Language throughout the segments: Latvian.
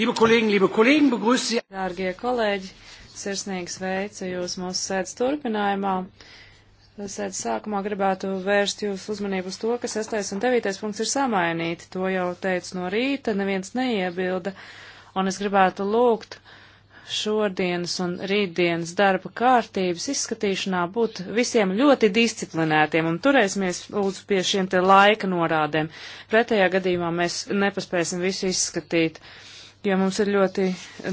Liebe Kollegen, liebe Kollegen, begrüße Sie. Dārgie kolēģi, sirsnīgi sveicu jūs mūsu sēdes turpinājumā. Sēdes sākumā gribētu vērst jūsu uzmanību uz to, ka 6. un 9. punkts ir samainīti. To jau teicu no rīta, neviens neiebilda. Un es gribētu lūgt šodienas un rītdienas darba kārtības izskatīšanā būt visiem ļoti disciplinētiem un turēsimies lūdzu pie šiem te laika norādēm. Pretējā gadījumā mēs nepaspēsim visu izskatīt. Uh, jo mums ir ļoti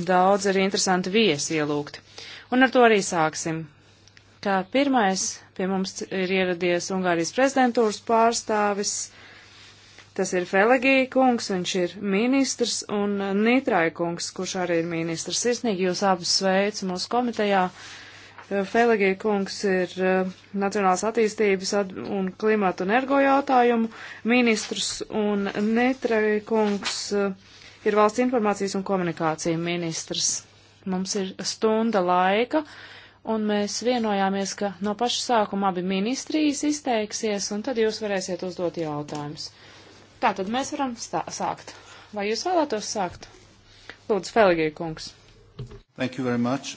daudz arī interesanti viesi ielūgti. Un ar to arī sāksim. Kā pirmais pie mums ir ieradies Ungārijas prezidentūras pārstāvis. Tas ir Felegija kungs, viņš ir ministrs, un Nitrai kungs, kurš arī ir ministrs. Sirsnīgi jūs abus sveicu mūsu komitejā. Felegija kungs ir eh, Nacionālās attīstības un klimatu un ergo jautājumu ministrs, un Nitrai kungs. Uh, ir valsts informācijas un komunikācija ministrs. Mums ir stunda laika, un mēs vienojāmies, ka no paša sākuma abi ministrijas izteiksies, un tad jūs varēsiet uzdot jautājumus. Tā tad mēs varam sākt. Vai jūs vēlētos sākt? Lūdzu, Feligija kungs. Thank you very much.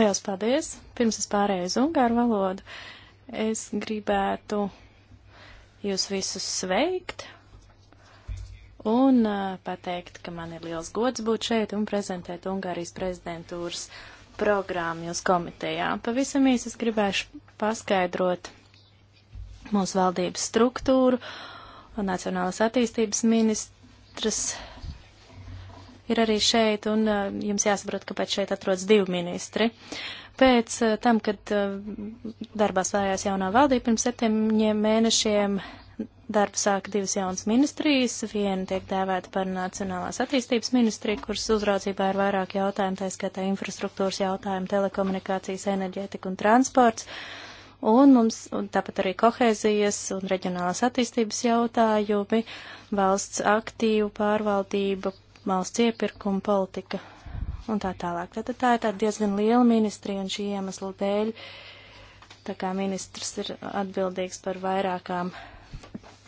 Liels paldies! Pirms es pārēju uz ungāru valodu, es gribētu jūs visus sveikt un eh, pateikt, ka man ir liels gods būt šeit un prezentēt Ungārijas prezidentūras programmu jūs komitejā. Pavisam īsi es gribēšu paskaidrot mūsu valdības struktūru un Nacionālas attīstības ministrs ir arī šeit, un eh, jums jāsaprot, kāpēc šeit atrodas divi ministri. Pēc eh, tam, kad darbā stājās jaunā valdība pirms septiņiem mēnešiem, darbu sāka divas jaunas ministrijas. Viena tiek dēvēta par Nacionālās attīstības ministriju, kuras uzraudzībā ir vairāk jautājumu, tā skaitā infrastruktūras jautājumu, telekomunikācijas, enerģētika un transports. Un mums un tāpat arī kohēzijas un reģionālās attīstības jautājumi, valsts aktīvu pārvaldība, valsts iepirkuma politika un tā tālāk. Tātad tā ir tāda diezgan liela ministrija un šī iemesla dēļ. Tā kā ministrs ir atbildīgs par vairākām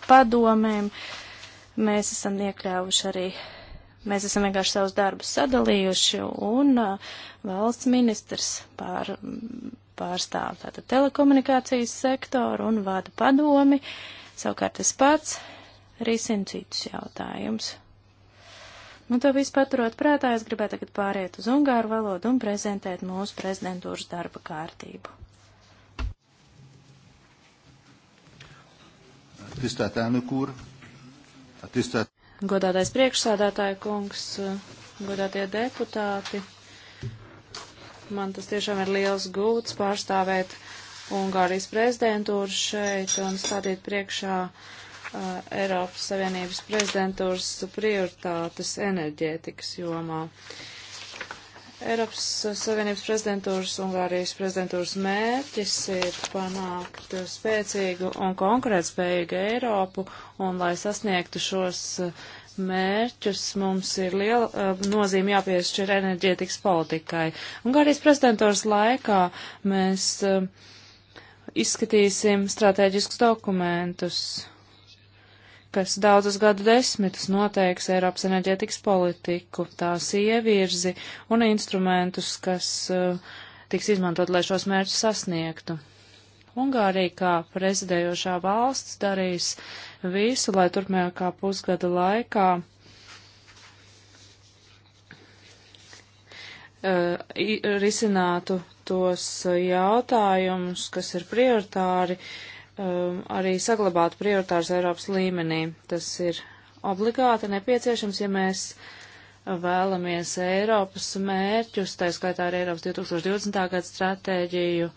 padomēm. Mēs esam iekļāvuši arī, mēs esam vienkārši savus darbus sadalījuši un uh, valsts ministrs pār, pārstāv tātad telekomunikācijas sektoru un vada padomi. Savukārt es pats risinu citus jautājumus. Nu, to visu paturot prātā, es gribētu tagad pāriet uz ungāru valodu un prezentēt mūsu prezidentūras darba kārtību. Tisztelt elnök úr, a tisztelt... Godātais priekšsādātāja kungs, godātie deputāti, man tas tiešām ir liels gūts pārstāvēt Ungārijas prezidentūru šeit un stādīt priekšā uh, Eiropas Savienības prezidentūras prioritātes enerģētikas jomā. Uh, Eiropas Savienības prezidentūras un Ungārijas prezidentūras mērķis ir panākt spēcīgu un konkurētspējīgu Eiropu, un lai sasniegtu šos eh, mērķus, mums ir liela uh, nozīme jāpiešķir enerģētikas politikai. Ungārijas prezidentūras laikā mēs uh, izskatīsim strateģiskus dokumentus kas daudzus gadu desmitus noteiks Eiropas enerģētikas politiku, tās ievirzi un instrumentus, kas uh, tiks izmantot, lai šos mērķus sasniegtu. Ungārija kā prezidējošā valsts darīs visu, lai turpmākā pusgada laikā uh, risinātu tos eh, jautājumus, kas ir prioritāri uh, um, arī saglabātu prioritārs Eiropas līmenī. Tas ir obligāti nepieciešams, ja mēs vēlamies Eiropas mērķus, tā skaitā arī Eiropas 2020. gada stratēģiju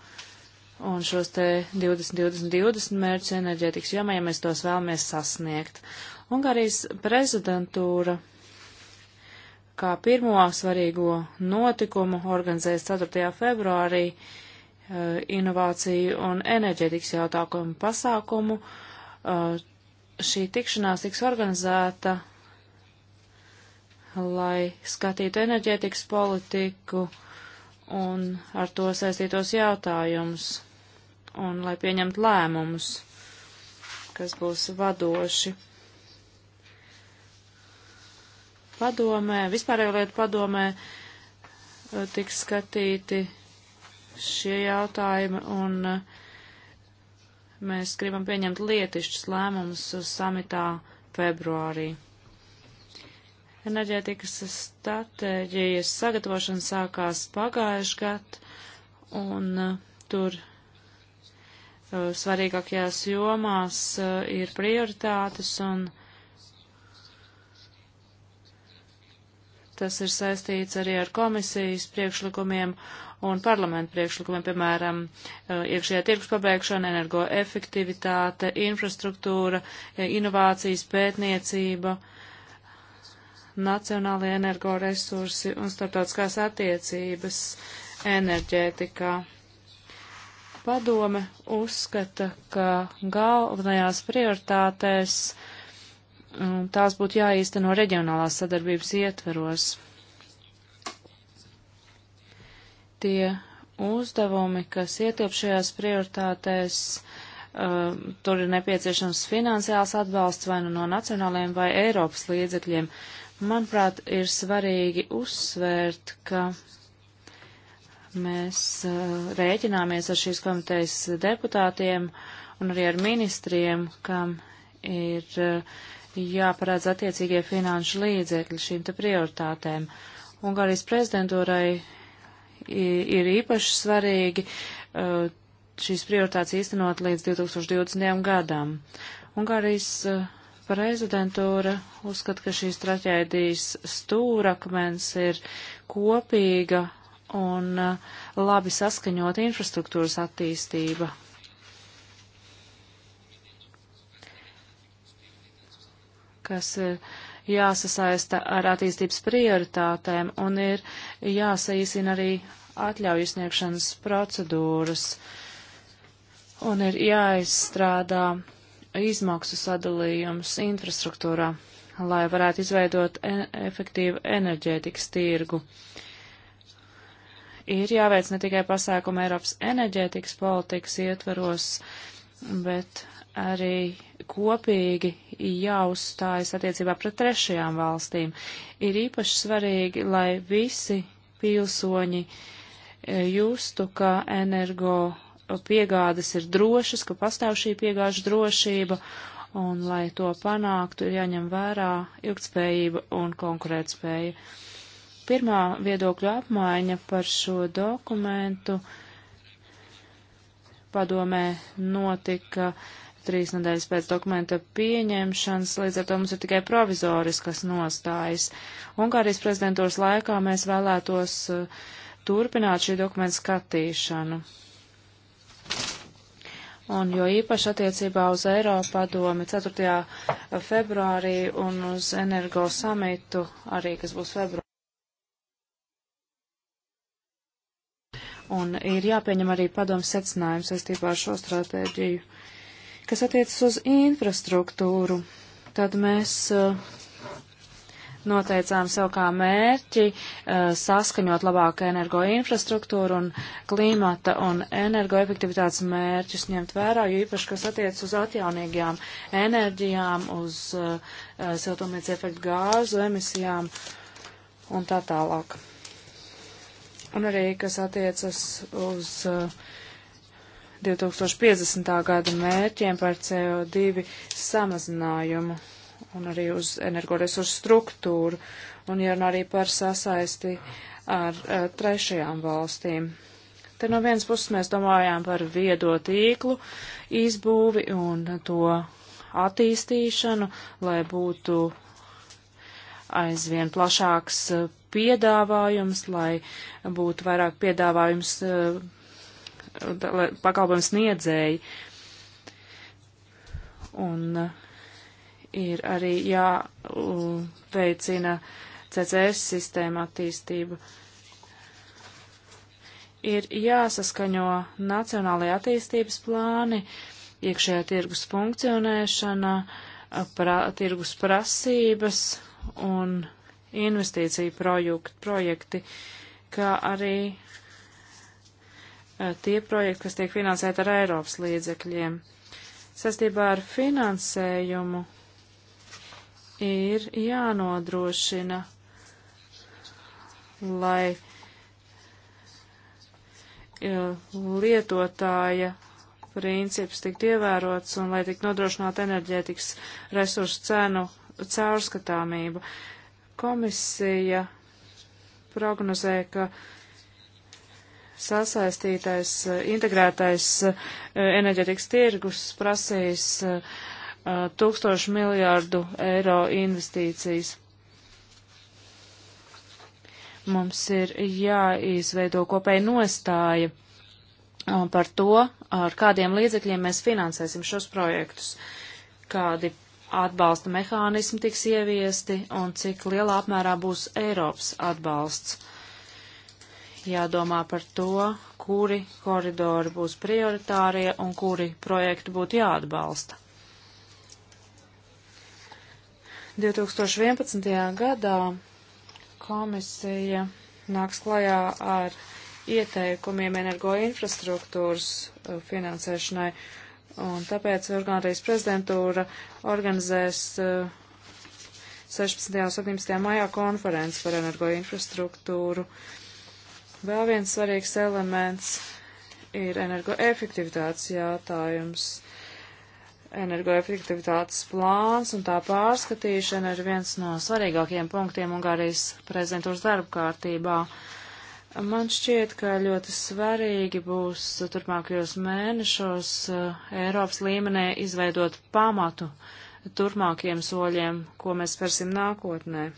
un šos te 20-20-20 mērķus enerģētikas jomā, ja mēs tos vēlamies sasniegt. Ungārijas prezidentūra kā pirmo svarīgo notikumu organizēs 4. februārī uh, Eh, inovāciju un enerģētikas jautājumu pasākumu. Eh, šī tikšanās tiks organizēta, lai skatītu enerģētikas politiku un ar to saistītos jautājumus un lai pieņemtu lēmumus, kas būs vadoši. Padomē, vispārējo lietu padomē eh, tiks skatīti šie jautājumi, un eh, mēs gribam pieņemt lietišķus lēmumus samitā februārī. Enerģētikas stratēģijas sagatavošana sākās pagājuši gadu, un eh, tur eh, svarīgākajās jomās ir prioritātes, un tas ir saistīts arī ar komisijas priekšlikumiem un parlamentu priekšlikumiem, piemēram, eh, iekšējā tirgus pabeigšana, energoefektivitāte, infrastruktūra, eh, inovācijas, pētniecība, nacionālie energoresursi un starptautiskās attiecības enerģētikā. Padome uzskata, ka galvenajās prioritātēs mm, tās būtu jāīsteno reģionālās sadarbības ietveros. tie uzdevumi, kas ietilp šajās prioritātēs, uh, tur ir nepieciešams finansiāls atbalsts vai nu no nacionāliem vai Eiropas līdzekļiem. Manuprāt, ir svarīgi uzsvērt, ka mēs uh, rēķināmies ar šīs komitejas deputātiem un arī ar ministriem, kam ir uh, jāparādz attiecīgie finanšu līdzekļi šīm te prioritātēm. Ungārijas prezidentūrai ir īpaši svarīgi uh, šīs prioritātes īstenot līdz 2020. gadam. Ungārijas uh, prezidentūra uzskata, ka šīs traģēdijas stūrakmens ir kopīga un uh, labi saskaņot infrastruktūras attīstība. kas ir uh, jāsasaista ar attīstības prioritātēm un ir jāsaīsina arī atļauju sniegšanas procedūras un ir jāizstrādā izmaksu sadalījums infrastruktūrā, lai varētu izveidot e efektīvu enerģētikas tirgu. Ir jāveic ne tikai pasākumi Eiropas enerģētikas politikas ietvaros, bet arī kopīgi jāuzstājas attiecībā pret trešajām valstīm. Ir īpaši svarīgi, lai visi pilsoņi e, justu, ka energo piegādes ir drošas, ka pastāv šī piegāžu drošība, un lai to panāktu, ir jāņem vērā ilgtspējība un konkurētspēja. Pirmā viedokļa apmaiņa par šo dokumentu padomē notika uh, trīs nedēļas pēc dokumenta pieņemšanas, līdz ar to mums ir tikai provizoriskas nostājas. Ungārijas prezidentūras laikā mēs vēlētos eh, turpināt šī dokumenta skatīšanu. Un jo īpaši attiecībā uz Eiropā domi 4. februārī un uz energo samitu arī, kas būs februārī. un ir jāpieņem arī padomu secinājums saistībā ar šo stratēģiju. Kas attiecas uz infrastruktūru, tad mēs eh, noteicām sev kā mērķi eh, saskaņot labāku energoinfrastruktūru un klimata un energoefektivitātes mērķus ņemt vērā, jo īpaši, kas attiec uz atjaunīgajām enerģijām, uz eh, siltumnīca efektu gāzu emisijām un tā tālāk. Un arī, kas attiecas uz uh, 2050. gada mērķiem par CO2 samazinājumu un arī uz energoresursu struktūru un jārunā arī par sasaisti ar uh, trešajām valstīm. Te no vienas puses mēs domājām par viedo tīklu izbūvi un to attīstīšanu, lai būtu aizvien plašāks e, piedāvājums, lai būtu vairāk piedāvājums uh, pakalpojumu sniedzēji. Un uh, ir arī jāveicina CCS sistēma attīstība. Ir jāsaskaņo nacionālajie attīstības plāni, iekšējā tirgus funkcionēšana, uh, pra, tirgus prasības un investīciju projekt, projekti, kā arī Eh, tie projekti, kas tiek finansēti ar Eiropas līdzekļiem. Sastībā ar finansējumu ir jānodrošina, lai eh, lietotāja princips tiktu ievērots un lai tiktu nodrošināta enerģētikas resursu cenu caurskatāmība. Komisija prognozē, ka uh, sasaistītais, eh, integrētais eh, enerģetikas tirgus prasīs eh, tūkstošu miljārdu eiro investīcijas. Mums ir jāizveido kopēja nostāja par to, ar kādiem līdzekļiem mēs finansēsim šos projektus, kādi atbalsta mehānismi tiks ieviesti un cik lielā apmērā būs Eiropas atbalsts. Uh, jādomā par to, kuri koridori būs prioritārie un kuri projekti būtu jāatbalsta. 2011. gadā komisija nāks klajā ar ieteikumiem energoinfrastruktūras uh, finansēšanai, un tāpēc Organizācijas prezidentūra organizēs 16. Uh, un 17. maijā konferenci par energoinfrastruktūru. infrastruktūru Vēl viens svarīgs elements ir energoefektivitātes jautājums. Energoefektivitātes plāns un tā pārskatīšana ir viens no svarīgākajiem punktiem Ungārijas prezidentūras darba kārtībā. Man šķiet, ka ļoti svarīgi būs turpmākajos mēnešos eh, Eiropas līmenī izveidot pamatu turpmākiem soļiem, ko mēs spērsim nākotnē.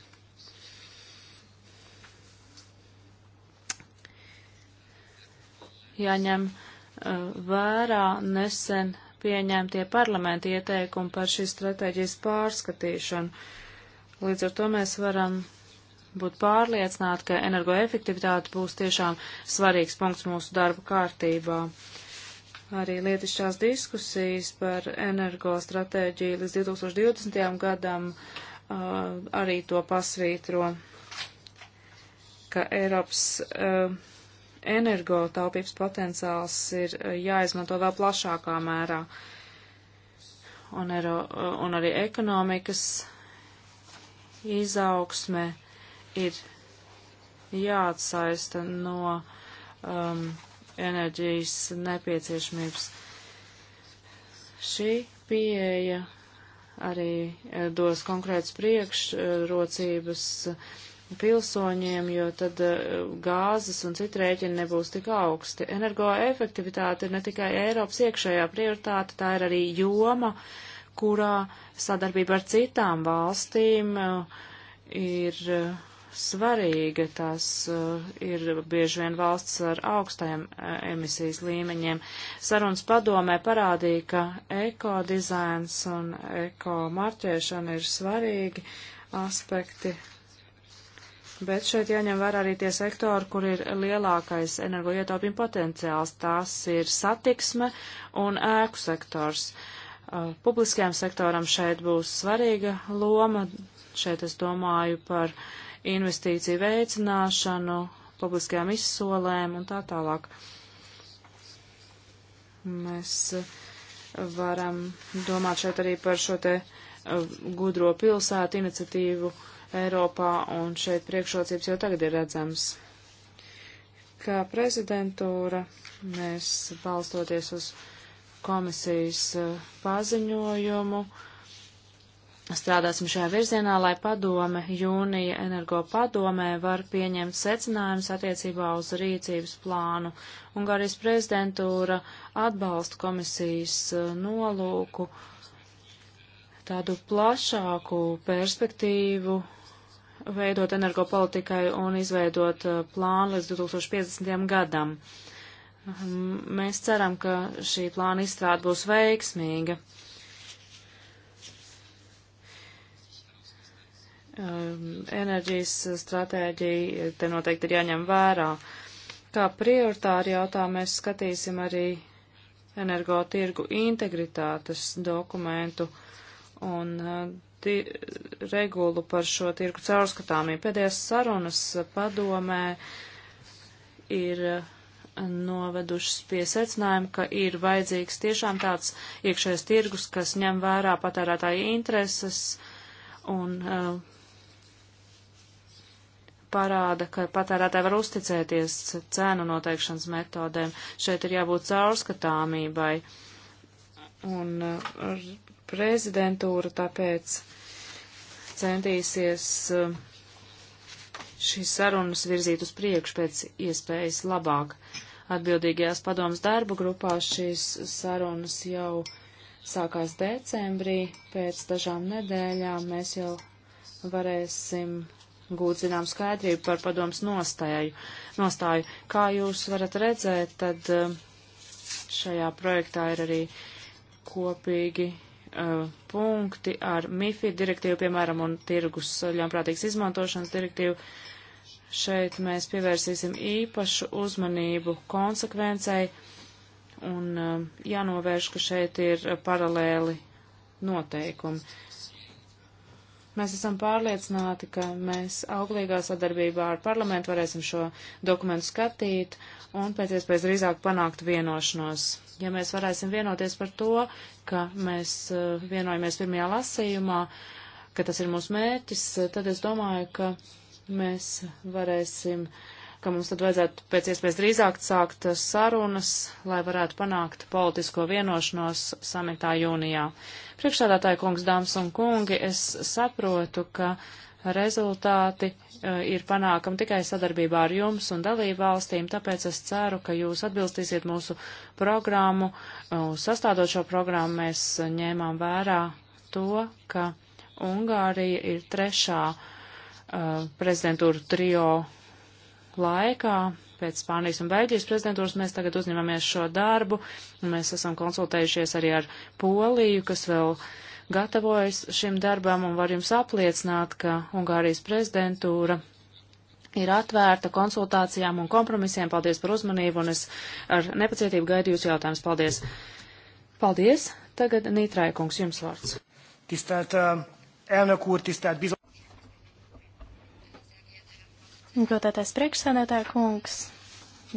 jāņem uh, vērā nesen pieņemtie parlamenta ieteikumi par šīs stratēģijas pārskatīšanu. Līdz ar to mēs varam būt pārliecināti, ka energoefektivitāte būs tiešām svarīgs punkts mūsu darba kārtībā. Arī lietišķās diskusijas par energostratēģiju līdz 2020. gadam uh, arī to pasvītro, ka Eiropas uh, energotaupības potenciāls ir eh, jāizmanto vēl plašākā mērā. Un, ero, eh, un arī ekonomikas izaugsme ir jāatsaista no um, enerģijas nepieciešamības. Šī pieeja arī eh, dos konkrētas priekšrocības uh, pilsoņiem, jo tad eh, gāzes un citi rēķini nebūs tik augsti. Energoefektivitāte ir ne tikai Eiropas iekšējā prioritāte, tā ir arī joma, kurā sadarbība ar citām valstīm eh, ir eh, svarīga. Tās ir bieži vien valsts ar augstajiem emisijas līmeņiem. Sarunas padomē parādīja, ka ekodizains un ekomarķēšana ir svarīgi aspekti Bet šeit jāņem vērā arī tie sektori, kur ir lielākais energoietaupījuma potenciāls. Tās ir satiksme un ēku sektors. Uh, publiskajam sektoram šeit būs svarīga loma. Šeit es domāju par investīciju veicināšanu, publiskajām izsolēm un tā tālāk. Mēs uh, varam domāt šeit arī par šo te uh, gudro pilsētu iniciatīvu. Uh, Eiropā, un šeit priekšrocības jau tagad ir redzams. Kā prezidentūra mēs balstoties uz komisijas eh, paziņojumu strādāsim šajā virzienā, lai padome jūnija energo padomē var pieņemt secinājumus attiecībā uz rīcības plānu. Ungārijas prezidentūra atbalsta komisijas eh, nolūku tādu plašāku perspektīvu veidot energopolitikai un izveidot uh, plānu līdz 2050. gadam. Mēs ceram, ka šī plāna izstrāde būs veiksmīga. Enerģijas stratēģija te noteikti ir jāņem vērā. Kā prioritāri jautājumu mēs skatīsim arī energotirgu integritātes dokumentu un uh, regulu par šo tirku caurskatāmību. Pēdējās sarunas padomē ir novedušas pie secinājuma, ka ir vajadzīgs tiešām tāds iekšējais tirgus, kas ņem vērā patērētāju intereses un uh, parāda, ka patērētāji var uzticēties cēnu noteikšanas metodēm. Šeit ir jābūt caurskatāmībai. Un uh, prezidentūra tāpēc centīsies um, šīs sarunas virzīt uz priekšu pēc iespējas labāk. Atbildīgajās padomas darba grupās šīs sarunas jau sākās decembrī, pēc dažām nedēļām mēs jau varēsim gūt zinām skaidrību par padomas nostāju. nostāju. Kā jūs varat redzēt, tad um, šajā projektā ir arī kopīgi Uh, punkti ar MIFID direktīvu, piemēram, un tirgus ļaunprātīgas izmantošanas direktīvu. Šeit mēs pievērsīsim īpašu uzmanību konsekvencei un uh, jānovērš, ka šeit ir uh, paralēli noteikumi. Mēs esam pārliecināti, ka mēs auglīgā sadarbībā ar parlamentu varēsim šo dokumentu skatīt un pēc iespējas drīzāk panākt vienošanos. Ja mēs varēsim vienoties par to, ka mēs eh, vienojamies pirmajā lasījumā, ka tas ir mūsu mērķis, eh, tad es domāju, ka mēs varēsim uh, ka mums tad vajadzētu pēc iespējas drīzāk sākt sarunas, lai varētu panākt politisko vienošanos samitā jūnijā. Priekšsādātāja kungs, dāmas un kungi, es saprotu, ka rezultāti eh, ir panākam tikai sadarbībā ar jums un dalību valstīm, tāpēc es ceru, ka jūs atbilstīsiet mūsu programmu. Sastādot šo programmu, mēs ņēmām vērā to, ka Ungārija ir trešā uh, prezidentūra trio laikā, pēc Spānijas un Beļģijas prezidentūras, mēs tagad uzņemamies šo darbu, un mēs esam konsultējušies arī ar Poliju, kas vēl gatavojas šim darbam, un var jums apliecināt, ka Ungārijas prezidentūra ir atvērta konsultācijām un kompromisiem. Paldies par uzmanību, un es ar nepacietību gaidu jūs jautājumus. Paldies! Paldies! Tagad Nītrāja kungs, jums vārds. Tisztelt uh, elnök úr, tisztelt bizony. Godātais priekšsēdētāja kungs,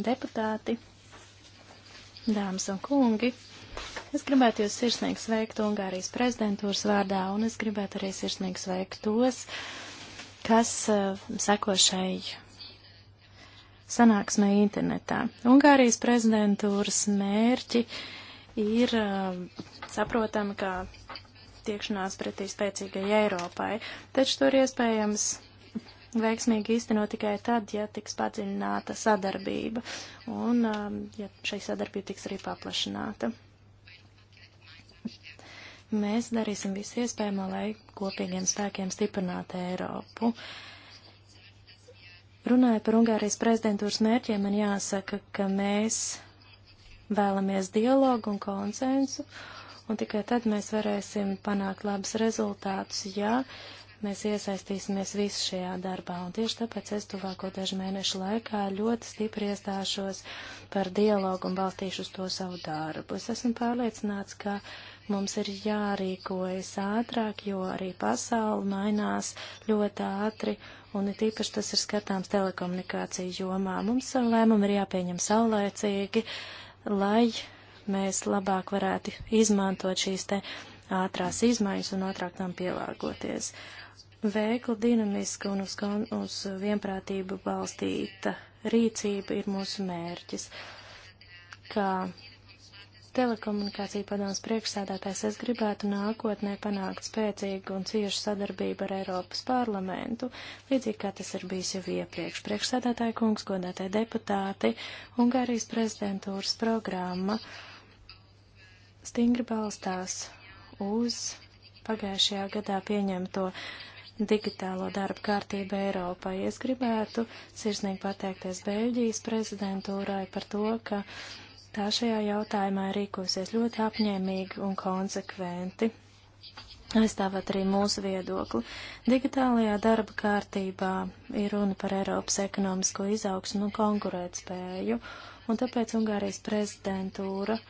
deputāti, dāmas un kungi, es gribētu jūs sirsnīgi sveikt Ungārijas prezidentūras vārdā, un es gribētu arī sirsnīgi sveikt tos, kas uh, seko šai sanāksmē internetā. Ungārijas prezidentūras mērķi ir uh, saprotami kā tiekšanās pretī spēcīgai Eiropai, taču tur iespējams veiksmīgi īstenot tikai tad, ja tiks padziļināta sadarbība un um, ja šai sadarbība tiks arī paplašināta. Mēs darīsim visu iespējamo, lai kopīgiem spēkiem stiprinātu Eiropu. Runājot par Ungārijas prezidentūras mērķiem, man jāsaka, ka mēs vēlamies dialogu un konsensu, un tikai tad mēs varēsim panākt labus rezultātus, ja mēs iesaistīsimies visu šajā darbā, un tieši tāpēc es tuvāko dažu mēnešu laikā ļoti stipri iestāšos par dialogu un balstīšu uz to savu darbu. Es esmu pārliecināts, ka mums ir jārīkojas ātrāk, jo arī pasauli mainās ļoti ātri, un it īpaši tas ir skatāms telekomunikāciju jomā. Mums savu lēmumu ir jāpieņem saulēcīgi, lai mēs labāk varētu izmantot šīs te ātrās izmaiņas un ātrāk tam pielāgoties. Uh, Veikla, dinamiska un uz, uz vienprātību balstīta rīcība ir mūsu mērķis. Kā telekomunikācija padomas priekšsēdētājs, es gribētu nākotnē panākt spēcīgu un ciešu sadarbību ar Eiropas parlamentu, līdzīgi kā tas ir bijis jau iepriekš. Priekšsēdētāja kungs, godētāji deputāti, Ungārijas prezidentūras programma stingri balstās uz pagājušajā gadā pieņemto digitālo darbu kārtību Eiropai. Es gribētu sirsnīgi pateikties Beļģijas prezidentūrai par to, ka tā šajā jautājumā rīkosies ļoti apņēmīgi un konsekventi. Aizstāvot arī mūsu viedokli. Digitālajā darba kārtībā ir runa par Eiropas ekonomisko izaugsmu un konkurētspēju, un tāpēc Ungārijas prezidentūra uh,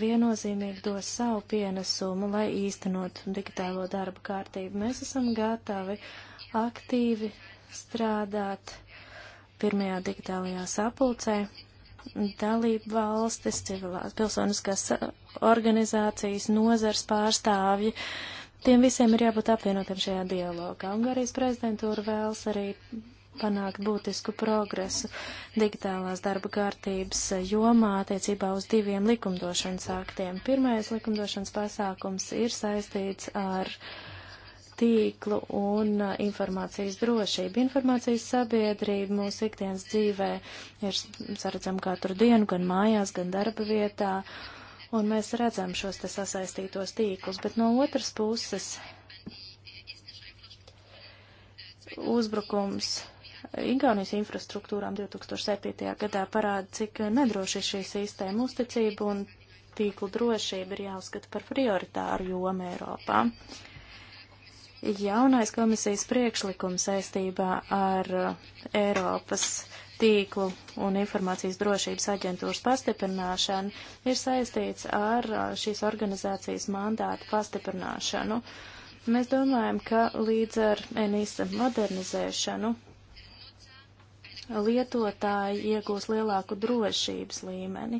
viennozīmīgi dos savu pienesumu, lai īstenot digitālo darba kārtību. Mēs esam gatavi aktīvi strādāt pirmajā digitālajā sapulcē. Dalību valstis, civilās pilsoniskās organizācijas, nozars pārstāvji, tiem visiem ir jābūt apvienotiem šajā dialogā. Ungārijas prezidentūra vēlas arī panākt būtisku progresu digitālās darba kārtības eh, jomā attiecībā uz diviem likumdošanas aktiem. Pirmais likumdošanas pasākums ir saistīts ar tīklu un eh, informācijas drošību. Informācijas sabiedrība mūsu ikdienas dzīvē ir saredzama katru dienu, gan mājās, gan darba vietā, un mēs redzam šos te sasaistītos tīklus, bet no otras puses uzbrukums Igaunijas infrastruktūrām 2007. gadā parāda, cik nedroši šī sistēma uzticība un tīklu drošība ir jāuzskata par prioritāru jomu Eiropā. Jaunais komisijas priekšlikums saistībā ar Eiropas tīklu un informācijas drošības aģentūras pastiprināšanu ir saistīts ar šīs organizācijas mandātu pastiprināšanu. Mēs domājam, ka līdz ar ENISA modernizēšanu lietotāji iegūs lielāku drošības līmeni.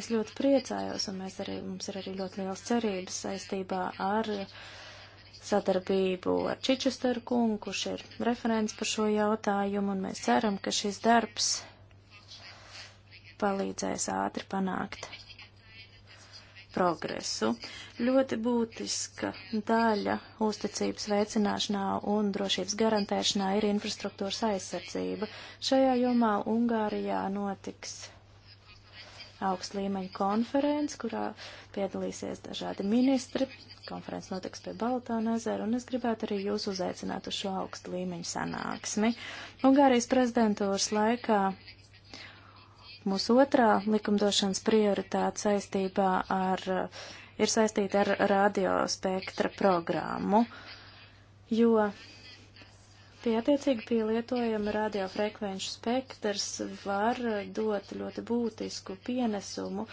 Es ļoti priecājos, un mēs arī, mums ir arī ļoti liels cerības saistībā ar sadarbību ar Čičesteru kungu, kurš ir referents par šo jautājumu, un mēs ceram, ka šis darbs palīdzēs ātri panākt progresu. Ļoti būtiska daļa uzticības veicināšanā un drošības garantēšanā ir infrastruktūras aizsardzība. Šajā jomā Ungārijā notiks augsts līmeņa konferences, kurā piedalīsies dažādi ministri. Konferences notiks pie Baltāna ezera, un es gribētu arī jūs uzaicināt uz šo augstu līmeņu sanāksmi. Ungārijas prezidentūras laikā Mūsu otrā likumdošanas prioritāte saistībā ar, ir saistīta ar radiospektra programmu, jo pie attiecīgi pielietojama radiofrekvenču spektrs var dot ļoti būtisku pienesumu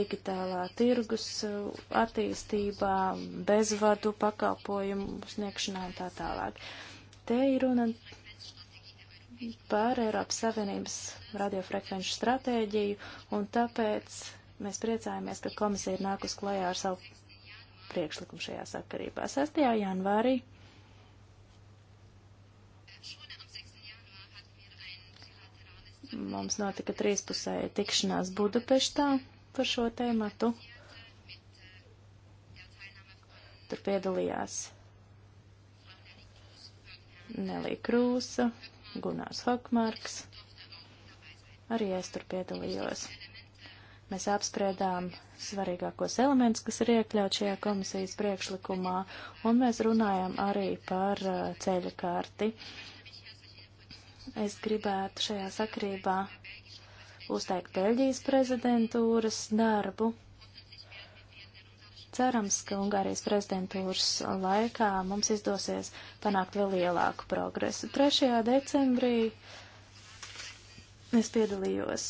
digitālā tirgus attīstībā, bezvadu pakalpojumu sniegšanā un tā tālāk. Te ir runa par Eiropas Savienības radiofrekvenču stratēģiju, un tāpēc mēs priecājamies, ka komisija ir nākus klajā ar savu priekšlikumu šajā sakarībā. 6. janvārī mums notika trīspusēja tikšanās Budapeštā par šo tēmatu. Tur piedalījās Nelī Krūsa, Gunārs Hokmarks. Arī es tur piedalījos. Mēs apspriedām svarīgākos elementus, kas ir iekļaut šajā komisijas priekšlikumā, un mēs runājam arī par uh, ceļa karti. Es gribētu šajā sakrībā uzteikt Beļģijas prezidentūras darbu Cerams, ka Ungārijas prezidentūras laikā mums izdosies panākt vēl lielāku progresu. 3. decembrī es piedalījos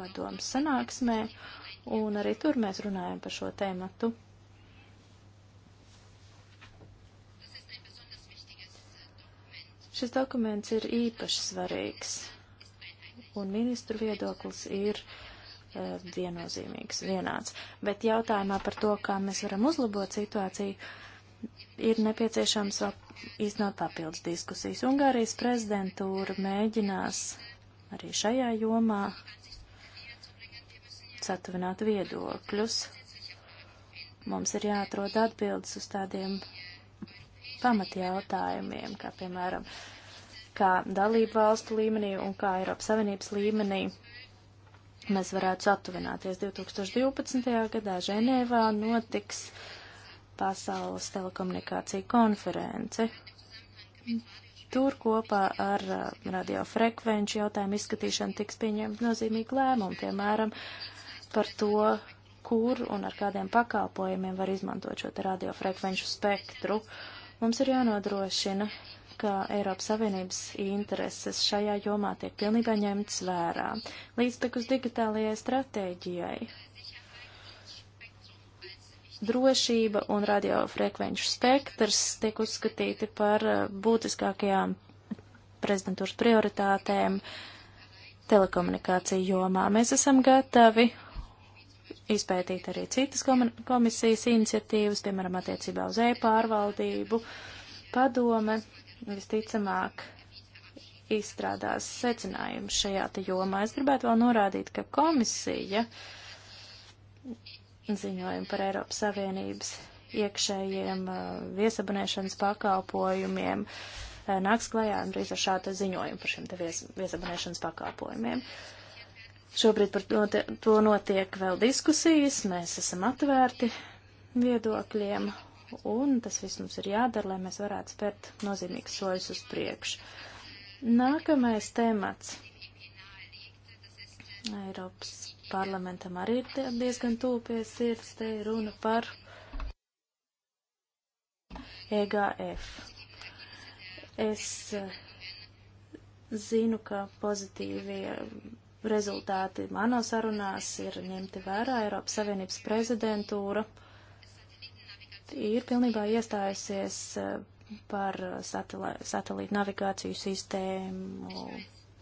padomas sanāksmē, un arī tur mēs runājam par šo tēmatu. Šis dokuments ir īpaši svarīgs, un ministru viedoklis ir uh, E, viennozīmīgs, vienāds. Bet jautājumā par to, kā mēs varam uzlabot situāciju, ir nepieciešams vēl īstenot papildus diskusijas. Ungārijas prezidentūra mēģinās arī šajā jomā satuvināt viedokļus. Mums ir jāatrod atbildes uz tādiem pamatjautājumiem, kā piemēram, kā dalību valstu līmenī un kā Eiropas Savienības līmenī mēs varētu satuvināties. 2012. gadā Ženēvā notiks pasaules telekomunikācija konference. Tur kopā ar uh, radiofrekvenču jautājumu izskatīšanu tiks pieņemt nozīmīgi lēmumi, piemēram, par to, kur un ar kādiem pakalpojumiem var izmantot šo radiofrekvenču spektru. Mums ir jānodrošina, ka Eiropas Savienības intereses šajā jomā tiek pilnībā ņemts vērā. Līdztekus digitālajai stratēģijai. Drošība un radiofrekvenču spektrs tiek uzskatīti par uh, būtiskākajām prezidentūras prioritātēm telekomunikāciju jomā. Mēs esam gatavi izpētīt arī citas komisijas iniciatīvas, piemēram, attiecībā uz e-pārvaldību. Padome visticamāk izstrādās secinājumus šajā te jomā. Es gribētu vēl norādīt, ka komisija ziņojumu par Eiropas Savienības iekšējiem uh, viesabunēšanas pakalpojumiem uh, nāks klajā un drīz ar šādu ziņojumu par šiem te vies, viesabunēšanas pakalpojumiem. Šobrīd par to, te, to notiek vēl diskusijas, mēs esam atvērti viedokļiem un tas viss mums ir jādara, lai mēs varētu spērt nozīmīgus soļus uz priekšu. Nākamais temats. Eiropas parlamentam arī ir diezgan tūpies sirds, te ir runa par EGF. Es eh, zinu, ka pozitīvie rezultāti mano sarunās ir ņemti vērā Eiropas Savienības prezidentūra ir pilnībā iestājusies eh, par satelītu navigāciju sistēmu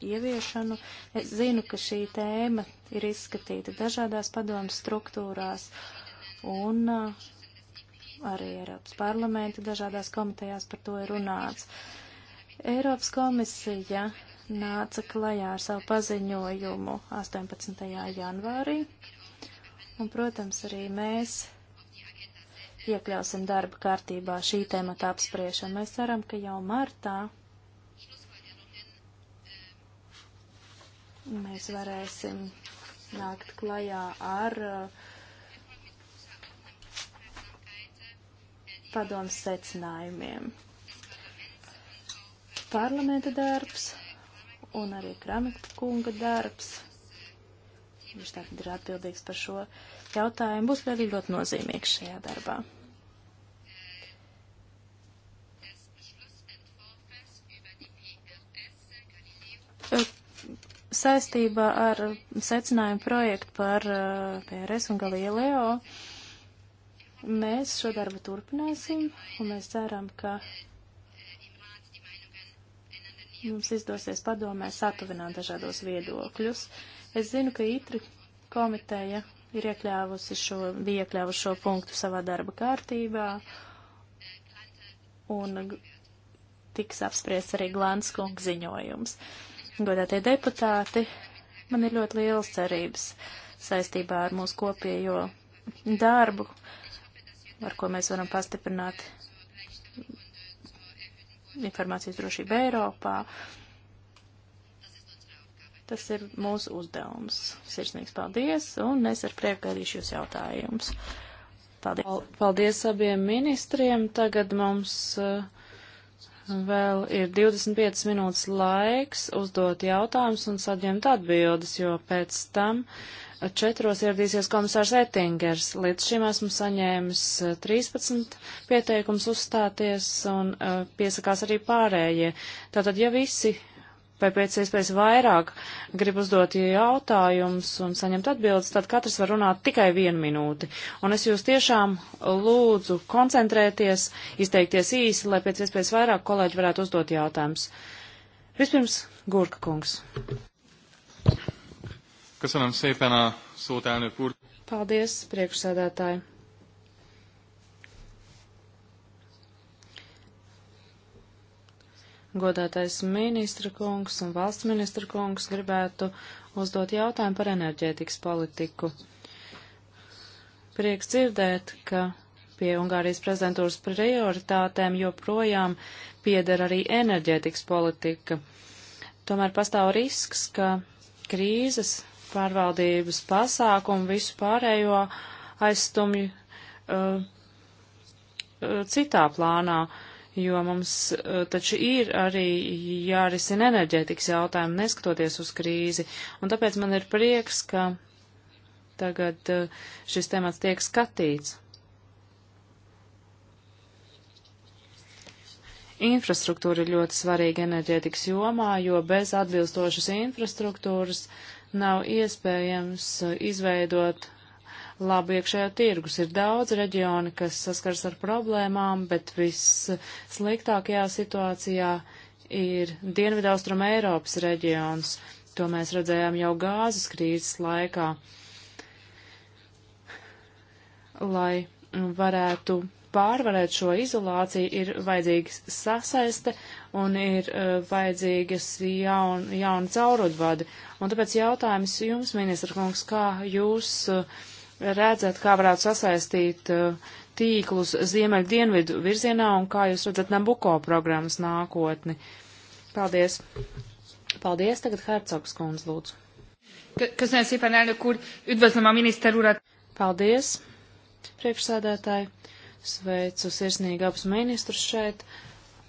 ieviešanu. Es zinu, ka šī tēma ir izskatīta dažādās padomas struktūrās un eh, arī Eiropas parlamenta dažādās komitejās par to ir runāts. Eiropas komisija nāca klajā ar savu paziņojumu 18. janvārī, un, protams, arī mēs iekļausim darba kārtībā šī temata apspriešanu. Mēs ceram, ka jau martā mēs varēsim nākt klajā ar uh, padomas secinājumiem. Parlamenta darbs un arī Kramekta kunga darbs viņš tātad ir atbildīgs par šo jautājumu, būs arī ļoti nozīmīgs šajā darbā. saistībā ar secinājumu projektu par eh, PRS un Galileo. Mēs šo darbu turpināsim, un mēs ceram, ka mums izdosies padomē satuvināt dažādos viedokļus. Es zinu, ka ITRI komiteja ir iekļāvusi šo, bija iekļāvusi šo punktu savā darba kārtībā, un tiks apspriests arī Glānskunga ziņojums. Uh, godātie deputāti, man ir ļoti liels cerības saistībā ar mūsu kopējo darbu, ar ko mēs varam pastiprināt informācijas drošību Eiropā. Tas ir mūsu uzdevums. Sirsnīgs paldies, un es ar prieku gaidīšu jūs jautājumus. Paldies. Paldies abiem ministriem. Tagad mums uh, Vēl ir 25 minūtes laiks uzdot jautājumus un saņemt atbildes, jo pēc tam četros ieradīsies komisārs Ettingers. Līdz šim esmu saņēmis 13 eh, pieteikums uzstāties un uh, piesakās arī pārējie. Tātad, ja visi vai pēc iespējas vairāk grib uzdot jautājumus un saņemt atbildes, tad katrs var runāt tikai vienu minūti. Un es jūs tiešām lūdzu koncentrēties, izteikties īsi, lai pēc iespējas vairāk kolēģi varētu uzdot jautājumus. Vispirms Gurka kungs. Köszönöm szépen a szót, elnök úr. Paldies, priekšsēdētāji. godātais ministra kungs un valsts ministra kungs gribētu uzdot jautājumu par enerģētikas politiku. Prieks dzirdēt, ka pie Ungārijas prezidentūras prioritātēm joprojām pieder arī enerģētikas politika. Tomēr pastāv risks, ka krīzes pārvaldības pasākumu visu pārējo aizstumju uh, uh, citā plānā. Uh, jo mums eh, taču ir arī jārisina enerģētikas jautājumi, neskatoties uz krīzi. Un tāpēc man ir prieks, ka tagad eh, šis temats tiek skatīts. Infrastruktūra ir ļoti svarīga enerģētikas jomā, jo bez atbilstošas infrastruktūras nav iespējams eh, izveidot labu iekšējo tirgus. Ir daudz reģioni, kas saskars ar problēmām, bet vissliktākajā situācijā ir Dienvidaustrum Eiropas reģions. To mēs redzējām jau gāzes krīzes laikā. Lai varētu pārvarēt šo izolāciju, ir vajadzīga sasaiste un ir uh, vajadzīgas jaun, jauna caurudvadi. Un tāpēc jautājums jums, ministra kungs, kā jūs uh, redzat, kā varētu sasaistīt uh, tīklus ziemeļu dienvidu virzienā un kā jūs redzat Nabuko programmas nākotni? Paldies! Paldies, tagad Hercogs kundz lūdzu. Köszönöm szépen, elnök úr! Üdvözlöm a miniszter urat! Paldies, priekšsēdētāji! Sveicu sirsnīgi abus ministrus šeit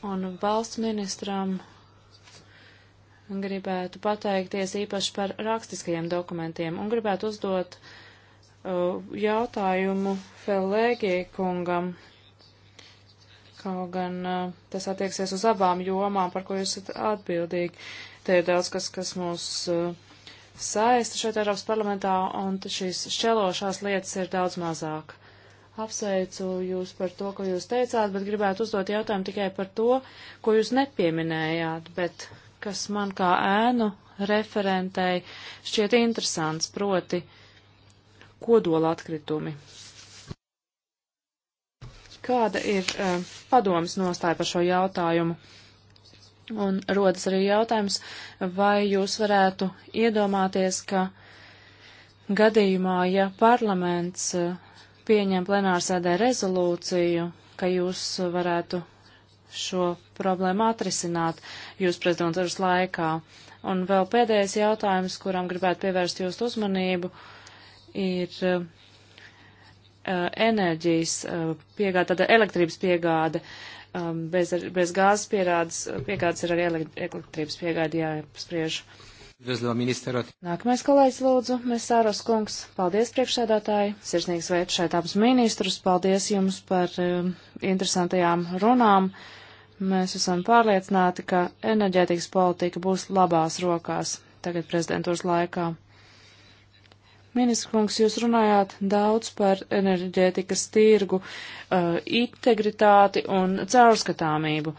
un valsts ministram gribētu pateikties īpaši par rakstiskajiem dokumentiem un gribētu uzdot uh, Uh, jautājumu Felēgie kungam. Kaut gan uh, tas attieksies uz abām jomām, par ko jūs esat atbildīgi. Te ir daudz kas, kas mūs uh, saista šeit Eiropas parlamentā, un šīs šķelošās lietas ir daudz mazāk apsveicu jūs par to, ko jūs teicāt, bet gribētu uzdot jautājumu tikai par to, ko jūs nepieminējāt, bet kas man kā ēnu referentei šķiet interesants, proti kodola atkritumi. Kāda ir uh, padomas nostāja par šo jautājumu? Un rodas arī jautājums, vai jūs varētu iedomāties, ka gadījumā, ja parlaments e, pieņem plenārsēdē rezolūciju, ka jūs varētu šo problēmu atrisināt jūs prezidentūras laikā. Un vēl pēdējais jautājums, kuram gribētu pievērst jūsu uzmanību. Uh, ir uh, enerģijas uh, piegāde, tāda elektrības piegāde. Um, bez, bez gāzes pierādes, piegādes ir arī elektrības piegāde jāspriež. Nākamais kolēģis lūdzu, Mesāros kungs. Paldies priekšsēdātāji, sirsnīgs veids šeit abus ministrus. Paldies jums par um, interesantajām runām. Mēs esam pārliecināti, ka enerģētikas politika būs labās rokās tagad prezidentūras laikā. Ministra kungs, jūs runājāt daudz par enerģētikas tirgu, uh, integritāti un caurskatāmību.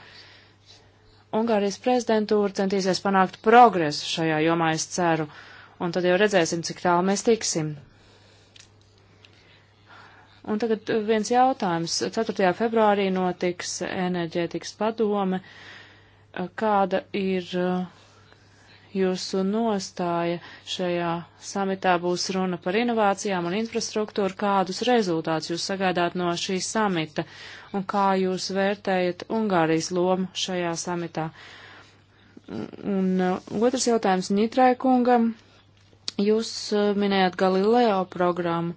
Ungārijas prezidentūra centīsies panākt progresu šajā jomā, es ceru, un tad jau redzēsim, cik tālu mēs tiksim. Un tagad viens jautājums. 4. februārī notiks enerģētikas padome. Kāda ir uh, jūsu nostāja šajā samitā būs runa par inovācijām un infrastruktūru, kādus rezultātus jūs sagaidāt no šī samita un kā jūs vērtējat Ungārijas lomu šajā samitā. Un, un uh, otrs jautājums Nitrai kungam. Jūs uh, minējat Galileo programmu.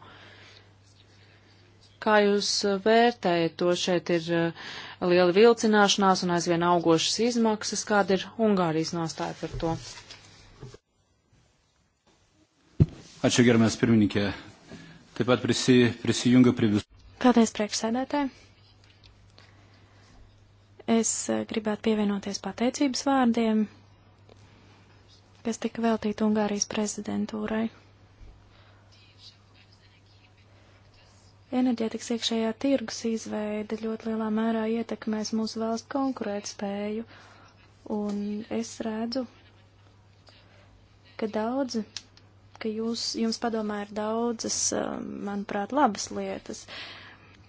Kā jūs uh, vērtējat to? Šeit ir liela vilcināšanās un aizvien augošas izmaksas. Kāda ir Ungārijas nostāja par to? Ačiū gerbiamas pirmininkė. Taip pat prisi, prisijungiu prie visų. Paldies, priekšsēdētāji. Es gribētu pievienoties pateicības vārdiem, kas tika veltīti Ungārijas prezidentūrai. Enerģētikas iekšējā tirgus izveide ļoti lielā mērā ietekmēs mūsu valsts konkurētspēju, un es redzu, ka daudzi ka jūs, jums padomā ir daudzas, um, manuprāt, labas lietas.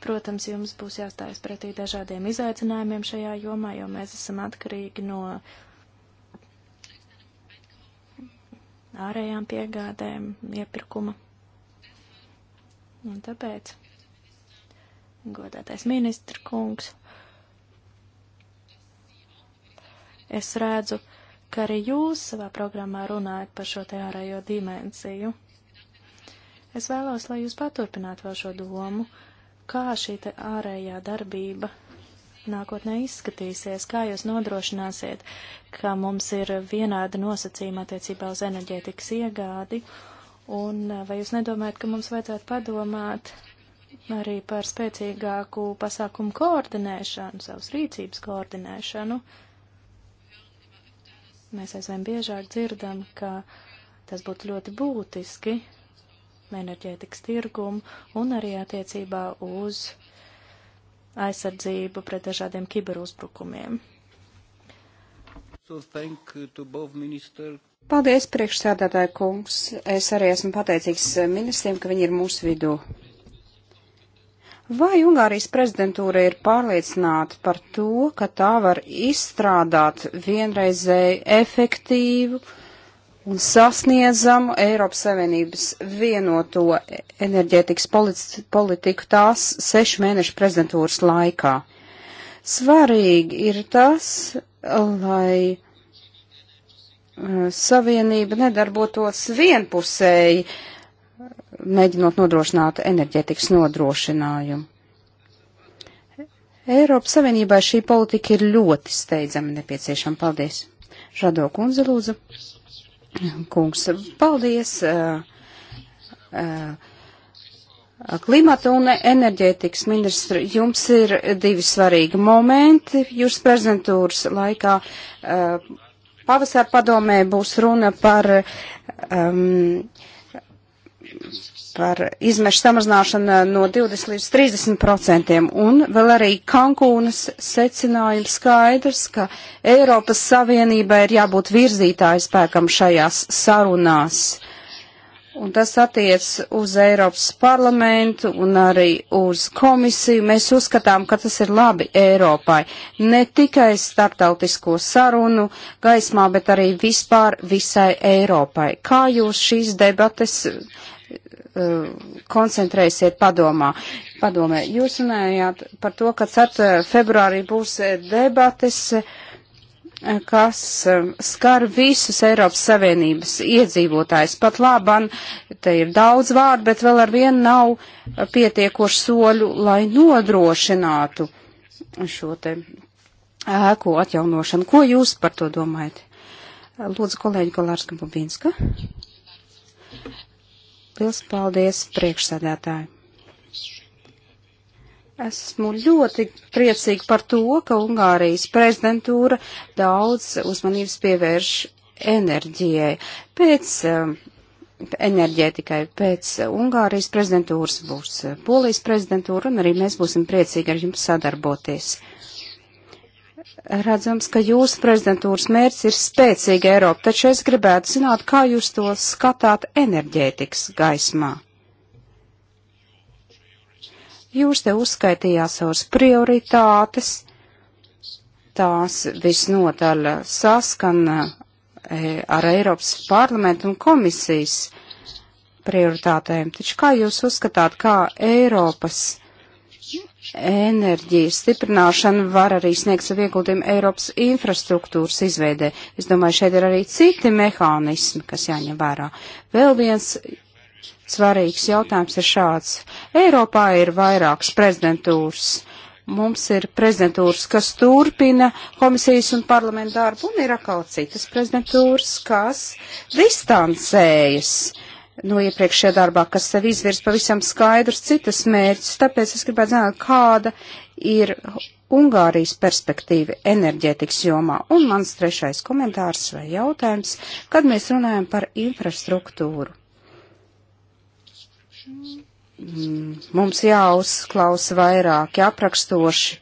Protams, jums būs jāstājas pretī dažādiem izaicinājumiem šajā jomā, jo mēs esam atkarīgi no ārējām piegādēm, iepirkuma. Un tāpēc, godātais ministra kungs, es redzu, ka arī jūs savā programmā runājat par šo te ārējo dimensiju. Es vēlos, lai jūs paturpinātu vēl šo domu, kā šī te ārējā darbība nākotnē izskatīsies, kā jūs nodrošināsiet, ka mums ir vienāda nosacījuma attiecībā uz enerģētikas iegādi, un eh, vai jūs nedomājat, ka mums vajadzētu padomāt arī par spēcīgāku pasākumu koordinēšanu, savas rīcības koordinēšanu? Uh, Mēs aizvien biežāk dzirdam, ka tas būtu ļoti būtiski enerģētikas tirgumu un arī attiecībā uz aizsardzību pret dažādiem kiberuzbrukumiem. So Paldies, priekšsēdētāji kungs. Es arī esmu pateicīgs ministriem, ka viņi ir mūsu vidū. Vai Ungārijas prezidentūra ir pārliecināta par to, ka tā var izstrādāt vienreizēju efektīvu un sasniedzamu Eiropas Savienības vienoto enerģētikas politiku tās sešu mēnešu prezidentūras laikā? Svarīgi ir tas, lai eh, Savienība nedarbotos vienpusēji, uh, mēģinot nodrošināt enerģetikas nodrošinājumu. Eiropas Savienībā šī politika ir ļoti steidzami nepieciešama. Paldies! Žado kundze lūdzu. Kungs, paldies! Klimata un enerģētikas ministra, jums ir divi svarīgi momenti jūsu prezentūras laikā. Pavasar padomē būs runa par um, par izmešu samazināšanu no 20 līdz 30 procentiem. Un vēl arī Kankūnas secinājums skaidrs, ka Eiropas Savienībai ir jābūt virzītāju spēkam šajās sarunās. Un tas attiec uz Eiropas parlamentu un arī uz komisiju. Mēs uzskatām, ka tas ir labi Eiropai. Ne tikai starptautisko sarunu gaismā, bet arī vispār visai Eiropai. Kā jūs šīs debates Uh, koncentrēsiet padomā. Padomē, jūs runājāt par to, ka 4. Uh, februārī būs uh, debates, kas um, skar visus Eiropas Savienības iedzīvotājus. Pat laban, te ir daudz vārdu, bet vēl ar vienu nav pietiekošu soļu, lai nodrošinātu šo te ēku atjaunošanu. Ko jūs par to domājat? Lūdzu, kolēģi Kolārska Bubinska. Liels paldies, priekšsēdētāji! Esmu ļoti priecīgi par to, ka Ungārijas prezidentūra daudz uzmanības pievērš enerģijai. Pēc um, enerģētikai pēc Ungārijas prezidentūras būs uh, Polijas prezidentūra, un arī mēs būsim priecīgi ar jums sadarboties. Redzams, ka jūsu prezidentūras mērķis ir spēcīga Eiropa, taču es gribētu zināt, kā jūs to skatāt enerģētikas gaismā. Jūs te uzskaitījāt savas prioritātes, tās visnotaļ saskana eh, ar Eiropas parlamentu un komisijas prioritātēm. Taču kā jūs uzskatāt, kā Eiropas enerģijas stiprināšana var arī sniegt savu ieguldījumu Eiropas infrastruktūras izveidē. Es domāju, šeit ir arī citi mehānismi, kas jāņem vērā. Vēl viens svarīgs jautājums ir šāds. Eiropā ir vairākas prezidentūras. Mums ir prezidentūras, kas turpina komisijas un parlamentu darbu, un ir atkal citas prezidentūras, kas distancējas no iepriekšējā darbā, kas sev izvirs pavisam skaidrs citus mērķus, tāpēc es gribētu zināt, kāda ir Ungārijas perspektīva enerģētikas jomā. Un mans trešais komentārs vai jautājums, kad mēs runājam par infrastruktūru. Mm, mums jāuzklaus vairāki aprakstoši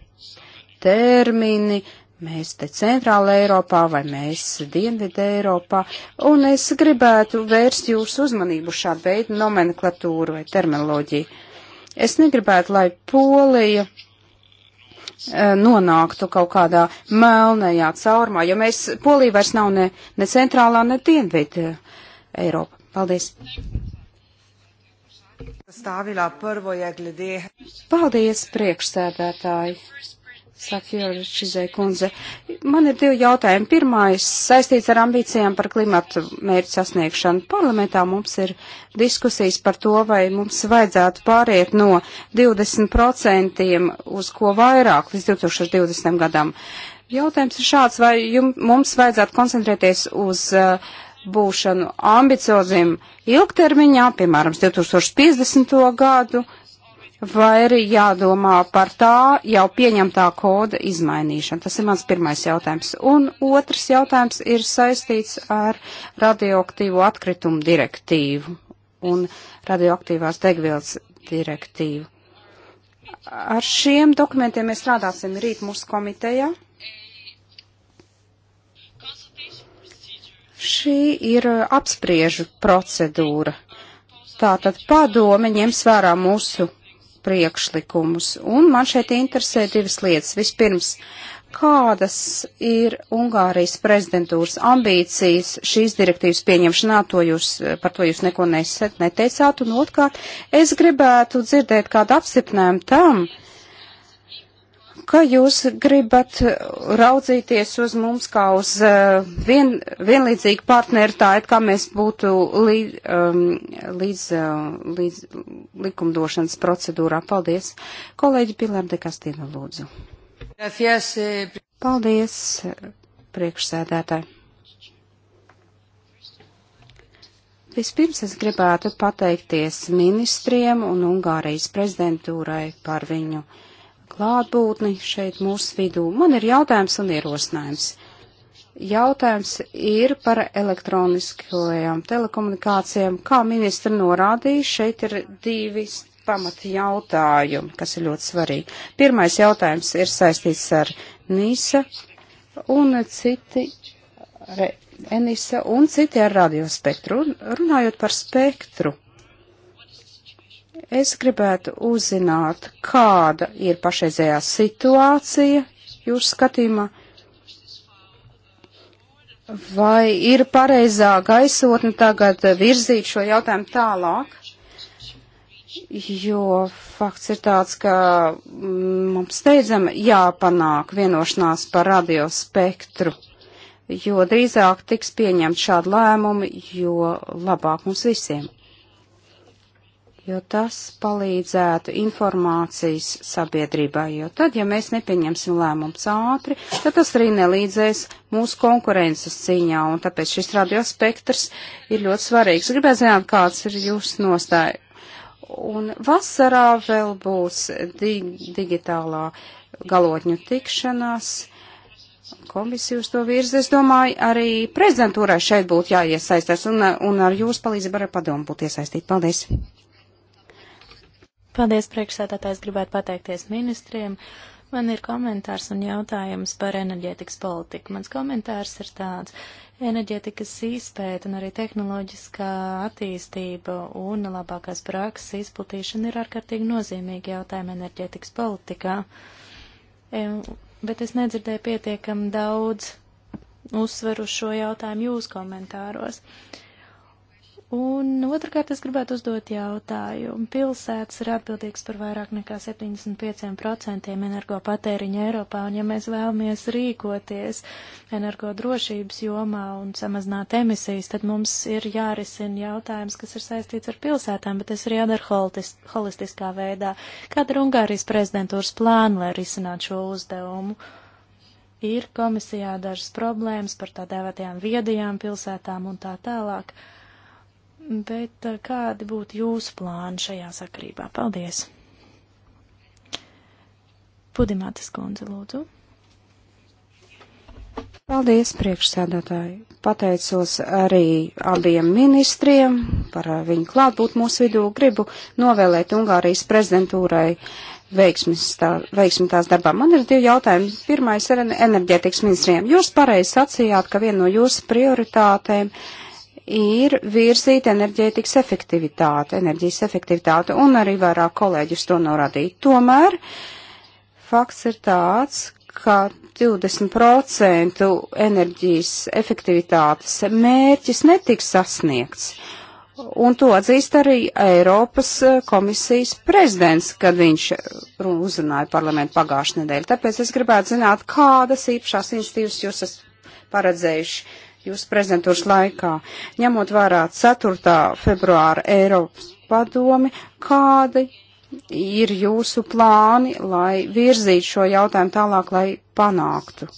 termini, uh, mēs te centrāla Eiropā vai mēs dienvidē Eiropā, un es gribētu vērst jūsu uzmanību šādu veidu nomenklatūru vai terminoloģiju. Es negribētu, lai Polija e, nonāktu kaut kādā melnajā caurmā, jo mēs, Polija vairs nav ne, ne centrālā, ne dienvidē Eiropa. Paldies! Paldies, priekšsēdētāji! Saka Joričizē kundze. Man ir divi jautājumi. Pirmais saistīts ar ambīcijām par klimatu mērķu sasniegšanu. Parlamentā mums ir diskusijas par to, vai mums vajadzētu pāriet no 20% uz ko vairāk līdz 2020. gadam. Jautājums ir šāds, vai jum, mums vajadzētu koncentrēties uz uh, būšanu ambicioziem ilgtermiņā, piemēram, 2050. gadu vai arī jādomā par tā jau pieņemtā koda izmainīšanu? Tas ir mans pirmais jautājums. Un otrs jautājums ir saistīts ar radioaktīvo atkritumu direktīvu un radioaktīvās degvielas direktīvu. Ar šiem dokumentiem mēs strādāsim rīt mūsu komitejā. Šī ir uh, apspriežu procedūra. Tātad padome ņems vērā mūsu priekšlikumus. Un man šeit interesē divas lietas. Vispirms, kādas ir Ungārijas prezidentūras ambīcijas šīs direktīvas pieņemšanā, to jūs, par to jūs neko nesat, neteicāt. Un otrkārt, es gribētu dzirdēt kādu apstiprinājumu tam, uh, ka jūs gribat raudzīties uz mums kā uz eh, vien, vienlīdzīgu partneri, tā it kā mēs būtu līd, um, līdz, eh, līdz likumdošanas procedūrā. Paldies. Kolēģi Pilārde Kastīna, lūdzu. Eh, Paldies, priekšsēdētāji. Vispirms es gribētu pateikties ministriem un Ungārijas prezidentūrai par viņu klātbūtni šeit mūsu vidū. Man ir jautājums un ierosinājums. Jautājums ir par elektroniskajām telekomunikācijām. Kā ministra norādīja, šeit ir divi pamati jautājumi, kas ir ļoti svarīgi. Pirmais jautājums ir saistīts ar NISA un citi ar ENISA un citi ar radiospektru. Runājot par spektru Es gribētu uzzināt, kāda ir pašreizējā situācija jūsu skatījumā. Vai ir pareizā gaisotne tagad virzīt šo jautājumu tālāk? Jo fakts ir tāds, ka mm, mums steidzam jāpanāk vienošanās par radiospektru, jo drīzāk tiks pieņemt šādu lēmumu, jo labāk mums visiem jo tas palīdzētu informācijas sabiedrībai, jo tad, ja mēs nepieņemsim lēmumus ātri, tad tas arī nelīdzēs mūsu konkurences cīņā, un tāpēc šis radiospektrs ir ļoti svarīgs. Gribētu zināt, kāds ir jūsu nostāja. Un vasarā vēl būs di digitālā galotņu tikšanās komisija uz to virza. Es domāju, arī prezidentūrai šeit būtu jāiesaistās un, un ar jūsu palīdzību ar padomu būtu iesaistīt. Paldies! Paldies, priekšsēdētājs, gribētu pateikties ministriem. Man ir komentārs un jautājums par enerģētikas politiku. Mans komentārs ir tāds. Enerģētikas izpēta un arī tehnoloģiskā attīstība un labākās prakses izplatīšana ir ārkārtīgi nozīmīgi jautājumi enerģētikas politikā. Bet es nedzirdēju pietiekam daudz uzsveru šo jautājumu jūsu komentāros. Uh, Un otrkārt es gribētu uzdot jautājumu. Pilsētas ir atbildīgs par vairāk nekā 75% energopatēriņa Eiropā, un ja mēs vēlamies rīkoties energodrošības jomā un samazināt emisijas, tad mums ir jārisina jautājums, kas ir saistīts ar pilsētām, bet tas ir jādara holis, holistiskā veidā. Kāda ir Ungārijas prezidentūras plāna, lai risinātu šo uzdevumu? Ir komisijā dažas problēmas par tā dēvētajām viedajām pilsētām un tā tālāk. Uh, Bet eh, kādi būtu jūsu plāni šajā sakarībā? Paldies! Pudimātas kundze, lūdzu. Paldies, priekšsēdētāji. Pateicos arī abiem ministriem par eh, viņu klātbūt mūsu vidū. Gribu novēlēt Ungārijas prezidentūrai veiksmis tā, veiksmi tās darbā. Man ir divi jautājumi. Pirmais ir enerģētikas ministriem. Jūs pareizi sacījāt, ka viena no jūsu prioritātēm ir ir virzīt enerģētikas efektivitāti, enerģijas efektivitāti, un arī vairāk kolēģis to norādīja. Tomēr fakts ir tāds, ka 20% enerģijas efektivitātes mērķis netiks sasniegts. Un to atzīst arī Eiropas eh, komisijas prezidents, kad viņš uzrunāja parlamentu pagājušajā nedēļā. Tāpēc es gribētu zināt, kādas īpašās institīvas jūs esat paredzējuši jūsu prezidentūras laikā, ņemot vērā 4. februāra Eiropas padomi, kādi ir jūsu plāni, lai virzītu šo jautājumu tālāk, lai panāktu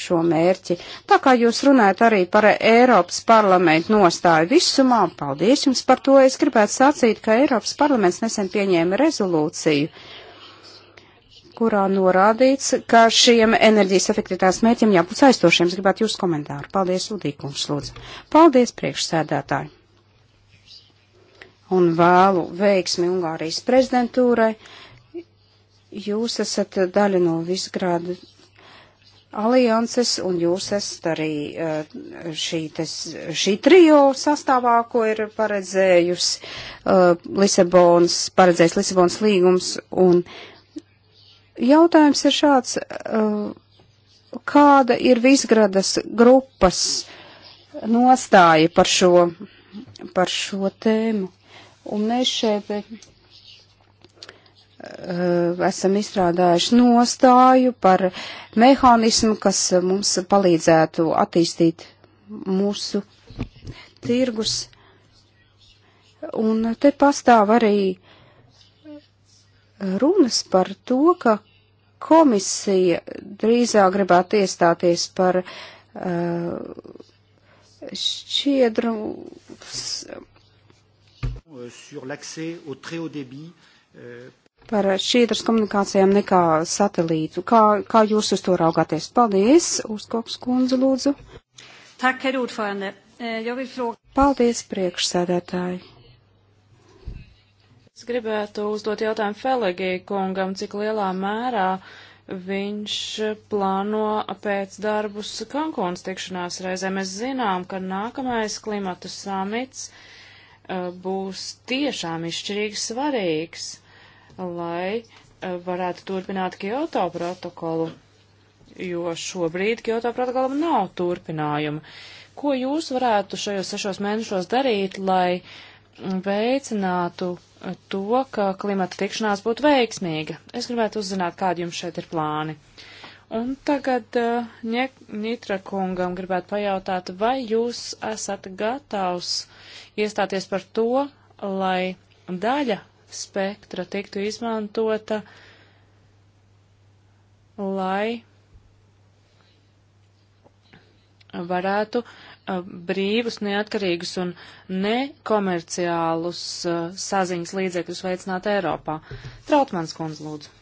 šo mērķi. Tā kā jūs runājat arī par Eiropas parlamentu nostāju visumā, paldies jums par to. Es gribētu sacīt, ka Eiropas parlaments nesen pieņēma rezolūciju kurā norādīts, ka šiem enerģijas efektivitātes mērķiem jābūt saistošiem. Es gribētu jūs komentāru. Paldies, Udīkums, lūdzu. Paldies, priekšsēdētāji. Un vēlu veiksmi Ungārijas prezidentūrai. Jūs esat daļa no Visgrāda alianses, un jūs esat arī eh, šī, tas, šī trijo sastāvā, ko ir paredzējusi uh, eh, Lisabons, paredzējis Lisabons līgums, un uh, Jautājums ir šāds, uh, kāda ir Visgradas grupas nostāja par šo, par šo tēmu? Un mēs šeit uh, esam izstrādājuši nostāju par mehānismu, kas mums palīdzētu attīstīt mūsu tirgus. Un te pastāv arī runas par to, ka komisija drīzāk gribētu iestāties par uh, šķiedru. Euh, par šķiedras komunikācijām nekā satelītu. Kā, kā jūs uz to raugāties? Paldies, Uzkops kundze, lūdzu. Eh, Paldies, priekšsēdētāji. Es gribētu uzdot jautājumu Felegī kungam, cik lielā mērā viņš plāno pēc darbus Kankūnas tikšanās reizē. Mēs zinām, ka nākamais klimatu samits uh, būs tiešām izšķirīgi svarīgs, lai uh, varētu turpināt Kyoto protokolu, jo šobrīd Kyoto protokolam nav turpinājuma. Ko jūs varētu šajos sešos mēnešos darīt, lai uh, veicinātu eh, to, ka klimata tikšanās būtu veiksmīga. Es gribētu uzzināt, kādi jums šeit ir plāni. Un tagad uh, Nitra kungam gribētu pajautāt, vai jūs esat gatavs iestāties par to, lai daļa spektra tiktu izmantota, lai varētu uh, brīvus, neatkarīgus un nekomerciālus saziņas līdzekļus veicināt Eiropā. Trautmans kundze, lūdzu.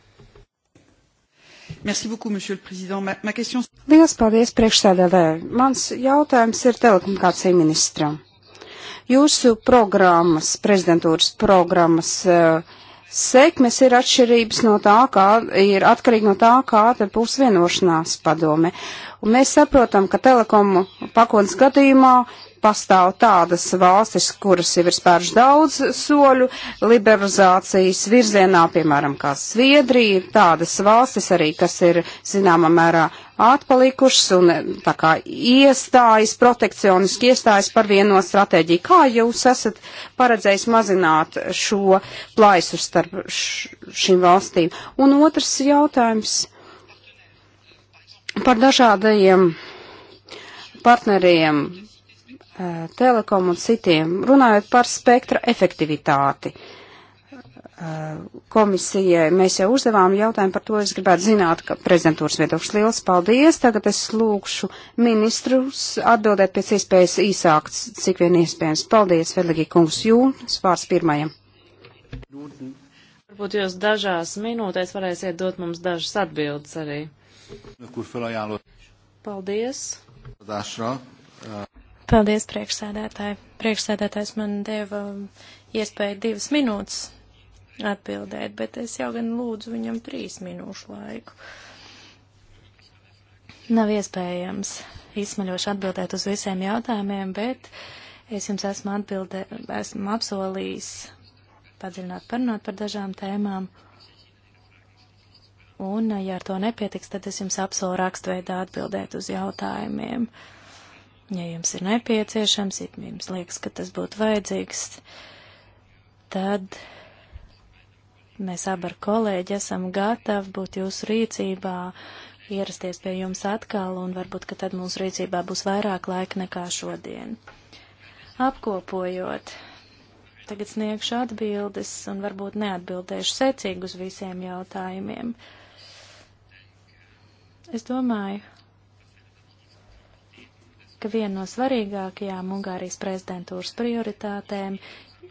Merci beaucoup, monsieur le président. Ma, ma question... Liels paldies priekšsēdētāji. Mans jautājums ir telekomunikācija ministram. Jūsu programmas, prezidentūras programmas uh, sekmes ir atšķirības no tā, kā ir atkarīgi no tā, kāda būs vienošanās padome. Un mēs saprotam, ka telekomu pakonas gadījumā pastāv tādas valstis, kuras jau ir spērš daudz soļu liberalizācijas virzienā, piemēram, kā Sviedrija, tādas valstis arī, kas ir zināmā mērā atpalikušas un e, tā kā iestājas, protekcioniski iestājas par vieno stratēģiju. Kā jūs esat paredzējis mazināt šo plaisu starp šīm valstīm? Un otrs jautājums par dažādajiem partneriem, e, telekom un citiem, runājot par spektra efektivitāti. Uh, komisijai. Mēs jau uzdevām jautājumu par to. Es gribētu zināt, ka prezidentūras viedoklis liels. Paldies. Tagad es lūkšu ministrus atbildēt pēc iespējas īsāk, cik vien iespējams. Paldies, Veligī kungs Jūnas vārds pirmajam. Varbūt jūs dažās minūtēs varēsiet dot mums dažas atbildes arī. Kur felajālot? Paldies. Paldies, priekšsēdētāji. Priekšsēdētājs man deva um, iespēju divas minūtes atbildēt, bet es jau gan lūdzu viņam trīs minūšu laiku. Nav iespējams izsmaļoši atbildēt uz visiem jautājumiem, bet es jums esmu atbildē, esmu apsolījis padziļināt parunāt par dažām tēmām. Un, ja ar to nepietiks, tad es jums apsolu rakstveidā atbildēt uz jautājumiem. Ja jums ir nepieciešams, ja jums liekas, ka tas būtu vajadzīgs, tad Mēs abi ar kolēģi esam gatavi būt jūsu rīcībā, ierasties pie jums atkal, un varbūt, ka tad mūsu rīcībā būs vairāk laika nekā šodien. Apkopojot, tagad sniegšu atbildes un varbūt neatbildēšu secīgi uz visiem jautājumiem. Es domāju, ka viena no svarīgākajām Ungārijas prezidentūras prioritātēm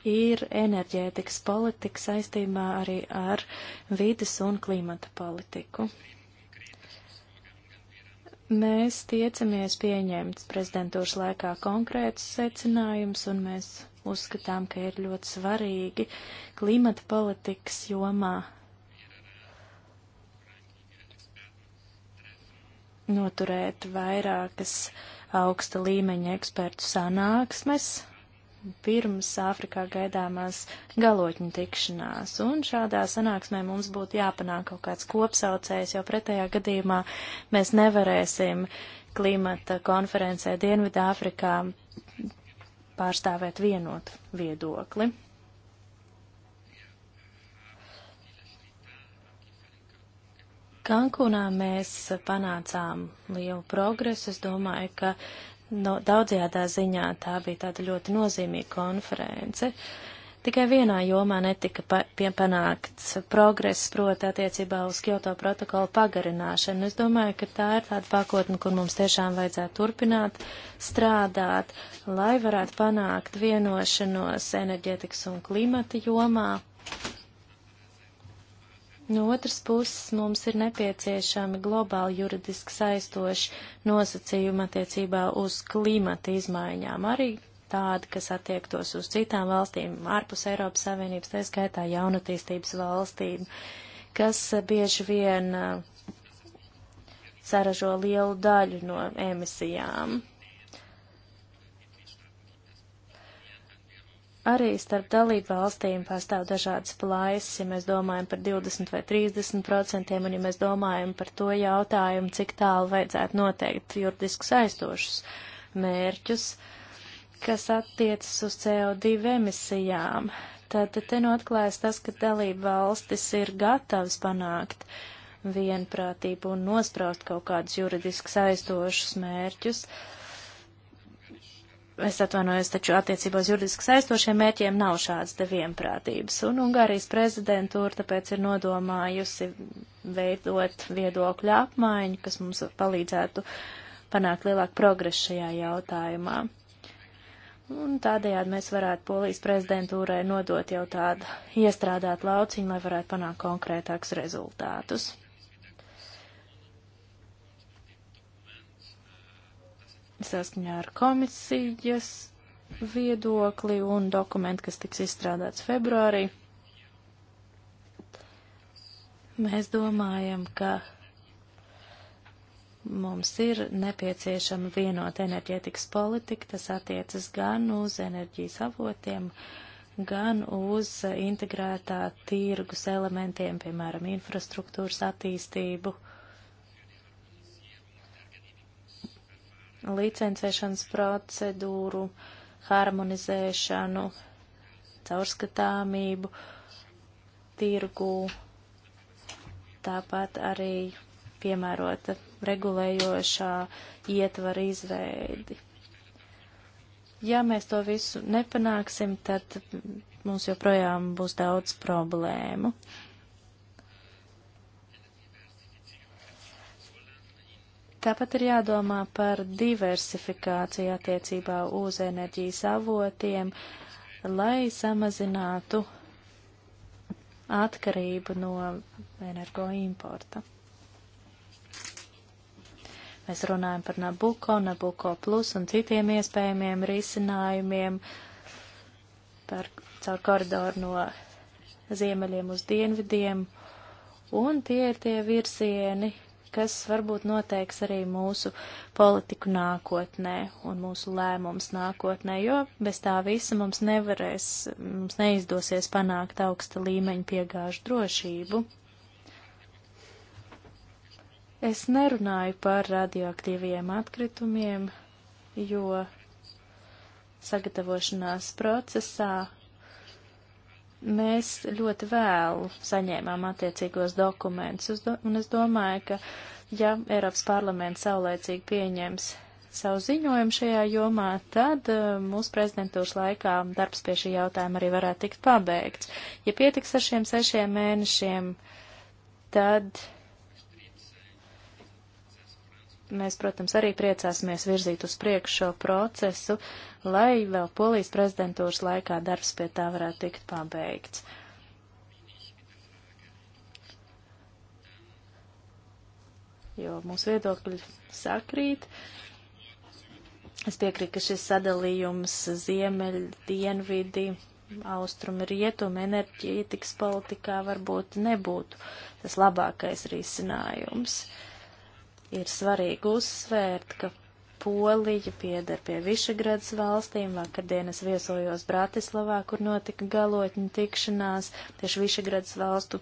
ir enerģētikas politika saistībā arī ar vidas un klimata politiku. Mēs tiecamies pieņemt prezidentūras laikā konkrētus secinājumus, un mēs uzskatām, ka ir ļoti svarīgi klimata politikas jomā noturēt vairākas augsta līmeņa ekspertu sanāksmes, pirms Āfrikā gaidāmās galotņu tikšanās. Un šādā sanāksmē mums būtu jāpanāk kaut kāds kopsaucējs, jo pretējā gadījumā mēs nevarēsim klimata konferencē Dienvidā Āfrikā pārstāvēt vienotu viedokli. Kankūnā mēs panācām lielu progresu. Es domāju, ka no, daudzajādā ziņā tā bija tāda ļoti nozīmīga konference. Tikai vienā jomā netika pa, piepanākts progress, proti attiecībā uz Kyoto protokolu pagarināšanu. Es domāju, ka tā ir tāda pakotne, kur mums tiešām vajadzētu turpināt strādāt, lai varētu panākt vienošanos enerģetikas un klimata jomā. No otras puses, mums ir nepieciešami globāli juridiski saistoši nosacījumi attiecībā uz klimata izmaiņām, arī tādi, kas attiektos uz citām valstīm ārpus Eiropas Savienības, tā skaitā jaunatīstības valstīm, kas bieži vien uh, saražo lielu daļu no emisijām. Arī starp dalību valstīm pastāv dažādas plaisas, ja mēs domājam par 20 vai 30 procentiem, un ja mēs domājam par to jautājumu, cik tālu vajadzētu noteikt juridiski saistošus mērķus, kas attiecas uz CO2 emisijām. Tad te notklājas nu tas, ka dalība valstis ir gatavs panākt vienprātību un nospraust kaut kādus juridiski saistošus mērķus, uh, es atvainojos, taču attiecībā uz juridiski saistošiem mērķiem nav šādas te vienprātības. Un Ungārijas prezidentūra tāpēc ir nodomājusi veidot viedokļu apmaiņu, kas mums palīdzētu panākt lielāku progresu šajā jautājumā. Un tādējādi mēs varētu polijas prezidentūrai nodot jau tādu iestrādāt lauciņu, lai varētu panākt konkrētākus rezultātus. saskaņā ar komisijas viedokli un dokumentu, kas tiks izstrādāts februārī. Mēs domājam, ka mums ir nepieciešama vienota enerģētikas politika, tas attiecas gan uz enerģijas avotiem, gan uz integrētā tirgus elementiem, piemēram, infrastruktūras attīstību licencēšanas procedūru, harmonizēšanu, caurskatāmību, tirgu, tāpat arī piemērota regulējošā ietvara izveidi. Ja mēs to visu nepanāksim, tad mums joprojām būs daudz problēmu. Uh, Tāpat ir jādomā par diversifikāciju attiecībā uz enerģijas avotiem, lai samazinātu atkarību no energo importa. Mēs runājam par Nabuko, Nabuko Plus un citiem iespējamiem risinājumiem par, caur koridoru no ziemeļiem uz dienvidiem, un tie ir tie virsieni, kas varbūt noteiks arī mūsu politiku nākotnē un mūsu lēmums nākotnē, jo bez tā visa mums nevarēs, mums neizdosies panākt augsta līmeņa piegāžu drošību. Es nerunāju par radioaktīviem atkritumiem, jo sagatavošanās procesā mēs ļoti vēlu saņēmām attiecīgos dokumentus, un es domāju, ka, ja Eiropas parlaments saulēcīgi pieņems savu ziņojumu šajā jomā, tad uh, mūsu prezidentūras laikā darbs pie šī jautājuma arī varētu tikt pabeigts. Ja pietiks ar šiem sešiem mēnešiem, tad mēs, protams, arī priecāsimies virzīt uz priekšu šo procesu, lai vēl polijas prezidentūras laikā darbs pie tā varētu tikt pabeigts. Jo mūsu viedokļi sakrīt. Es piekrītu, ka šis sadalījums ziemeļ, dienvidi, austrumi, rietumi enerģētikas politikā varbūt nebūtu tas labākais risinājums. Uh, ir svarīgi uzsvērt, ka Polija pieder pie Višegrads valstīm. Vakardien es viesojos Bratislavā, kur notika galotņu tikšanās, tieši Višegrads valstu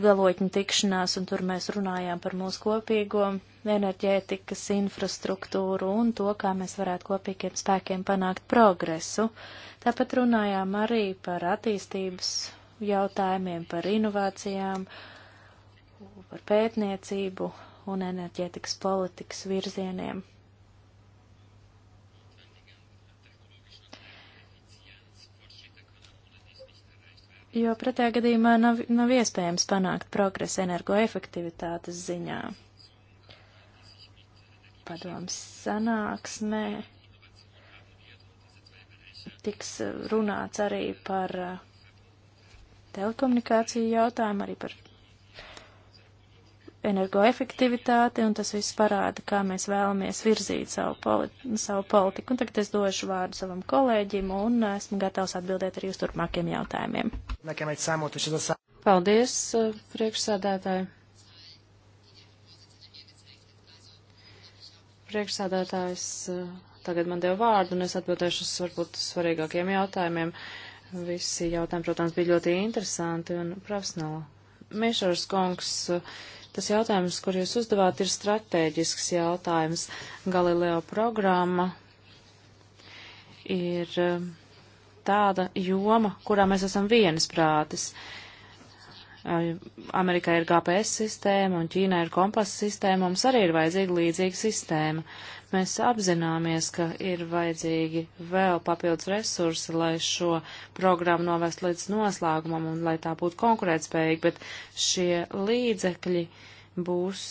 galotņu tikšanās, un tur mēs runājām par mūsu kopīgo enerģētikas infrastruktūru un to, kā mēs varētu kopīgiem spēkiem panākt progresu. Tāpat runājām arī par attīstības jautājumiem, par inovācijām. Uh, par pētniecību un enerģētikas politikas virzieniem. Jo pretējā gadījumā nav, nav iespējams panākt progresu energoefektivitātes ziņā. Padoms sanāksmē tiks runāts arī par eh, telekomunikāciju jautājumu, arī par energoefektivitāti, un tas viss parāda, kā mēs vēlamies virzīt savu, politi savu politiku. Un tagad es došu vārdu savam kolēģim, un esmu gatavs atbildēt arī uz turpmākiem jautājumiem. Paldies, priekšsādātāji. Priekšsādātājs tagad man deva vārdu, un es atbildēšu uz varbūt svarīgākiem jautājumiem. Visi jautājumi, protams, bija ļoti interesanti un profesionāli. Mišars kungs uh, Tas jautājums, kur jūs uzdevāt, ir strateģisks jautājums. Galileo programma ir eh, tāda joma, kurā mēs esam vienas prātis. Uh, Amerikā ir GPS sistēma un Ķīnā ir kompasa sistēma, mums arī ir vajadzīga līdzīga sistēma. Mēs apzināmies, ka ir vajadzīgi vēl papildus resursi, lai šo programmu novest līdz noslēgumam un lai tā būtu konkurētspējīga, bet šie līdzekļi būs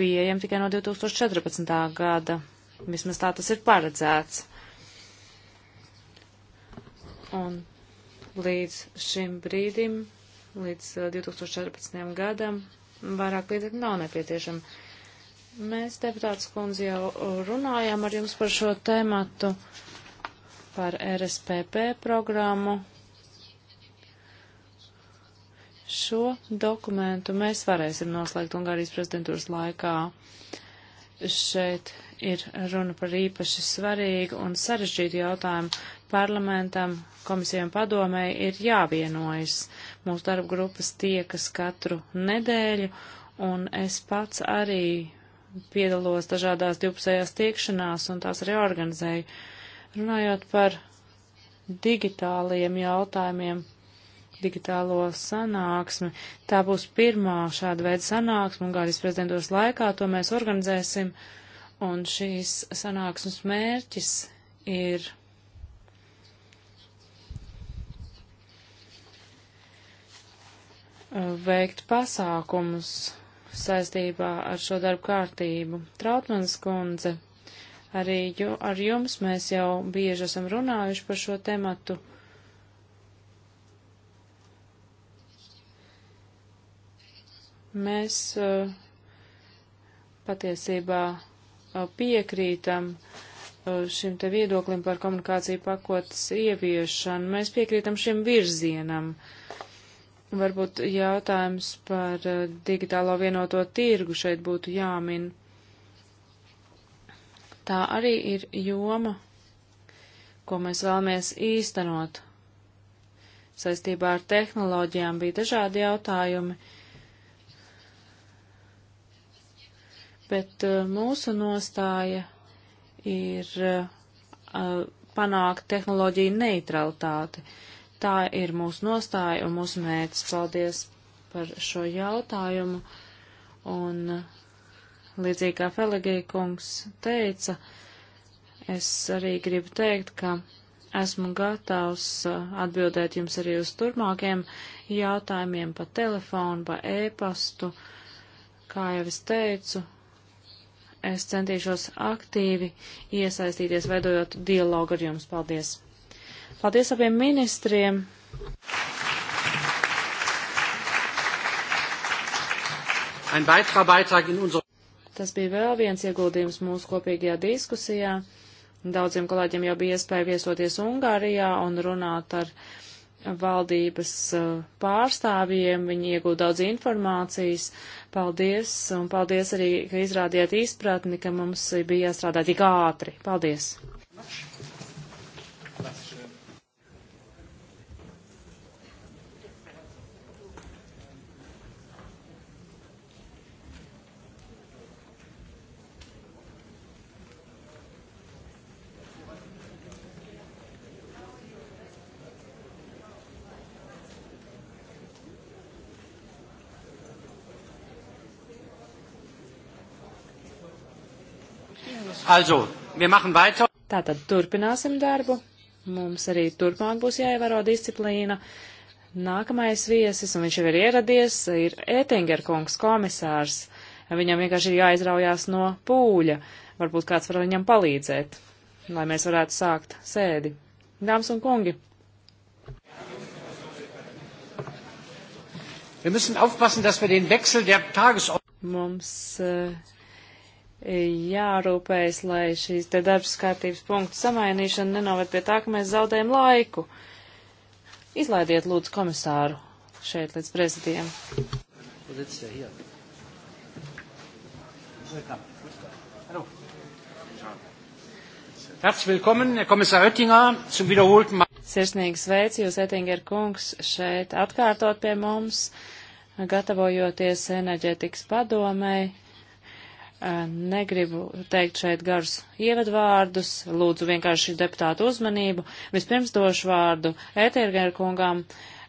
pieejami tikai no 2014. gada. Vismaz tā tas ir paredzēts. Un līdz šim brīdim līdz 2014. gadam vairāk līdzekļu nav nepieciešama. Mēs, deputāts kundze, jau runājām ar jums par šo tēmatu, par RSPP programmu. Šo dokumentu mēs varēsim noslēgt Ungārijas prezidentūras laikā. Šeit ir runa par īpaši svarīgu un sarežģītu jautājumu. Parlamentam, komisijām padomēji ir jāvienojas. Mūsu darba grupas tiekas katru nedēļu, un es pats arī piedalos dažādās divpusējās tiekšanās un tās arī organizēju. Runājot par digitāliem jautājumiem, digitālo sanāksmi. Tā būs pirmā šāda veida sanāksme Ungārijas prezidentūras laikā, to mēs organizēsim. Uh, Un šīs sanāksmes mērķis ir veikt pasākumus saistībā ar šo darbu kārtību. Trautmanas kundze, arī ju, ar jums mēs jau bieži esam runājuši par šo tematu. Mēs uh, patiesībā piekrītam šim te viedoklim par komunikāciju pakotas ieviešanu. Mēs piekrītam šim virzienam. Varbūt jautājums par digitālo vienoto tirgu šeit būtu jāmin. Tā arī ir joma, ko mēs vēlamies īstenot. Saistībā ar tehnoloģijām bija dažādi jautājumi bet uh, mūsu nostāja ir uh, uh, panākt tehnoloģiju neutralitāti. Tā ir mūsu nostāja un mūsu mērķis. Paldies par šo jautājumu. Un līdzīgi kā Felegija kungs teica, es arī gribu teikt, ka esmu gatavs atbildēt jums arī uz turpmākiem jautājumiem pa telefonu, pa ēpastu. Kā jau es teicu, es centīšos aktīvi iesaistīties, veidojot dialogu ar jums. Paldies! Paldies abiem ministriem! Tas bija vēl viens ieguldījums mūsu kopīgajā diskusijā. Daudziem kolēģiem jau bija iespēja viesoties Ungārijā un runāt ar valdības eh, pārstāvjiem, viņi iegūda daudz informācijas. Paldies, un paldies arī, ka izrādījāt izpratni, ka mums bija jāstrādā tik ātri. Paldies! Much. Also, wir machen weiter. Tātad turpināsim darbu. Mums arī turpmāk būs jāievēro disciplīna. Nākamais viesis, un viņš jau ir ieradies, ir Ētinger kungs, komisārs. Viņam vienkārši ir jāizraujās no pūļa. Varbūt kāds var viņam palīdzēt, lai mēs varētu sākt sēdi. Dāmas un kungi! Wir müssen aufpassen, dass wir den Wechsel der Tagesordnung. Mums uh, jārūpējas, lai šīs te darbas kārtības punktu samainīšana nenovad pie tā, ka mēs zaudējam laiku. Izlaidiet lūdzu komisāru šeit līdz prezidijam. Uh, Herzlich willkommen, Herr Kommissar Oettinger, zum wiederholten Mal. Sirsnīgi sveicu jūs, Ettinger kungs, šeit atkārtot pie mums, gatavojoties enerģētikas padomei Negribu teikt šeit garus ievadvārdus, lūdzu vienkārši deputātu uzmanību. Vispirms došu vārdu Ētiergeru kungām.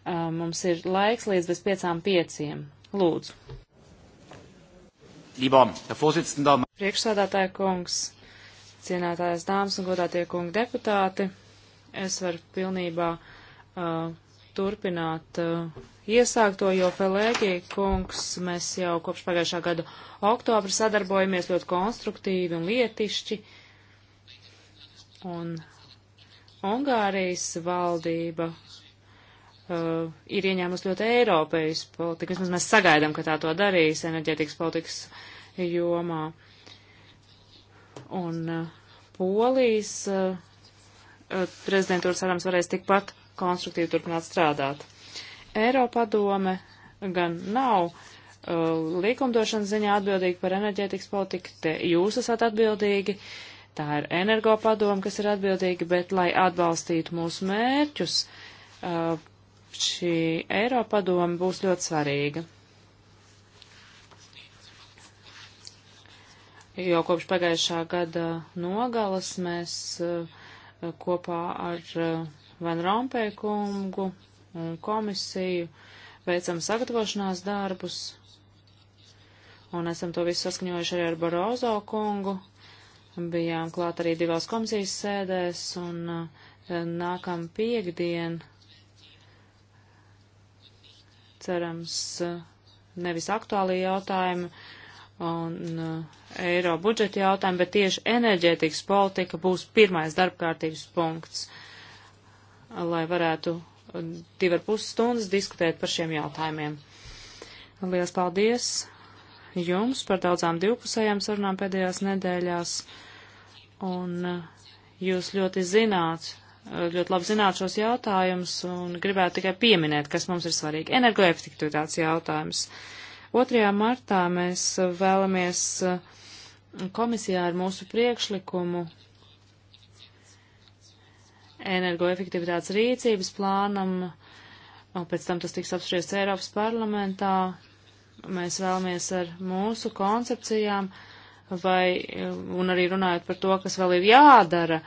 Mums ir laiks līdz bez piecām pieciem. Lūdzu. Priekšsādātāja kungs, cienētājas dāmas un godātie kungi deputāti, es varu pilnībā uh, turpināt uh, iesākto, jo Pelēkī kungs mēs jau kopš pagājušā gada oktobra sadarbojamies ļoti konstruktīvi un lietišķi. Un Ungārijas valdība uh, ir ieņēmusi ļoti Eiropējas politiku. Vismaz mēs sagaidām, ka tā to darīs enerģētikas politikas jomā. Un uh, Polijas uh, prezidentūras sarams varēs tikpat konstruktīvi turpināt strādāt. Eiropadome gan nav uh, likumdošanas ziņā atbildīga par enerģētikas politiku, te jūs esat atbildīgi, tā ir energopadome, kas ir atbildīga, bet lai atbalstītu mūsu mērķus, uh, šī Eiropadome būs ļoti svarīga. Jau kopš pagājušā gada nogalas mēs uh, kopā ar uh, Van Rompēju kungu un komisiju, veicam sagatavošanās darbus, un esam to visu saskaņojuši arī ar Barozo kungu. Bijām klāt arī divās komisijas sēdēs, un eh, nākam piekdien, cerams, eh, nevis aktuālī jautājumi un eh, eiro budžeta jautājumi, bet tieši enerģētikas politika būs pirmais darbkārtības punkts lai varētu uh, divi ar pus stundas diskutēt par šiem jautājumiem. Lielas paldies jums par daudzām divpusējām sarunām pēdējās nedēļās, un uh, jūs ļoti zināt, uh, ļoti labi zināt šos jautājumus, un gribētu tikai pieminēt, kas mums ir svarīgi. Energoefektivitātes jautājums. 2. martā mēs vēlamies komisijā ar mūsu priekšlikumu energoefektivitātes rīcības plānam, pēc tam tas tiks apspriests Eiropas parlamentā. Mēs vēlamies ar mūsu koncepcijām vai, un arī runājot par to, kas vēl ir jādara,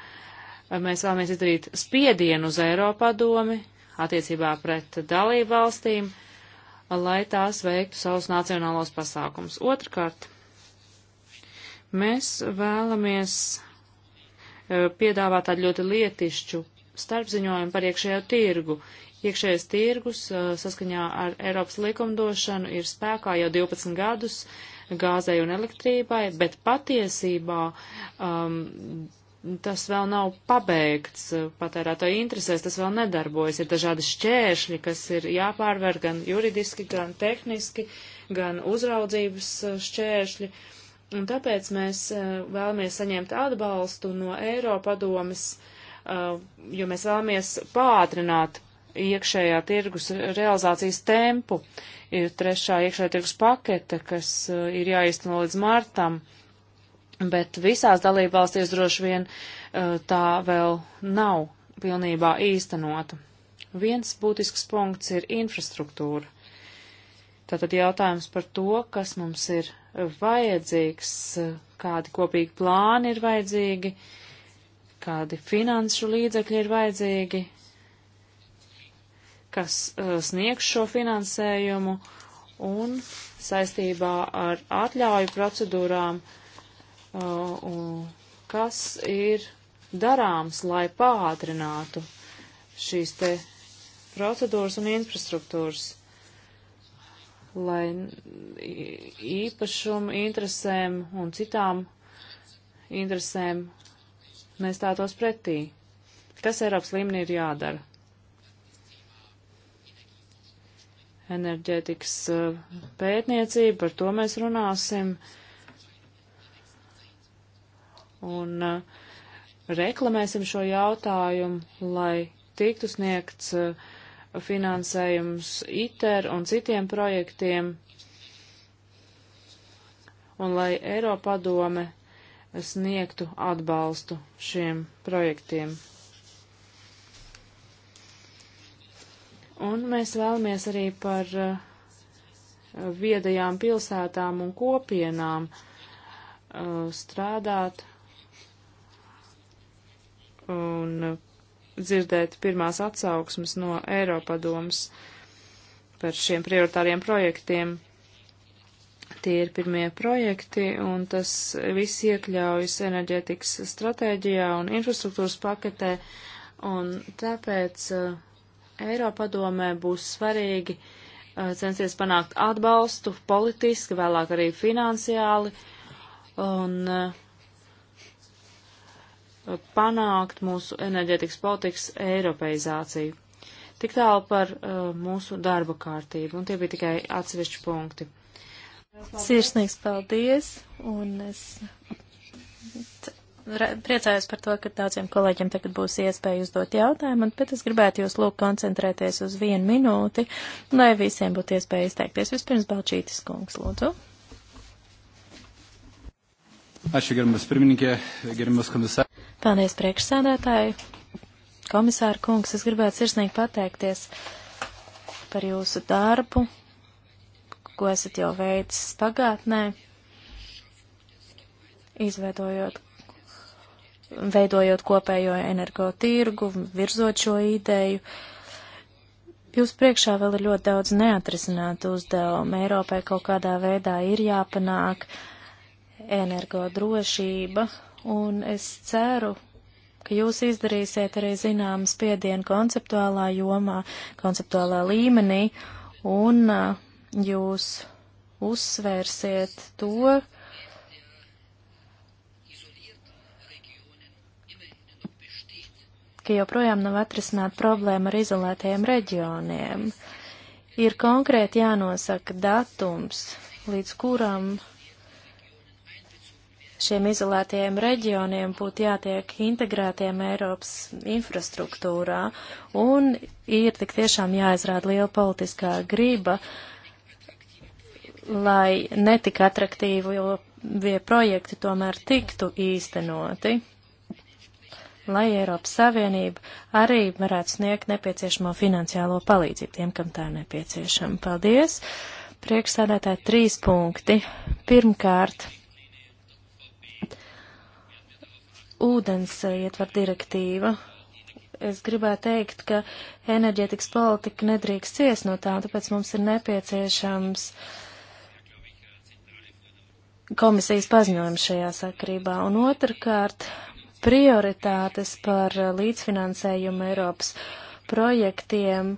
mēs vēlamies izdarīt spiedienu uz Eiropadomi attiecībā pret dalību valstīm, lai tās veiktu savus nacionālos pasākumus. Otrkārt, mēs vēlamies Eh, piedāvā tādu ļoti lietišķu starpziņojumu par iekšējo tirgu. Iekšējais tirgus eh, saskaņā ar Eiropas likumdošanu ir spēkā jau 12 gadus gāzei un elektrībai, bet patiesībā um, tas vēl nav pabeigts eh, patērētāju interesēs, tas vēl nedarbojas. Ir dažādi šķēršļi, kas ir jāpārver gan juridiski, gan tehniski, gan uzraudzības šķēršļi. Uh, Un tāpēc mēs eh, vēlamies saņemt atbalstu no Eiropadomes, eh, jo mēs vēlamies pātrināt iekšējā tirgus realizācijas tempu. Ir trešā iekšējā tirgus pakete, kas eh, ir jāizteno līdz martam, bet visās dalībvalstīs droši vien tā vēl nav pilnībā īstenota. Viens būtisks punkts ir infrastruktūra. Tātad jautājums par to, kas mums ir vajadzīgs, kādi kopīgi plāni ir vajadzīgi, kādi finanšu līdzekļi ir vajadzīgi, kas uh, sniegs šo finansējumu un saistībā ar atļauju procedūrām, uh, kas ir darāms, lai pātrinātu šīs te procedūras un infrastruktūras lai īpašumu interesēm un citām interesēm nestātos pretī. Kas Eiropas līmenī ir jādara? Enerģētikas uh, pētniecība, par to mēs runāsim. Un uh, reklamēsim šo jautājumu, lai tiktu sniegts uh, finansējums ITER un citiem projektiem, un lai Eiropadome sniegtu atbalstu šiem projektiem. Un mēs vēlamies arī par uh, viedajām pilsētām un kopienām uh, strādāt un dzirdēt pirmās atsauksmes no Eiropadomas par šiem prioritāriem projektiem. Tie ir pirmie projekti, un tas viss iekļaujas enerģētikas stratēģijā un infrastruktūras paketē, un tāpēc uh, Eiropadomē būs svarīgi uh, censties panākt atbalstu politiski, vēlāk arī finansiāli, un uh, panākt mūsu enerģetikas politikas eiropeizāciju. Tik tālu par uh, mūsu darba kārtību, un tie bija tikai atsevišķi punkti. Sirsnīgs paldies, un es priecājos par to, ka daudziem kolēģiem tagad būs iespēja uzdot jautājumu, bet es gribētu jūs lūgt koncentrēties uz vienu minūti, lai visiem būtu iespēja izteikties. Vispirms Balčītis kungs, lūdzu. Ačiū, gerbiamas pirmininkė, gerbiamas komisār. Paldies, priekšsēdētāji. Komisāra kungs, es gribētu sirsnīgi pateikties par jūsu darbu, ko esat jau veicis pagātnē, izveidojot veidojot kopējo energotirgu, virzot šo ideju. Jūs priekšā vēl ir ļoti daudz neatrisinātu uzdevumu. Eiropai kaut kādā veidā ir jāpanāk energodrošība un es ceru, ka jūs izdarīsiet arī zinām spiedienu konceptuālā jomā, konceptuālā līmenī, un uh, jūs uzsvērsiet to, ka joprojām nav atrisināt problēma ar izolētajiem reģioniem. Ir konkrēti jānosaka datums, līdz kuram šiem izolētajiem reģioniem būtu jātiek integrētiem Eiropas infrastruktūrā un ir tik tiešām jāizrāda liela politiskā grība, lai netik atraktīvi projekti tomēr tiktu īstenoti, lai Eiropas Savienība arī varētu sniegt nepieciešamo finansiālo palīdzību tiem, kam tā nepieciešama. Paldies! Priekšsādātāji trīs punkti. Pirmkārt, ūdens ietver direktīva. Es gribētu teikt, ka enerģētikas politika nedrīkst ciest no tā, tāpēc mums ir nepieciešams komisijas paziņojums šajā sakrībā. Un otrkārt, prioritātes par līdzfinansējumu Eiropas projektiem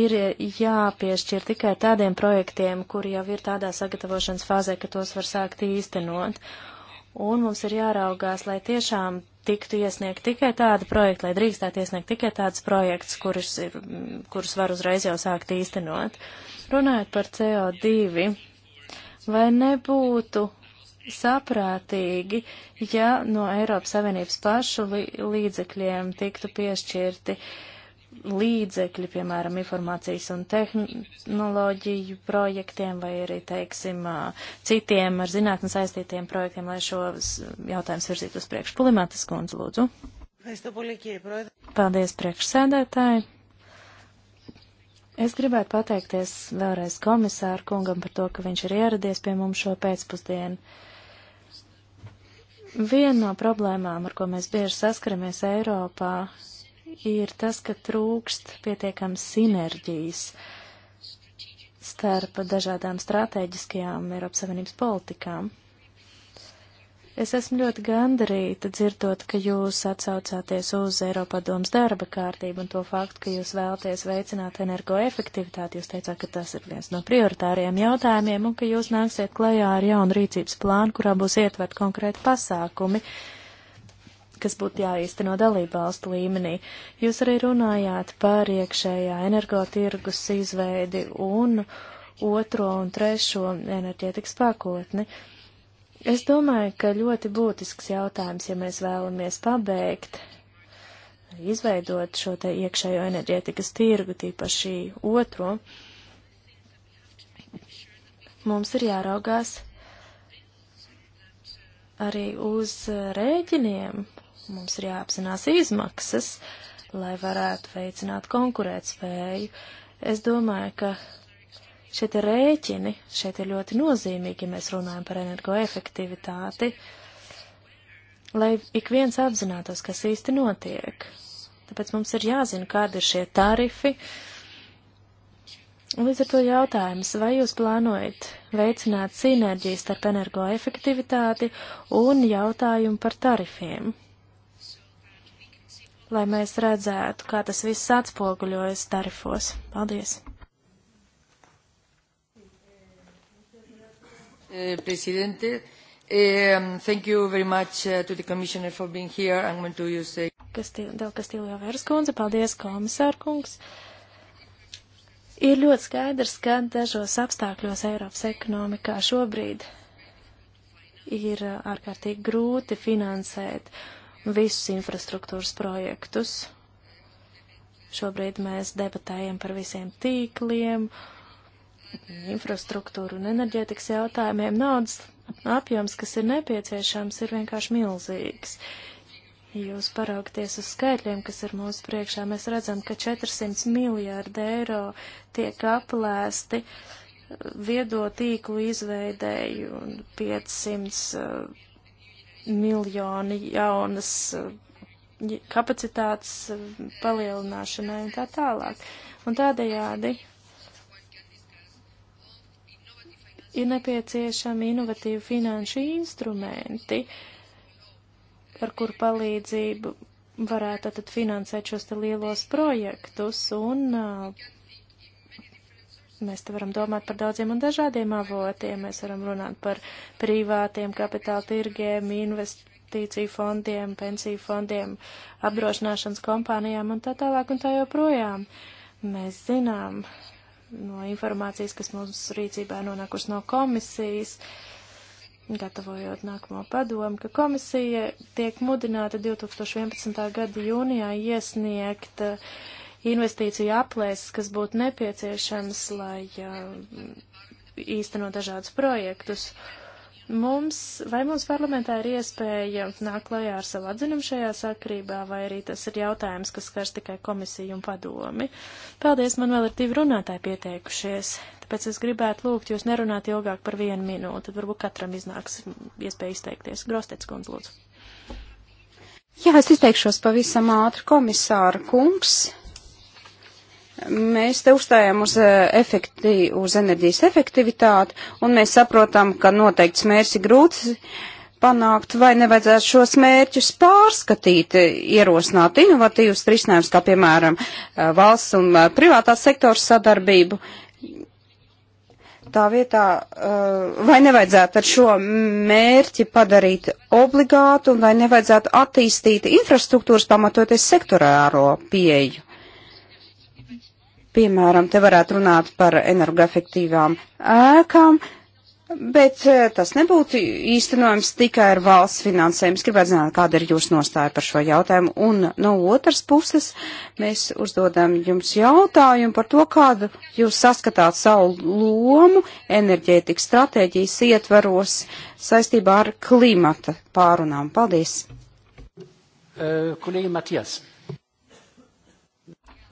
ir jāpiešķir tikai tādiem projektiem, kuri jau ir tādā sagatavošanas fāzē, ka tos var sākt īstenot. Uh, un mums ir jāraugās, lai tiešām tiktu iesniegt tikai tādi projekti, lai drīkstētu iesniegt tikai tādus projektus, kurus, ir, kurus var uzreiz jau sākt īstenot. Runājot par CO2, vai nebūtu saprātīgi, ja no Eiropas Savienības pašu līdzekļiem tiktu piešķirti uh, līdzekļi, piemēram, informācijas un tehnoloģiju projektiem vai arī, teiksim, citiem ar zinātnes saistītiem projektiem, lai šos jautājumus virzītu uz priekšu. Pulimētas kundze, lūdzu. Paldies, priekšsēdētāji. Es gribētu pateikties vēlreiz komisāru kungam par to, ka viņš ir ieradies pie mums šo pēcpusdienu. Viena no problēmām, ar ko mēs bieži saskaramies Eiropā, ir tas, ka trūkst pietiekams sinerģijas starp dažādām strateģiskajām Eiropas Savienības politikām. Es esmu ļoti gandarīta dzirdot, ka jūs atsaucāties uz Eiropadomas darba kārtību un to faktu, ka jūs vēlaties veicināt energoefektivitāti. Jūs teicāt, ka tas ir viens no prioritāriem jautājumiem un ka jūs nāksiet klajā ar jaunu rīcības plānu, kurā būs ietvert konkrēti pasākumi, uh, kas būtu jāīsteno dalībvalstu līmenī. Jūs arī runājāt par iekšējā energotirgus izveidi un otro un trešo enerģētikas pakotni. Es domāju, ka ļoti būtisks jautājums, ja mēs vēlamies pabeigt, izveidot šo te iekšējo enerģētikas tirgu, tīpaši otro, mums ir jāraugās arī uz rēķiniem, Mums ir jāapzinās izmaksas, lai varētu veicināt konkurētspēju. Es domāju, ka šie rēķini šeit ir ļoti nozīmīgi, ja mēs runājam par energoefektivitāti, lai ik viens apzinātos, kas īsti notiek. Tāpēc mums ir jāzina, kādi ir šie tarifi. Līdz ar to jautājums, vai jūs plānojat veicināt sinerģijas starp energoefektivitāti un jautājumu par tarifiem? lai mēs redzētu, kā tas viss atspoguļojas tarifos. Paldies! Eh, presidente, um, thank you very much uh, to the Commissioner for being here. I'm going to use a... Kastil, Del Kastiljo Vērskundze, paldies, komisārkungs. Ir ļoti skaidrs, ka dažos apstākļos Eiropas ekonomikā šobrīd ir ārkārtīgi grūti finansēt uh, visus infrastruktūras projektus. Šobrīd mēs debatējam par visiem tīkliem, infrastruktūru un enerģētikas jautājumiem. Naudas apjoms, kas ir nepieciešams, ir vienkārši milzīgs. Jūs paraugties uz skaitļiem, kas ir mūsu priekšā, mēs redzam, ka 400 miljārdi eiro tiek aplēsti viedo tīklu izveidēju un 500 uh, miljoni jaunas eh, kapacitātes eh, palielināšanai un tā tālāk. Un tādējādi ir nepieciešami inovatīvi finanšu instrumenti, ar kuru palīdzību varētu tad finansēt šos te lielos projektus un uh, Mēs te varam domāt par daudziem un dažādiem avotiem. Mēs varam runāt par privātiem kapitāla tirgiem, investīciju fondiem, pensiju fondiem, apdrošināšanas kompānijām un tā tālāk un tā joprojām. Mēs zinām no informācijas, kas mums rīcībā nonākusi no komisijas, gatavojot nākamo padomu, ka komisija tiek mudināta 2011. gada jūnijā iesniegt uh, investīciju aplēses, kas būtu nepieciešams, lai uh, īstenot dažādus projektus. Mums, vai mums parlamentā ir iespēja nākt klajā ar savu atzinumu šajā sakrībā, vai arī tas ir jautājums, kas skars tikai komisiju un padomi? Paldies, man vēl ir divi runātāji pieteikušies, tāpēc es gribētu lūgt jūs nerunāt ilgāk par vienu minūti, tad varbūt katram iznāks iespēja izteikties. Grostec, kundz, lūdzu. Jā, es izteikšos pavisam ātri, komisāra kungs. Mēs te uzstājām uz, eh, efekti, uz enerģijas efektivitāti, un mēs saprotam, ka noteikts mērķis ir grūts panākt, vai nevajadzētu šos mērķus pārskatīt, ierosināt inovatīvus risinājumus, kā piemēram eh, valsts un eh, privātās sektors sadarbību. Tā vietā, vai nevajadzētu ar šo mērķi padarīt obligātu, un vai nevajadzētu attīstīt infrastruktūras pamatoties sektorāro pieeju. Piemēram, te varētu runāt par energoefektīvām ēkām, bet e, tas nebūtu īstenojams tikai ar valsts finansējumu. Es gribētu zināt, kāda ir jūsu nostāja par šo jautājumu. Un no otras puses, mēs uzdodam jums jautājumu par to, kādu jūs saskatāt savu lomu enerģētikas stratēģijas ietvaros saistībā ar klimata pārunām. Paldies! Uh, kolēģi Matijas.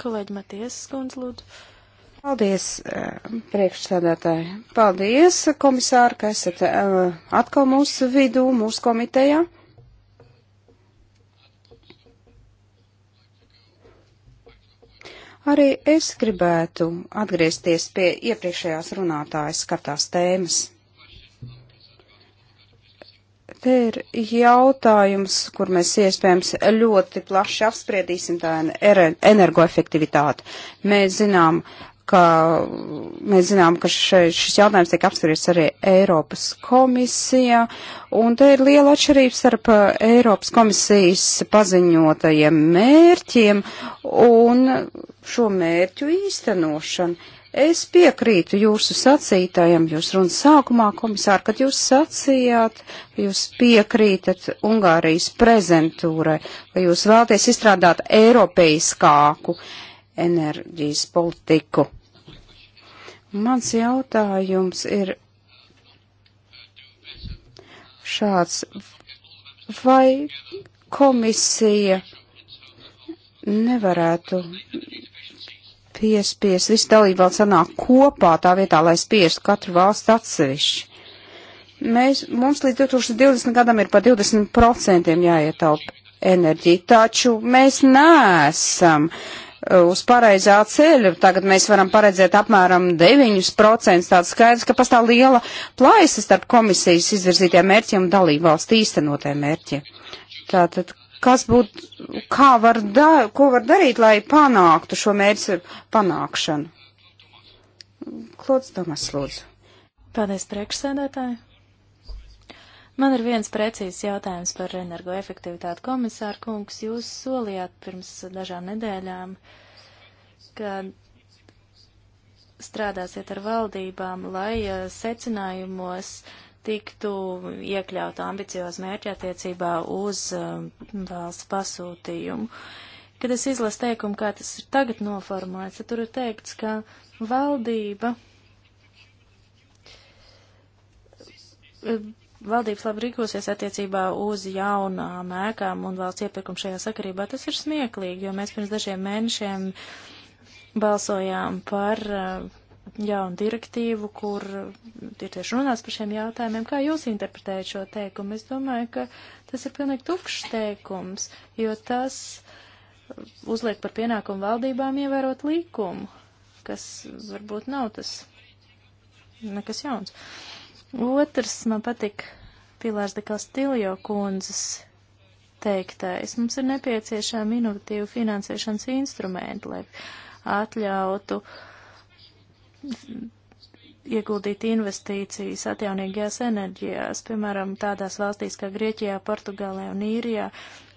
Kolēģi Matieses kundze, lūdzu. Paldies, eh, priekšsēdētāji. Paldies, komisāri, ka esat eh, atkal mūsu vidū, mūsu komitejā. Arī es gribētu atgriezties pie iepriekšējās runātājas skatās tēmas. Te ir jautājums, kur mēs iespējams ļoti plaši apspriedīsim tā er- energoefektivitāti. Mēs zinām, ka, mēs zinām, ka še, šis jautājums tiek apspriests arī Eiropas komisijā, un te ir liela atšķirība starp uh, Eiropas komisijas paziņotajiem mērķiem un šo mērķu īstenošanu. Es piekrītu jūsu sacītajam, jūs runas sākumā, komisār, kad jūs sacījāt, jūs piekrītat Ungārijas prezentūrai, ka jūs vēlties izstrādāt eiropeiskāku enerģijas politiku. Mans jautājums ir šāds. Vai komisija nevarētu piespies visu dalībvalsts sanāk kopā tā vietā, lai spiestu katru valstu atsevišķi. Mēs, mums līdz 2020 gadam ir par 20% jāietaupa enerģija, taču mēs neesam uh, uz pareizā ceļa. Tagad mēs varam paredzēt apmēram 9%. Tāds skaidrs, ka pastāv liela plaisa starp komisijas izvirzītiem mērķiem un dalībvalstu īstenotajiem mērķiem. Tātad kas būtu, kā var, da, ko var darīt, lai panāktu šo mērķu panākšanu. Klods Tomas, lūdzu. Paldies, priekšsēdētāji. Man ir viens precīzs jautājums par energoefektivitāti. Komisāra kungs, jūs solījāt pirms dažām nedēļām, ka strādāsiet ar valdībām, lai eh, secinājumos uh, tiktu iekļauta ambiciozi mērķi attiecībā uz um, valsts pasūtījumu. Kad es izlasu teikumu, kā tas ir tagad noformulēts, tad tur ir teikts, ka valdība eh, valdības labi rīkosies attiecībā uz jaunām ēkām un valsts iepirkumu šajā sakarībā. Tas ir smieklīgi, jo mēs pirms dažiem mēnešiem balsojām par uh, jaunu direktīvu, kur ir tieši runāts par šiem jautājumiem. Kā jūs interpretējat šo teikumu? Es domāju, ka tas ir pilnīgi tukšs teikums, jo tas uzliek par pienākumu valdībām ievērot likumu, kas varbūt nav tas nekas jauns. Otrs man patika Pilārs de Kastiljo kundzes teiktais. Mums ir nepieciešami inovatīvi finansēšanas instrumenti, lai atļautu uh, ieguldīt investīcijas atjaunīgajās enerģijās, piemēram, tādās valstīs kā Grieķijā, Portugālē un Īrijā,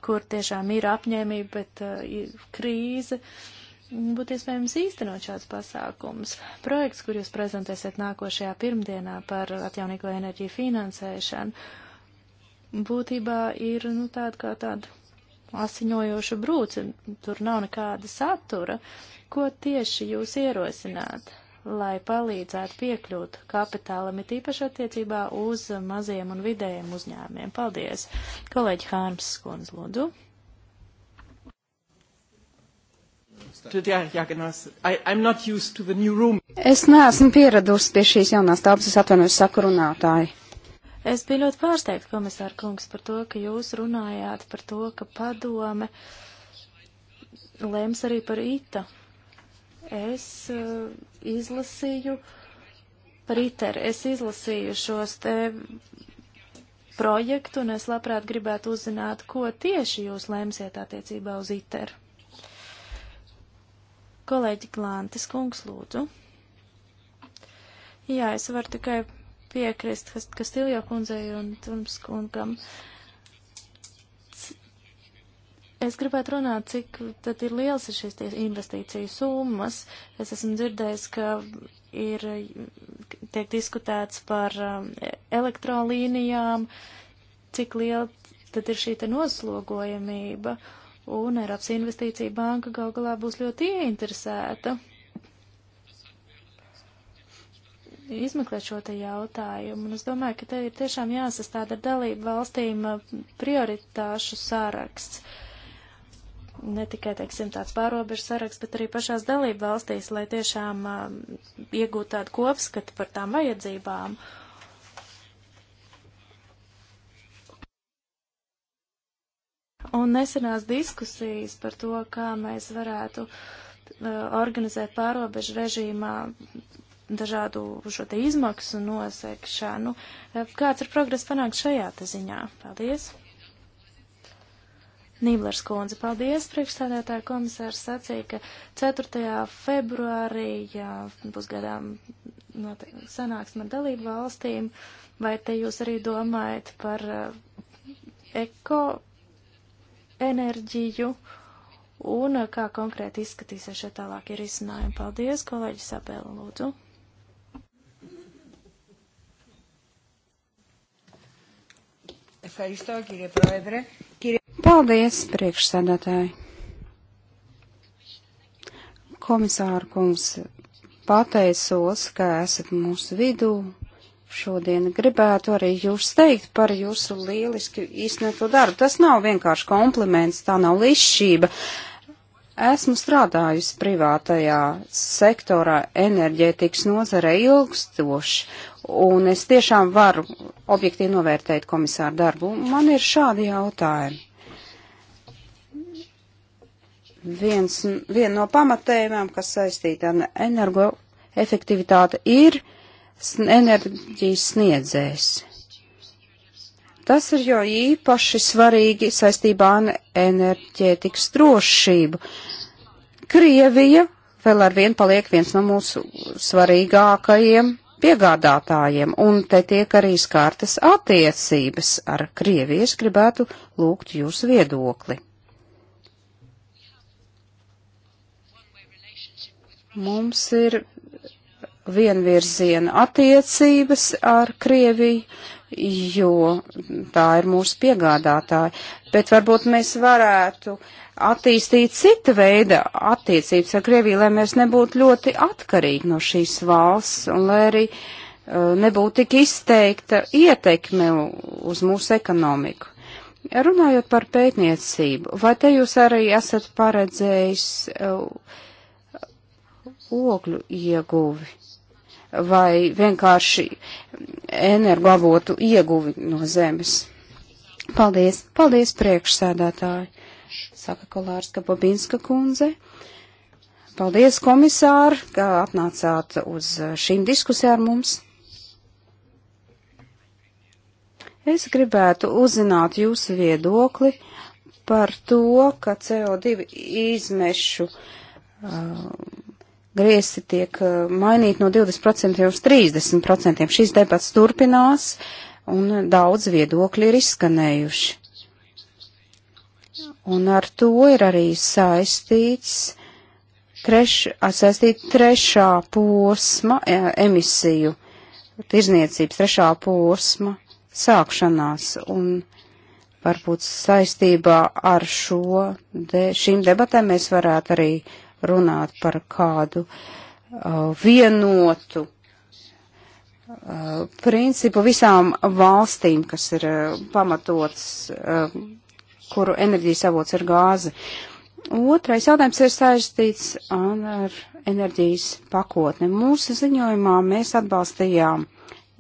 kur tiešām ir apņēmība, bet uh, ir krīze. Būtu iespējams īstenot šāds pasākums. Projekts, kur jūs prezentēsiet nākošajā pirmdienā par atjaunīgo enerģiju finansēšanu, būtībā ir nu, tāda kā tāda asiņojoša brūce, tur nav nekāda satura. Ko tieši jūs ierosināt? lai palīdzētu piekļūt kapitālam, it īpaši attiecībā uz maziem un vidējiem uzņēmiem. Paldies! Kolēģi Hārms Skundz, lūdzu. Es neesmu pieradusi pie šīs jaunās telpas, es atvainojos saku runātāji. Es biju ļoti pārsteigts, komisāra kungs, par to, ka jūs runājāt par to, ka padome lēms arī par ITA. Es uh, izlasīju, Priter, es izlasīju šos te projektu, un es labprāt gribētu uzzināt, ko tieši jūs lemsiet attiecībā uz ITER. Kolēģi Glantis kungs, lūdzu. Jā, es varu tikai piekrist Kastiljo kundzei un Turms kungam. Uh, Es gribētu runāt, cik tad ir liels ir šīs investīciju summas. Es esmu dzirdējis, ka ir, tiek diskutēts par um, elektrolīnijām, cik liela tad ir šī te noslogojamība. Un Eiropas investīcija banka gal galā būs ļoti ieinteresēta izmeklēt šo te jautājumu. Un es domāju, ka te ir tiešām jāsastāda dalību valstīm uh, prioritāšu saraksts. Uh, ne tikai, teiksim, tāds pārobežu saraksts, bet arī pašās dalību valstīs, lai tiešām um, iegūtu tādu kopskatu par tām vajadzībām. Un nesenās diskusijas par to, kā mēs varētu uh, organizēt pārobežu režīmā dažādu šo te izmaksu nosekšanu. Uh, kāds ir progress panākt šajā te ziņā? Paldies! Nīblers kundze, paldies, priekšstādātāja komisārs sacīja, ka 4. februārī, jā, būs gadām sanāksme ar dalību valstīm, vai te jūs arī domājat par uh, eko enerģiju un uh, kā konkrēti izskatīsies šie tālākie risinājumi? Paldies, kolēģi Sabēla, lūdzu. Ευχαριστώ κύριε Πρόεδρε. Paldies, priekšsēdētāji! Komisāra kungs, pateicos, ka esat mūsu vidū. Šodien gribētu arī jūs teikt par jūsu lieliski izsnieto darbu. Tas nav vienkārši kompliments, tā nav lišķība. Esmu strādājusi privātajā sektorā enerģētikas nozare ilgstoši, un es tiešām varu objektīvi novērtēt komisāru darbu. Man ir šādi jautājumi. Viens, viena no pamatējumiem, kas saistīta ar energoefektivitāti, ir enerģijas sniedzējs. Tas ir jo īpaši svarīgi saistībā ar enerģētikas drošību. Krievija vēl ar vienu paliek viens no mūsu svarīgākajiem piegādātājiem, un te tiek arī skārtas attiecības ar Krievijas, gribētu lūgt jūsu viedokli. Mums ir vienvirziena attiecības ar Krieviju, jo tā ir mūsu piegādātāja. Bet varbūt mēs varētu attīstīt cita veida attiecības ar Krieviju, lai mēs nebūtu ļoti atkarīgi no šīs valsts un lai arī uh, nebūtu tik izteikta ietekme uz mūsu ekonomiku. Runājot par pētniecību, vai te jūs arī esat paredzējis uh, ogļu ieguvi vai vienkārši energoavotu ieguvi no zemes. Paldies, paldies priekšsēdētāji, saka Kolārska Babinska kundze. Paldies, komisāri, ka atnācāt uz šīm diskusijām ar mums. Es gribētu uzzināt jūsu viedokli par to, ka CO2 izmešu uh, griesti tiek eh, mainīti no 20% uz 30%. Šīs debats turpinās un daudz viedokļi ir izskanējuši. Un ar to ir arī saistīts treš, saistīt trešā posma e, emisiju, tirzniecības trešā posma sākšanās. Un varbūt saistībā ar šo, de, šīm debatēm mēs varētu arī uh, runāt par kādu uh, vienotu uh, principu visām valstīm, kas ir uh, pamatots, uh, kuru enerģijas avots ir gāze. Otrais jautājums ir saistīts ar enerģijas pakotni. Mūsu ziņojumā mēs atbalstījām uh,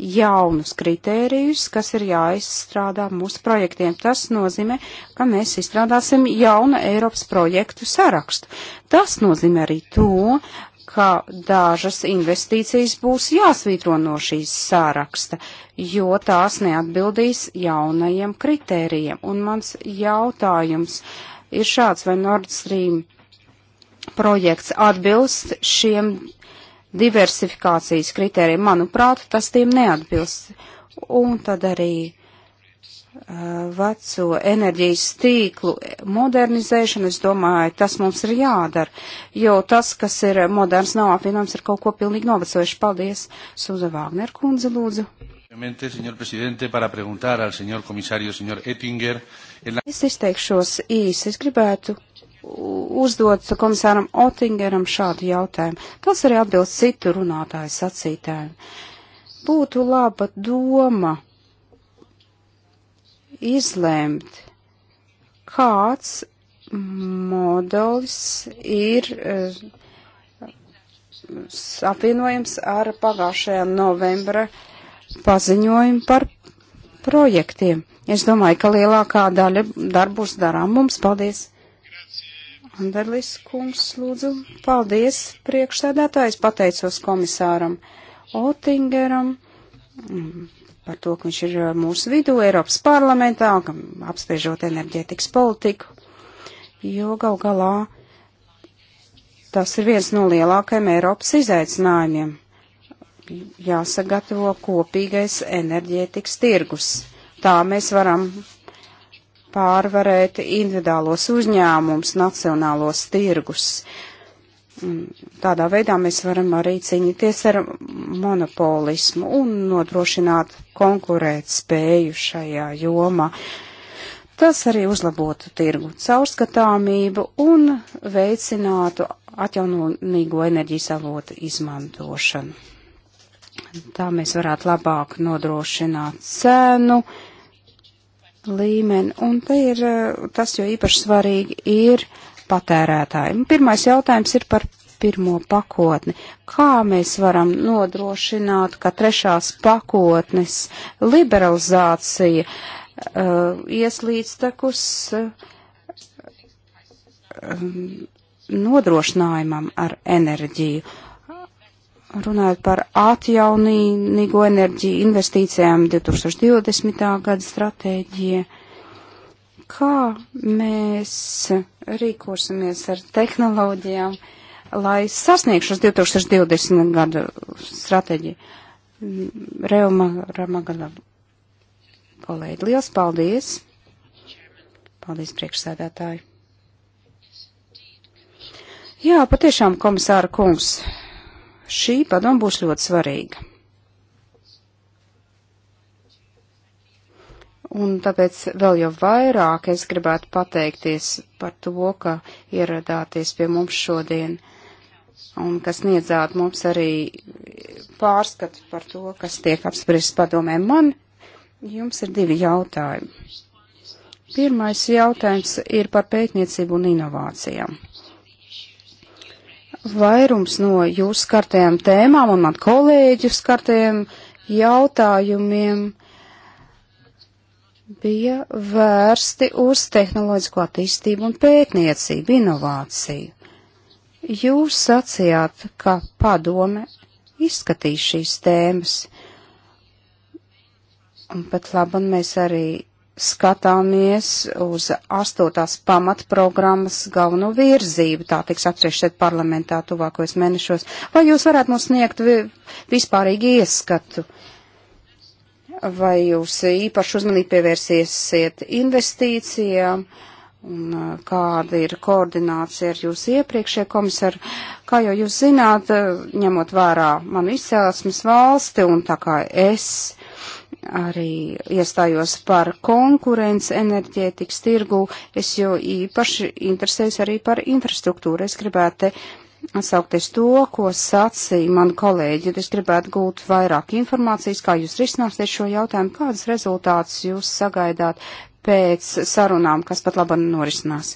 jaunus kritērijus, kas ir jāizstrādā mūsu projektiem. Tas nozīmē, ka mēs izstrādāsim jaunu Eiropas projektu sarakstu. Tas nozīmē arī to, ka dažas investīcijas būs jāsvītro no šīs sāraksta, jo tās neatbildīs jaunajiem kritērijiem. Un mans jautājums ir šāds, vai Nord Stream projekts atbilst šiem diversifikācijas kritērija. Manuprāt, tas tiem neatbilst. Un tad arī veco enerģijas tīklu modernizēšanu, es domāju, tas mums ir jādara, jo tas, kas ir moderns, nav apvienojams ar kaut ko pilnīgi novecojuši. Paldies, Suza Vāgner kundze, lūdzu. Es izteikšos īsi, es gribētu uzdot komisāram Otingeram šādu jautājumu. Tas arī atbilst citu runātāju sacītājiem. Būtu laba doma izlēmt, kāds modelis ir eh, apvienojums ar pagājušajā novembra paziņojumu par projektiem. Es domāju, ka lielākā daļa darbus darām mums. Paldies! Anderlis kungs, lūdzu. Paldies, priekšsēdētājs, pateicos komisāram Otingeram mm, par to, ka viņš ir uh, mūsu vidū Eiropas parlamentā, apspriežot enerģētikas politiku, jo gal galā tas ir viens no lielākajiem Eiropas izaicinājumiem. Jāsagatavo kopīgais enerģētikas tirgus. Tā mēs varam pārvarēt individuālos uzņēmumus, nacionālos tirgus. Tādā veidā mēs varam arī cīnīties ar monopolismu un nodrošināt konkurēt spēju šajā jomā. Tas arī uzlabotu tirgu caurskatāmību un veicinātu atjaunīgo enerģijas avotu izmantošanu. Tā mēs varētu labāk nodrošināt cenu, uh, līmeni. Un te ir eh, tas, jo īpaši svarīgi ir patērētāji. Pirmais jautājums ir par pirmo pakotni. Kā mēs varam nodrošināt, ka trešās pakotnes liberalizācija uh, ies līdztekus uh, nodrošinājumam ar enerģiju? runājot par atjaunīgo enerģiju investīcijām 2020. gada stratēģija, kā mēs rīkosimies ar tehnoloģijām, lai sasniegšu 2020. gada stratēģiju. Reuma Ramagala kolēģi, liels paldies! Paldies, priekšsēdētāji! Jā, patiešām, komisāra kungs, Šī padoma būs ļoti svarīga. Un tāpēc vēl jau vairāk es gribētu pateikties par to, ka ieradāties pie mums šodien un kas niedzāt mums arī pārskatu par to, kas tiek apspriests padomē. Man jums ir divi jautājumi. Pirmais jautājums ir par pētniecību un inovācijām. Vairums no jūsu skartajām tēmām un man kolēģu skartajiem jautājumiem bija vērsti uz tehnoloģisko attīstību un pētniecību, inovāciju. Jūs sacījāt, ka padome izskatīs šīs tēmas, un pat labam mēs arī skatāmies uz astotās pamatprogrammas galveno virzību, tā tiks apspriest šeit parlamentā tuvākos mēnešos. Vai jūs varētu mums sniegt vispārīgi ieskatu? Vai jūs īpaši uzmanību pievērsiesiet investīcijām? Un uh, kāda ir koordinācija ar jūsu iepriekšējo komisaru? Kā jau jūs zināt, uh, ņemot vērā manu izcēlesmes valsti un tā kā es arī iestājos par konkurenci enerģētikas tirgu. Es jo īpaši interesējos arī par infrastruktūru. Es gribētu atsaukties to, ko sacīja mani kolēģi. Es gribētu gūt vairāk informācijas, kā jūs risināsiet šo jautājumu, kādas rezultātus jūs sagaidāt pēc sarunām, kas pat labam norisinās.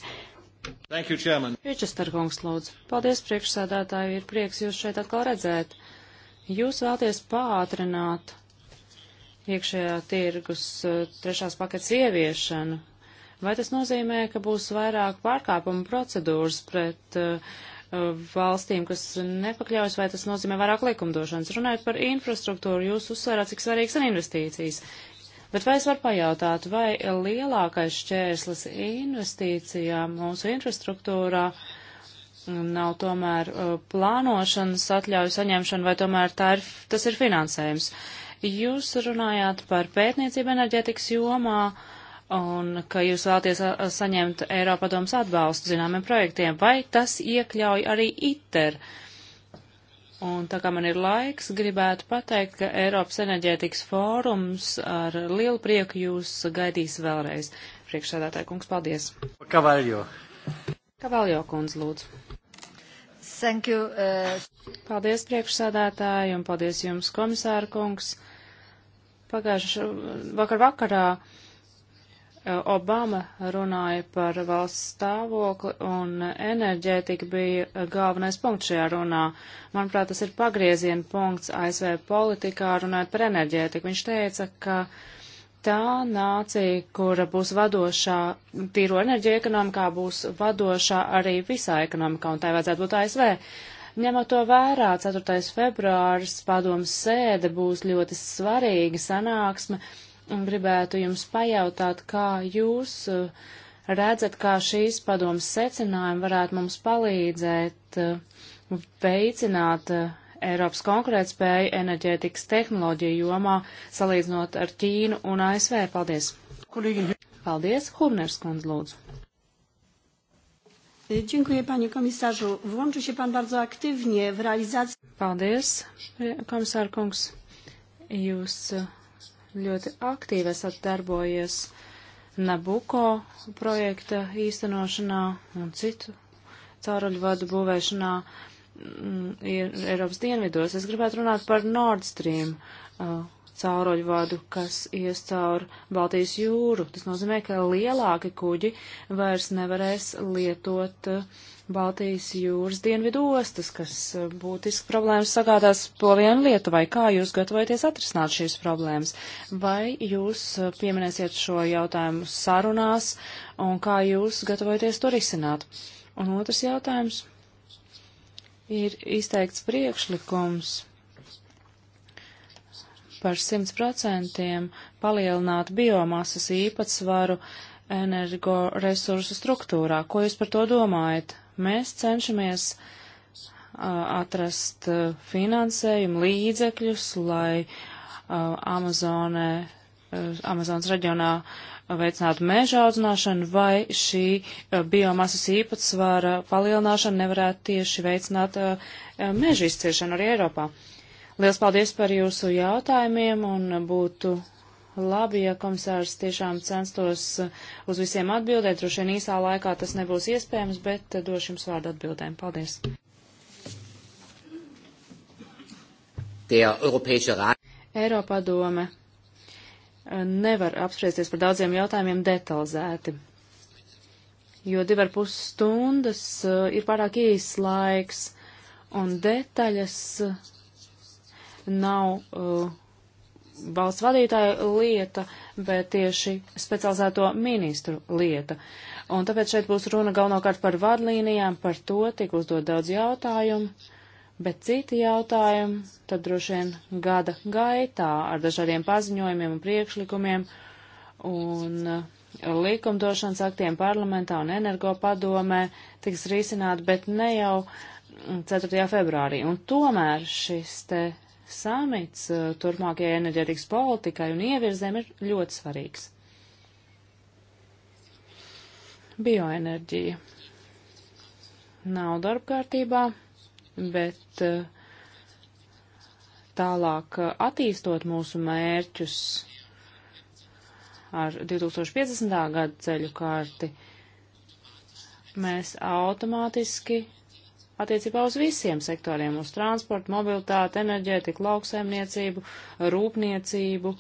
Thank you, Chairman. Ričester kungs, lūdzu. Paldies, priekšsēdētāji, ir prieks jūs šeit atkal redzēt. Jūs vēlties pātrināt iekšējā tirgus eh, trešās paketes ieviešanu. Vai tas nozīmē, ka būs vairāk pārkāpumu procedūras pret uh, valstīm, kas nepakļaujas, vai tas nozīmē vairāk likumdošanas? Runājot par infrastruktūru, jūs uzsvērāt, cik svarīgs ir investīcijas. Bet vai es varu pajautāt, vai lielākais šķērslis investīcijām mūsu infrastruktūrā mm, nav tomēr uh, plānošanas atļauju saņemšana, vai tomēr ir, tas ir finansējums? Uh, Jūs runājāt par pētniecību enerģetikas jomā un ka jūs vēlaties saņemt Eiropadoms atbalstu zināmiem projektiem. Vai tas iekļauj arī ITER? Un tā kā man ir laiks, gribētu pateikt, ka Eiropas enerģētikas fórums ar lielu prieku jūs gaidīs vēlreiz. Priekšsēdētāji kungs, paldies. Kavaljo. Kavaljo kundz, lūdzu. Thank you. Uh... Paldies priekšsēdētāji un paldies jums, komisāra kungs. Pagājušā vakar vakarā e, Obama runāja par valsts stāvokli un enerģētika bija galvenais punkts šajā runā. Manuprāt, tas ir pagrieziena punkts ASV politikā runājot par enerģētiku. Viņš teica, ka tā nācija, kura būs vadošā tīro enerģiju ekonomikā, būs vadošā arī visā ekonomikā un tā vajadzētu būt ASV. Ņemot to vērā, 4. februāris padomas sēde būs ļoti svarīga sanāksme un gribētu jums pajautāt, kā jūs uh, redzat, kā šīs padomas secinājumi varētu mums palīdzēt uh, veicināt uh, Eiropas konkurētspēju enerģētikas tehnoloģiju jomā, salīdzinot ar Ķīnu un ASV. Paldies! Paldies, Hurners kundz, lūdzu! Dziękuję panie komisarzu. Włączy się pan bardzo aktywnie w realizację. Paldies, e, komisār kungs. Jūs e, ļoti aktīvi esat darbojies Nabuko projekta īstenošanā un citu cauruļvadu būvēšanā mm, Eiropas dienvidos. Es gribētu runāt par Nord Stream e, cauroļvadu, kas ies caur Baltijas jūru. Tas nozīmē, ka lielāki kuģi vairs nevarēs lietot eh, Baltijas jūras dienvidu ostas, kas eh, būtiski problēmas sagādās Polijai un Lietuvai. Kā jūs gatavojaties atrisināt šīs problēmas? Vai jūs eh, pieminēsiet šo jautājumu sarunās un kā jūs gatavojaties to risināt? Un otrs jautājums ir izteikts priekšlikums par 100% palielināt biomasas īpatsvaru energoresursu struktūrā. Ko jūs par to domājat? Mēs cenšamies a, atrast a, finansējumu līdzekļus, lai a, Amazonē, Amazonas reģionā veicinātu meža audzināšanu, vai šī biomasas īpatsvara palielināšana nevarētu tieši veicināt meža izciešanu arī Eiropā. Uh, Liels paldies par jūsu jautājumiem un būtu labi, ja komisārs tiešām censtos uz visiem atbildēt. Droši vien īsā laikā tas nebūs iespējams, bet došu jums vārdu atbildēm. Paldies. Eiropa doma eh, nevar apspriesties par daudziem jautājumiem detalizēti, jo divi ar pus stundas eh, ir pārāk īsts laiks, un detaļas nav uh, valsts vadītāja lieta, bet tieši specializēto ministru lieta. Un tāpēc šeit būs runa galvenokārt par vadlīnijām, par to tik uzdot daudz jautājumu, bet citi jautājumi tad droši vien gada gaitā ar dažādiem paziņojumiem un priekšlikumiem un uh, likumdošanas aktiem parlamentā un energo padomē tiks risināti, bet ne jau 4. Mm, februārī. Un tomēr šis te samits uh, turpmākajai enerģētikas politikai un ievirzēm ir ļoti svarīgs. Bioenerģija nav darbkārtībā, bet uh, tālāk uh, attīstot mūsu mērķus ar 2050. gadu ceļu kārti, mēs automātiski attiecībā uz visiem sektoriem - uz transportu, mobilitāti, enerģētiku, lauksaimniecību, rūpniecību.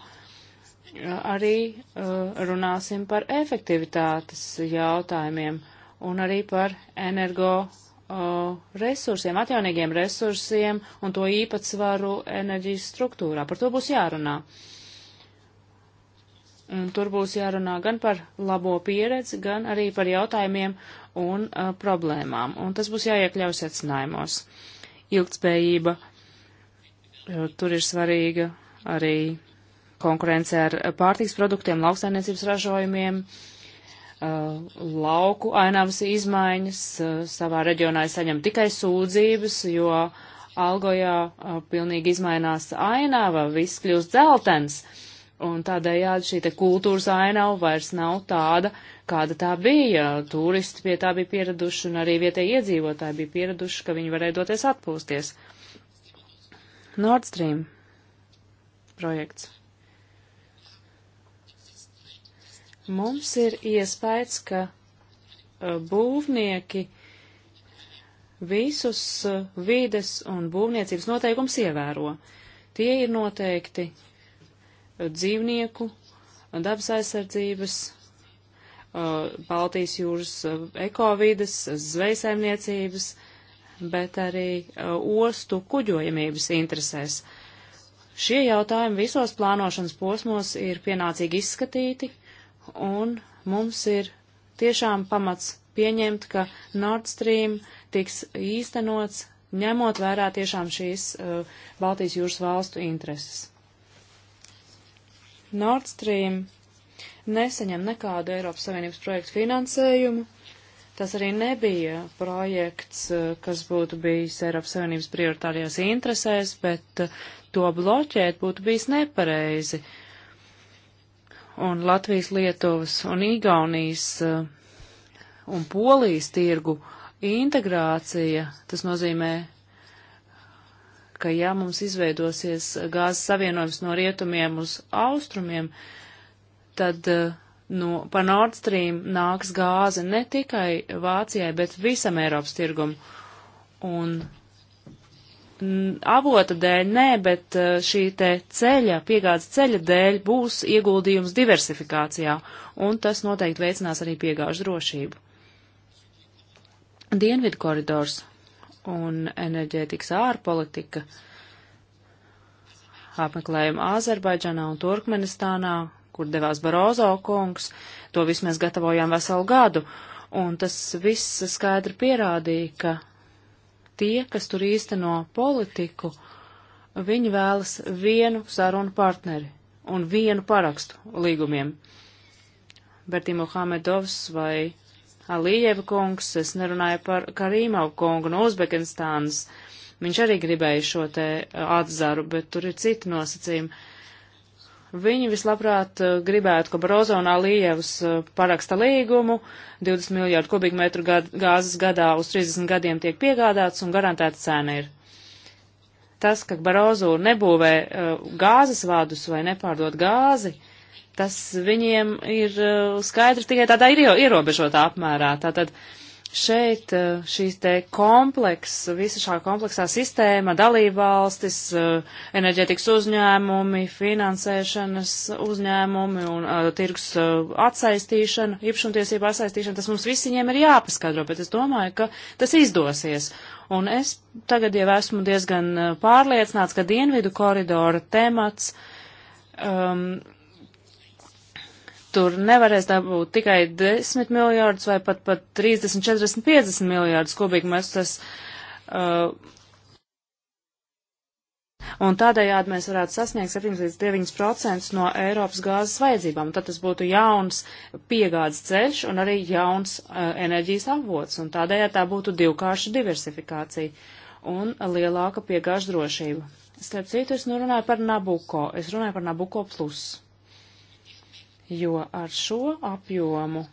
Arī uh, runāsim par efektivitātes jautājumiem un arī par energo uh, resursiem, atjaunīgiem resursiem un to īpatsvaru enerģijas struktūrā. Par to būs jārunā. Un tur būs jārunā gan par labo pieredzi, gan arī par jautājumiem, uh, un uh, problēmām, un tas būs jāiekļaus secinājumos. Ilgtspējība, uh, tur ir svarīga arī konkurence ar uh, pārtiks produktiem, lauksainiecības ražojumiem, uh, lauku ainavas izmaiņas, uh, savā reģionā es saņem tikai sūdzības, jo algojā uh, pilnīgi izmainās ainava, viss kļūst dzeltens. Uh, Un tādējādi šī te kultūras ainava vairs nav tāda, kāda tā bija. Turisti pie tā bija pieraduši un arī vietēji iedzīvotāji bija pieraduši, ka viņi varēja doties atpūsties. Nord Stream projekts. Mums ir iespējas, ka uh, būvnieki visus uh, vides un būvniecības noteikums ievēro. Tie ir noteikti dzīvnieku, dabas aizsardzības, Baltijas jūras ekovīdas, zvejsaimniecības, bet arī ostu kuģojamības interesēs. Šie jautājumi visos plānošanas posmos ir pienācīgi izskatīti, un mums ir tiešām pamats pieņemt, ka Nord Stream tiks īstenots, ņemot vērā tiešām šīs uh, Baltijas jūras valstu intereses. Nord Stream nesaņem nekādu Eiropas Savienības projektu finansējumu. Tas arī nebija projekts, eh, kas būtu bijis Eiropas Savienības prioritārajās interesēs, bet eh, to bloķēt būtu bijis nepareizi. Un Latvijas, Lietuvas un Igaunijas eh, un Polijas tirgu integrācija, tas nozīmē ka ja mums izveidosies gāzes savienojums no rietumiem uz austrumiem, tad eh, no, pa Nord Stream nāks gāze ne tikai Vācijai, bet visam Eiropas tirgumu. Un avota dēļ nē, bet eh, šī te ceļa, piegādes ceļa dēļ būs ieguldījums diversifikācijā, un tas noteikti veicinās arī piegāžu drošību. Dienvidu koridors un enerģētikas ārpolitika apmeklējumu Azerbaidžanā un Turkmenistānā, kur devās Barozo kungs, to visu mēs gatavojām veselu gadu, un tas viss skaidri pierādīja, ka tie, kas tur īsteno politiku, viņi vēlas vienu sarunu partneri un vienu parakstu līgumiem. Bertī Mohamedovs vai Alijev kungs, es nerunāju par Karīmavu kungu no Uzbekistānas. Viņš arī gribēja šo te atzaru, bet tur ir citi nosacījumi. Viņi vislabprāt gribētu, ka Barozo un Alijevs paraksta līgumu, 20 miljārdu kubikmetru gad, gāzes gadā uz 30 gadiem tiek piegādāts un garantēta cena ir. Tas, ka Barozo nebūvē gāzes vadus vai nepārdod gāzi, uh, tas viņiem ir uh, skaidrs tikai tādā ierobežotā apmērā. Tātad šeit uh, šīs te kompleks, visa šā kompleksā sistēma, dalībvalstis, uh, enerģetikas uzņēmumi, finansēšanas uzņēmumi un uh, tirgus atsaistīšana, īpašumtiesība atsaistīšana, tas mums visiem ir jāpaskaidro, bet es domāju, ka tas izdosies. Un es tagad jau esmu diezgan pārliecināts, ka dienvidu koridora temats um, tur nevarēs dabūt tikai 10 miljārdus vai pat, pat 30, 40, 50 miljārdus kubikmetrus. Uh, un tādējādi mēs varētu sasniegt 7 līdz 9 procentus no Eiropas gāzes vajadzībām. Tad tas būtu jauns piegādes ceļš un arī jauns uh, enerģijas avots, un tādējādi tā būtu divkārša diversifikācija un lielāka piegāžu drošība. Starp citu, es nu runāju par Nabuko, es runāju par Nabuko plusu jo ar šo apjomu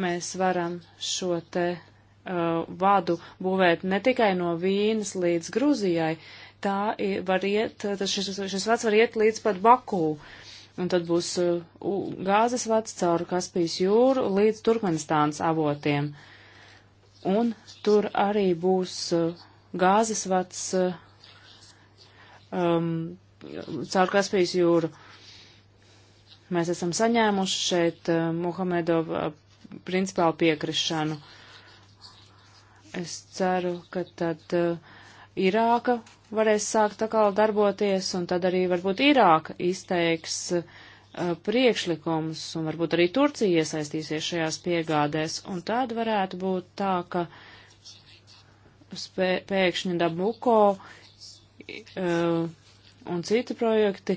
mēs varam šo te uh, vadu būvēt ne tikai no Vīnas līdz Gruzijai, tā var iet, šis, šis vads var iet līdz pat Bakū. Un tad būs uh, gāzes vads caur Kaspijas jūru līdz Turkmenistānas avotiem. Un tur arī būs uh, gāzes vads uh, um, caur Kaspijas jūru. Uh, Mēs esam saņēmuši šeit eh, Muhamedova eh, principālu piekrišanu. Es ceru, ka tad eh, Irāka varēs sākt atkal darboties, un tad arī varbūt Irāka izteiks priekšlikums, un varbūt arī Turcija iesaistīsies šajās piegādēs, un tad varētu būt tā, ka spē, pēkšņi Dabuko uh, un citi projekti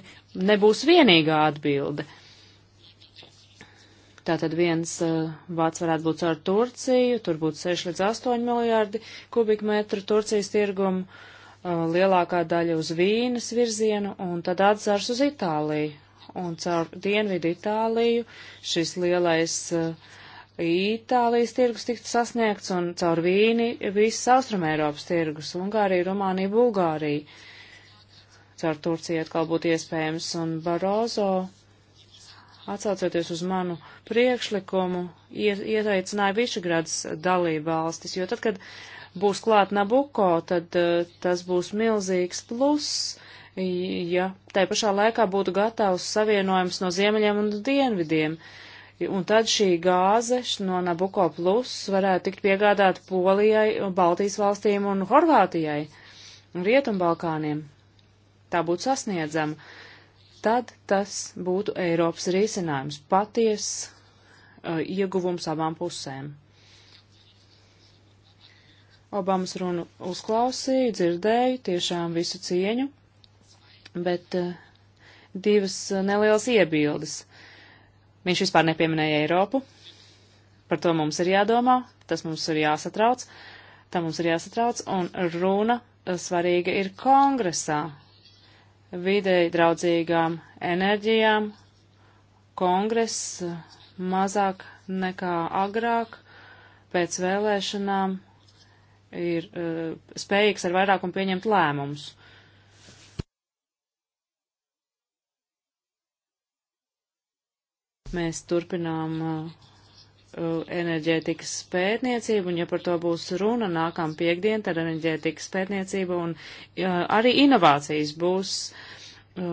nebūs vienīgā atbilde. Uh, Tātad viens uh, eh, vats varētu būt ar Turciju, tur būtu 6 līdz 8 miljārdi kubikmetru Turcijas tirgumu, uh, lielākā daļa uz Vīnes virzienu un tad atzars uz Itāliju. Un caur Dienvidu Itāliju šis lielais uh, Itālijas tirgus tiktu sasniegts un caur vīni visas Austrumēropas tirgus - Ungārija, Rumānija, Bulgārija. Caur Turciju atkal būtu iespējams un Barozo atsaucoties uz manu priekšlikumu, ieteicināja Višagrads dalību valstis, jo tad, kad būs klāt Nabuko, tad uh, tas būs milzīgs pluss, ja tai pašā laikā būtu gatavs savienojums no ziemeļiem un dienvidiem. Un tad šī gāze no Nabuko plus varētu tikt piegādāt Polijai, Baltijas valstīm un Horvātijai un Rietumbalkāniem. Tā būtu sasniedzama. Uh, tad tas būtu Eiropas risinājums, paties uh, ieguvums abām pusēm. Obamas runu uzklausīju, dzirdēju, tiešām visu cieņu, bet uh, divas uh, nelielas iebildes. Viņš vispār nepieminēja Eiropu. Par to mums ir jādomā, tas mums ir jāsatrauc, tam mums ir jāsatrauc, un runa uh, svarīga ir kongresā, videi draudzīgām enerģijām. Kongress mazāk nekā agrāk pēc vēlēšanām ir uh, spējīgs ar vairākumu pieņemt lēmumus. Mēs turpinām uh, Uh, enerģētikas pētniecību, un ja par to būs runa nākam piekdien, tad enerģētikas pētniecība un uh, arī inovācijas būs uh,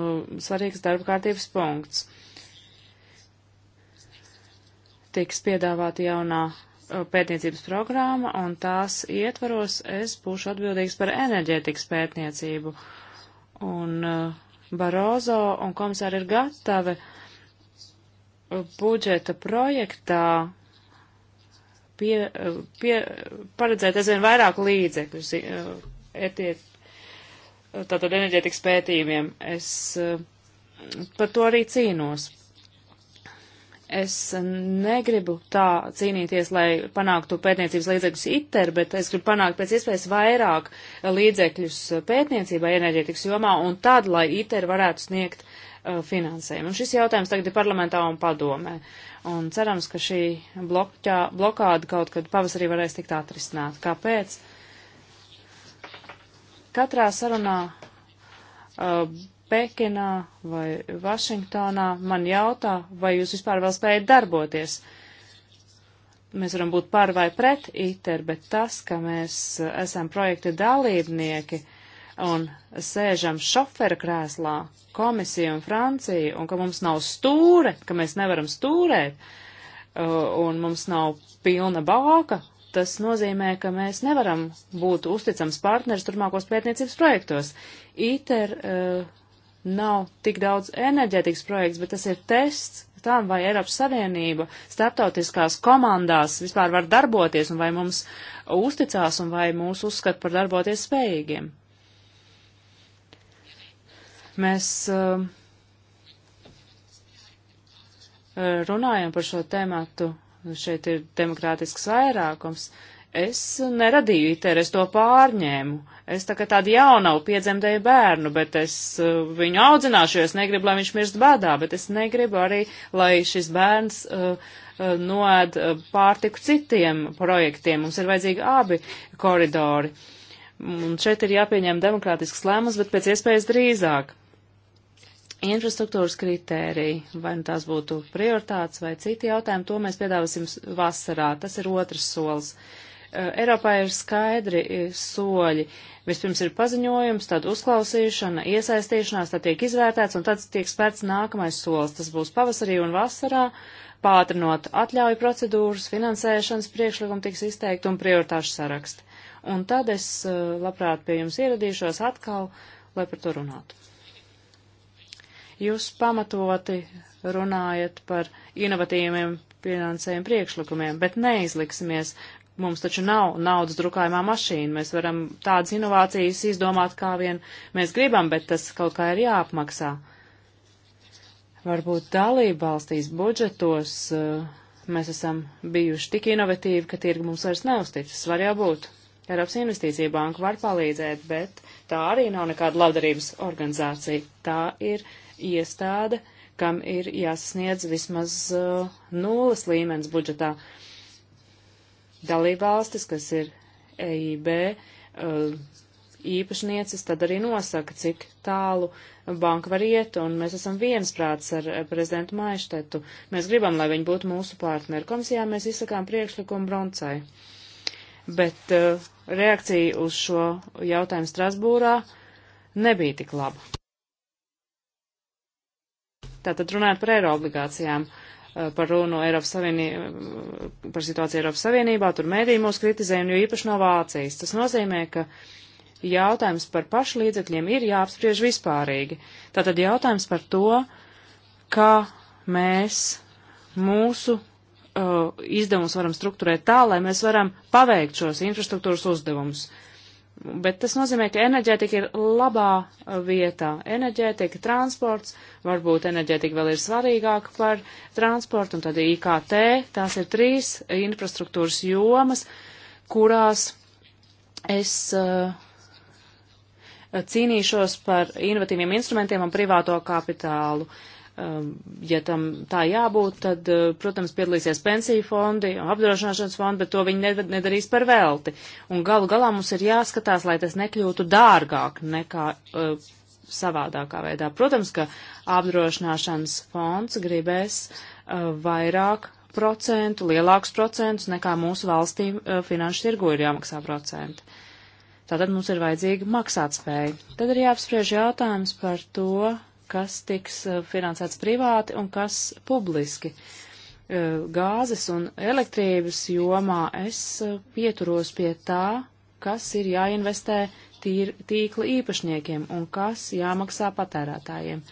svarīgs darba kārtības punkts. Tiks piedāvāta jaunā uh, pētniecības programma, un tās ietvaros es būšu atbildīgs par enerģētikas pētniecību. Un uh, Barozo un komisāri ir gatavi uh, budžeta projektā pie, eh, pie, paredzēt aizvien vairāk līdzekļus eh, etiet, eh, tātad enerģētikas pētījumiem. Es par to arī cīnos. Es negribu tā cīnīties, lai panāktu pētniecības līdzekļus ITER, bet es gribu panākt pēc iespējas vairāk līdzekļus pētniecībai enerģētikas jomā un tad, lai ITER varētu sniegt Uh, finansējumu. Un šis jautājums tagad ir parlamentā un padomē. Un cerams, ka šī blokķā, blokāda kaut kad pavasarī varēs tikt atrisināt. Kāpēc? Katrā sarunā uh, Pekinā vai Vašingtonā man jautā, vai jūs vispār vēl spējat darboties. Mēs varam būt par vai pret ITER, bet tas, ka mēs uh, esam projekta dalībnieki, uh, un sēžam šofera krēslā komisija un Francija, un ka mums nav stūre, ka mēs nevaram stūrēt, uh, un mums nav pilna bāka, tas nozīmē, ka mēs nevaram būt uzticams partneris turpmākos pētniecības projektos. ITER uh, nav tik daudz enerģētikas projekts, bet tas ir tests tam, vai Eiropas Savienība starptautiskās komandās vispār var darboties, un vai mums uzticās, un vai mūs uzskat par darboties spējīgiem. Mēs uh, uh, runājam par šo tēmatu, šeit ir demokrātisks vairākums. Es neradīju ITER, es to pārņēmu. Es tā kā tādu jaunu piedzemdēju bērnu, bet es uh, viņu audzināšu, es negribu, lai viņš mirst bādā, bet es negribu arī, lai šis bērns uh, uh, noēd uh, pārtiku citiem projektiem. Mums ir vajadzīgi abi koridori. Un šeit ir jāpieņem demokrātisks lēmums, bet pēc iespējas drīzāk infrastruktūras kritēriji, vai nu tās būtu prioritātes vai citi jautājumi, to mēs piedāvāsim vasarā. Tas ir otrs solis. Eiropā ir skaidri soļi. Vispirms ir paziņojums, tad uzklausīšana, iesaistīšanās, tad tiek izvērtēts un tad tiek spērts nākamais solis. Tas būs pavasarī un vasarā, pātrinot atļauju procedūras, finansēšanas priekšlikumu tiks izteikti un prioritāšu saraksti. Un tad es labprāt pie jums ieradīšos atkal, lai par to runātu. Jūs pamatoti runājat par inovatīviem finansējuma priekšlikumiem, bet neizliksimies. Mums taču nav naudas drukājumā mašīna. Mēs varam tādas inovācijas izdomāt, kā vien mēs gribam, bet tas kaut kā ir jāapmaksā. Varbūt dalība valstīs budžetos eh, mēs esam bijuši tik inovatīvi, ka tirgi mums vairs neusticas. Var jau būt. Eiropas investīcija banka var palīdzēt, bet tā arī nav nekāda labdarības organizācija. Tā ir iestāde, kam ir jāsasniedz vismaz uh, nulles līmenis budžetā. Dalībvalstis, kas ir EIB uh, īpašnieces, tad arī nosaka, cik tālu banka var iet, un mēs esam viensprāts ar uh, prezidentu Maištetu. Mēs gribam, lai viņi būtu mūsu partneri. Komisijā mēs izsakām priekšlikumu Broncai. Bet uh, reakcija uz šo jautājumu Strasbūrā nebija tik laba. Tātad runājot par eiro obligācijām, eh, par runu Eiropas Savienībā, par situāciju Eiropas Savienībā, tur mēdī mūs kritizēja, un jo īpaši no Vācijas. Tas nozīmē, ka jautājums par pašlīdzekļiem ir jāapspriež vispārīgi. Tātad jautājums par to, kā mēs mūsu uh, izdevumus varam strukturēt tā, lai mēs varam paveikt šos infrastruktūras uzdevumus. Bet tas nozīmē, ka enerģētika ir labā uh, vietā. Enerģētika, transports, varbūt enerģētika vēl ir svarīgāka par transportu, un tad IKT, tās ir trīs infrastruktūras jomas, kurās es uh, cīnīšos par inovatīviem instrumentiem un privāto kapitālu. Uh, Um, ja tam tā jābūt, tad, uh, protams, piedalīsies pensiju fondi, apdrošināšanas fondi, bet to viņi nedarīs par velti. Un galu galā mums ir jāskatās, lai tas nekļūtu dārgāk nekā uh, savādākā veidā. Protams, ka apdrošināšanas fonds gribēs uh, vairāk procentu, lielākus procentus nekā mūsu valstī uh, finanšu tirgu ir jāmaksā procenti. Tātad mums ir vajadzīga maksātspēja. Tad ir jāapspriež jautājums par to, kas tiks eh, finansēts privāti un kas publiski. Eh, gāzes un elektrības jomā es eh, pieturos pie tā, kas ir jāinvestē tīr, tīkla īpašniekiem un kas jāmaksā patērētājiem.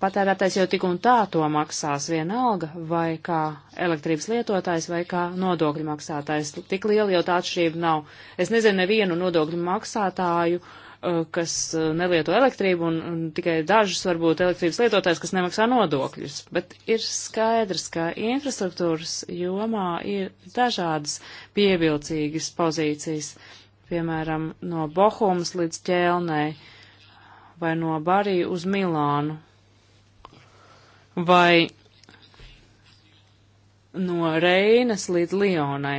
Patērētājs jau tik un tā to maksās vienalga, vai kā elektrības lietotājs, vai kā nodokļu maksātājs. Tik liela jau tā atšķirība nav. Es nezinu nevienu nodokļu maksātāju, uh, Uh, kas uh, nelieto elektrību, un, un tikai dažas varbūt elektrības lietotājs, kas nemaksā nodokļus. Bet ir skaidrs, ka infrastruktūras jomā ir dažādas pievilcīgas pozīcijas, piemēram, no Bohumas līdz Ķelnei vai no Bariju uz Milānu vai no Reinas līdz Lionai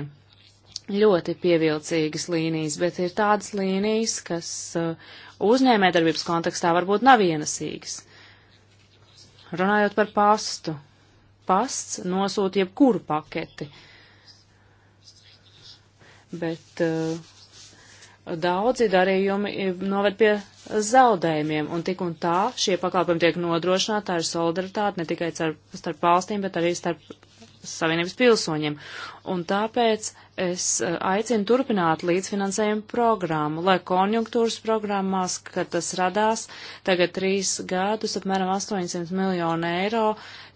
ļoti pievilcīgas līnijas, bet ir tādas līnijas, kas uh, uzņēmējdarbības kontekstā varbūt nav vienasīgas. Runājot par pastu, pasts nosūta jebkuru paketi, bet uh, daudzi darījumi eh, noved pie zaudējumiem, un tik un tā šie pakalpojumi tiek nodrošināti ar solidaritāti ne tikai starp valstīm, bet arī starp Savienības pilsoņiem. Un tāpēc es eh, aicinu turpināt līdzfinansējumu programmu, lai konjunktūras programmās, kad tas radās, tagad trīs gadus apmēram 800 miljonu eiro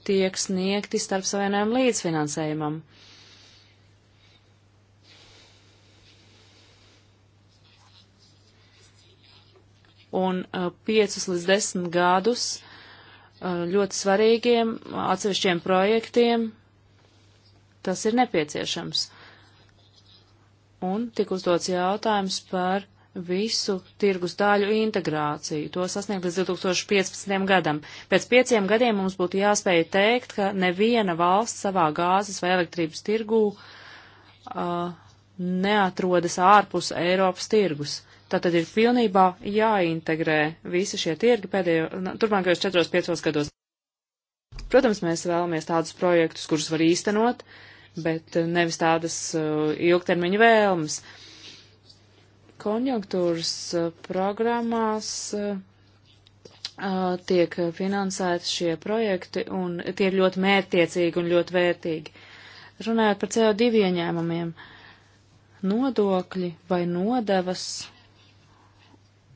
tiek sniegti starp savienojumu līdzfinansējumam. Un uh, piecus līdz desmit gadus uh, ļoti svarīgiem atsevišķiem projektiem tas ir nepieciešams. Un tik uzdots jautājums par visu tirgus daļu integrāciju, to sasniegt līdz 2015. gadam. Pēc pieciem gadiem mums būtu jāspēja teikt, ka neviena valsts savā gāzes vai elektrības tirgū uh, neatrodas ārpus Eiropas tirgus. Tātad ir pilnībā jāintegrē visi šie tirgi pēdējo, nu, turpmākajos 4-5 gados. Protams, mēs vēlamies tādus projektus, kurus var īstenot, uh, bet eh, nevis tādas eh, ilgtermiņa vēlmes. Konjunktūras eh, programmās tiek finansēti šie projekti, un tie ir ļoti mērtiecīgi un ļoti vērtīgi. Runājot par CO2 ieņēmumiem, nodokļi vai nodevas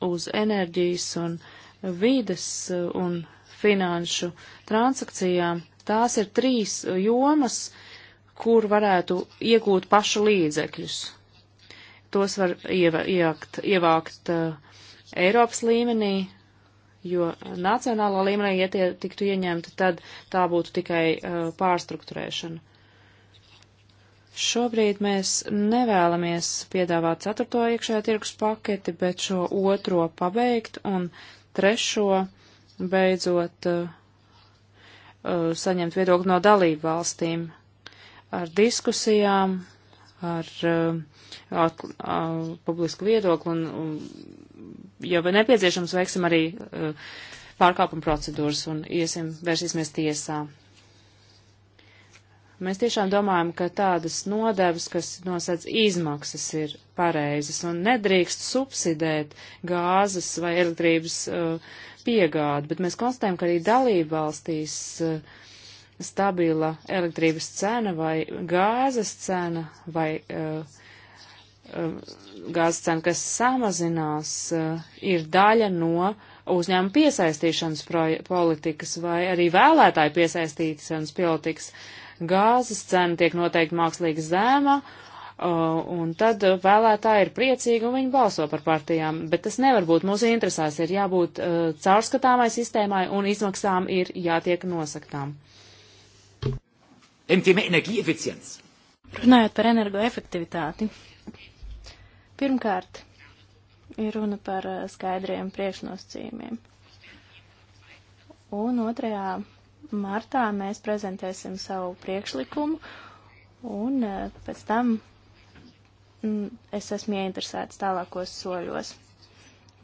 uz enerģijas un vides un finanšu transakcijām, tās ir trīs jomas, uh, kur varētu iegūt pašu līdzekļus. Tos var ieva, ievākt, ievākt uh, Eiropas līmenī, jo nacionālā līmenī, ja tie tiktu ieņemti, tad tā būtu tikai uh, pārstruktūrēšana. Šobrīd mēs nevēlamies piedāvāt ceturto iekšējā tirgus paketi, bet šo otro pabeigt un trešo beidzot uh, uh saņemt viedokli no dalību valstīm ar diskusijām, ar uh, at, uh, publisku viedokli un, un, ja nepieciešams, veiksim arī uh, pārkāpuma procedūras un iesim, vērsīsimies tiesā. Mēs tiešām domājam, ka tādas nodevas, kas nosedz izmaksas, ir pareizas un nedrīkst subsidēt gāzes vai elektrības uh, piegādi, bet mēs konstatējam, ka arī dalība valstīs uh, stabila elektrības cena vai gāzes cena vai uh, uh, gāzes cena, kas samazinās, uh, ir daļa no uzņēmuma piesaistīšanas politikas vai arī vēlētāju piesaistīšanas politikas. Gāzes cena tiek noteikti mākslīgi zēma, Uh, un tad vēlētāji ir priecīgi un viņi balso par partijām. Bet tas nevar būt mūsu interesēs, ir jābūt uh, caurskatāmai sistēmai un izmaksām ir jātiek nosaktām im Thema Energieeffizienz. Runājot par energoefektivitāti, pirmkārt ir runa par eh, skaidriem priekšnosacījumiem. Un 2. martā mēs prezentēsim savu priekšlikumu, un eh, pēc tam mm, es esmu ieinteresēts tālākos soļos.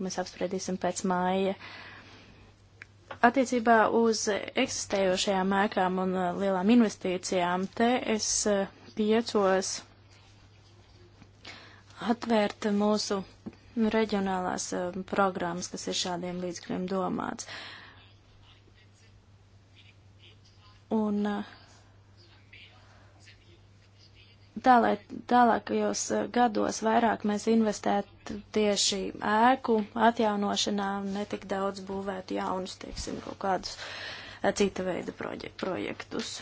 Mēs apspriedīsim pēc māja uh, Attiecībā uz eksistējošajām ēkām un uh, lielām investīcijām te es uh, piecos atvērt mūsu reģionālās uh, programmas, kas ir šādiem līdzekļiem domāts. Un tālāk, tālākajos gados vairāk mēs investētu tieši ēku atjaunošanā un netik daudz būvētu jaunus, teiksim, kaut kādus eh, cita veida projektus.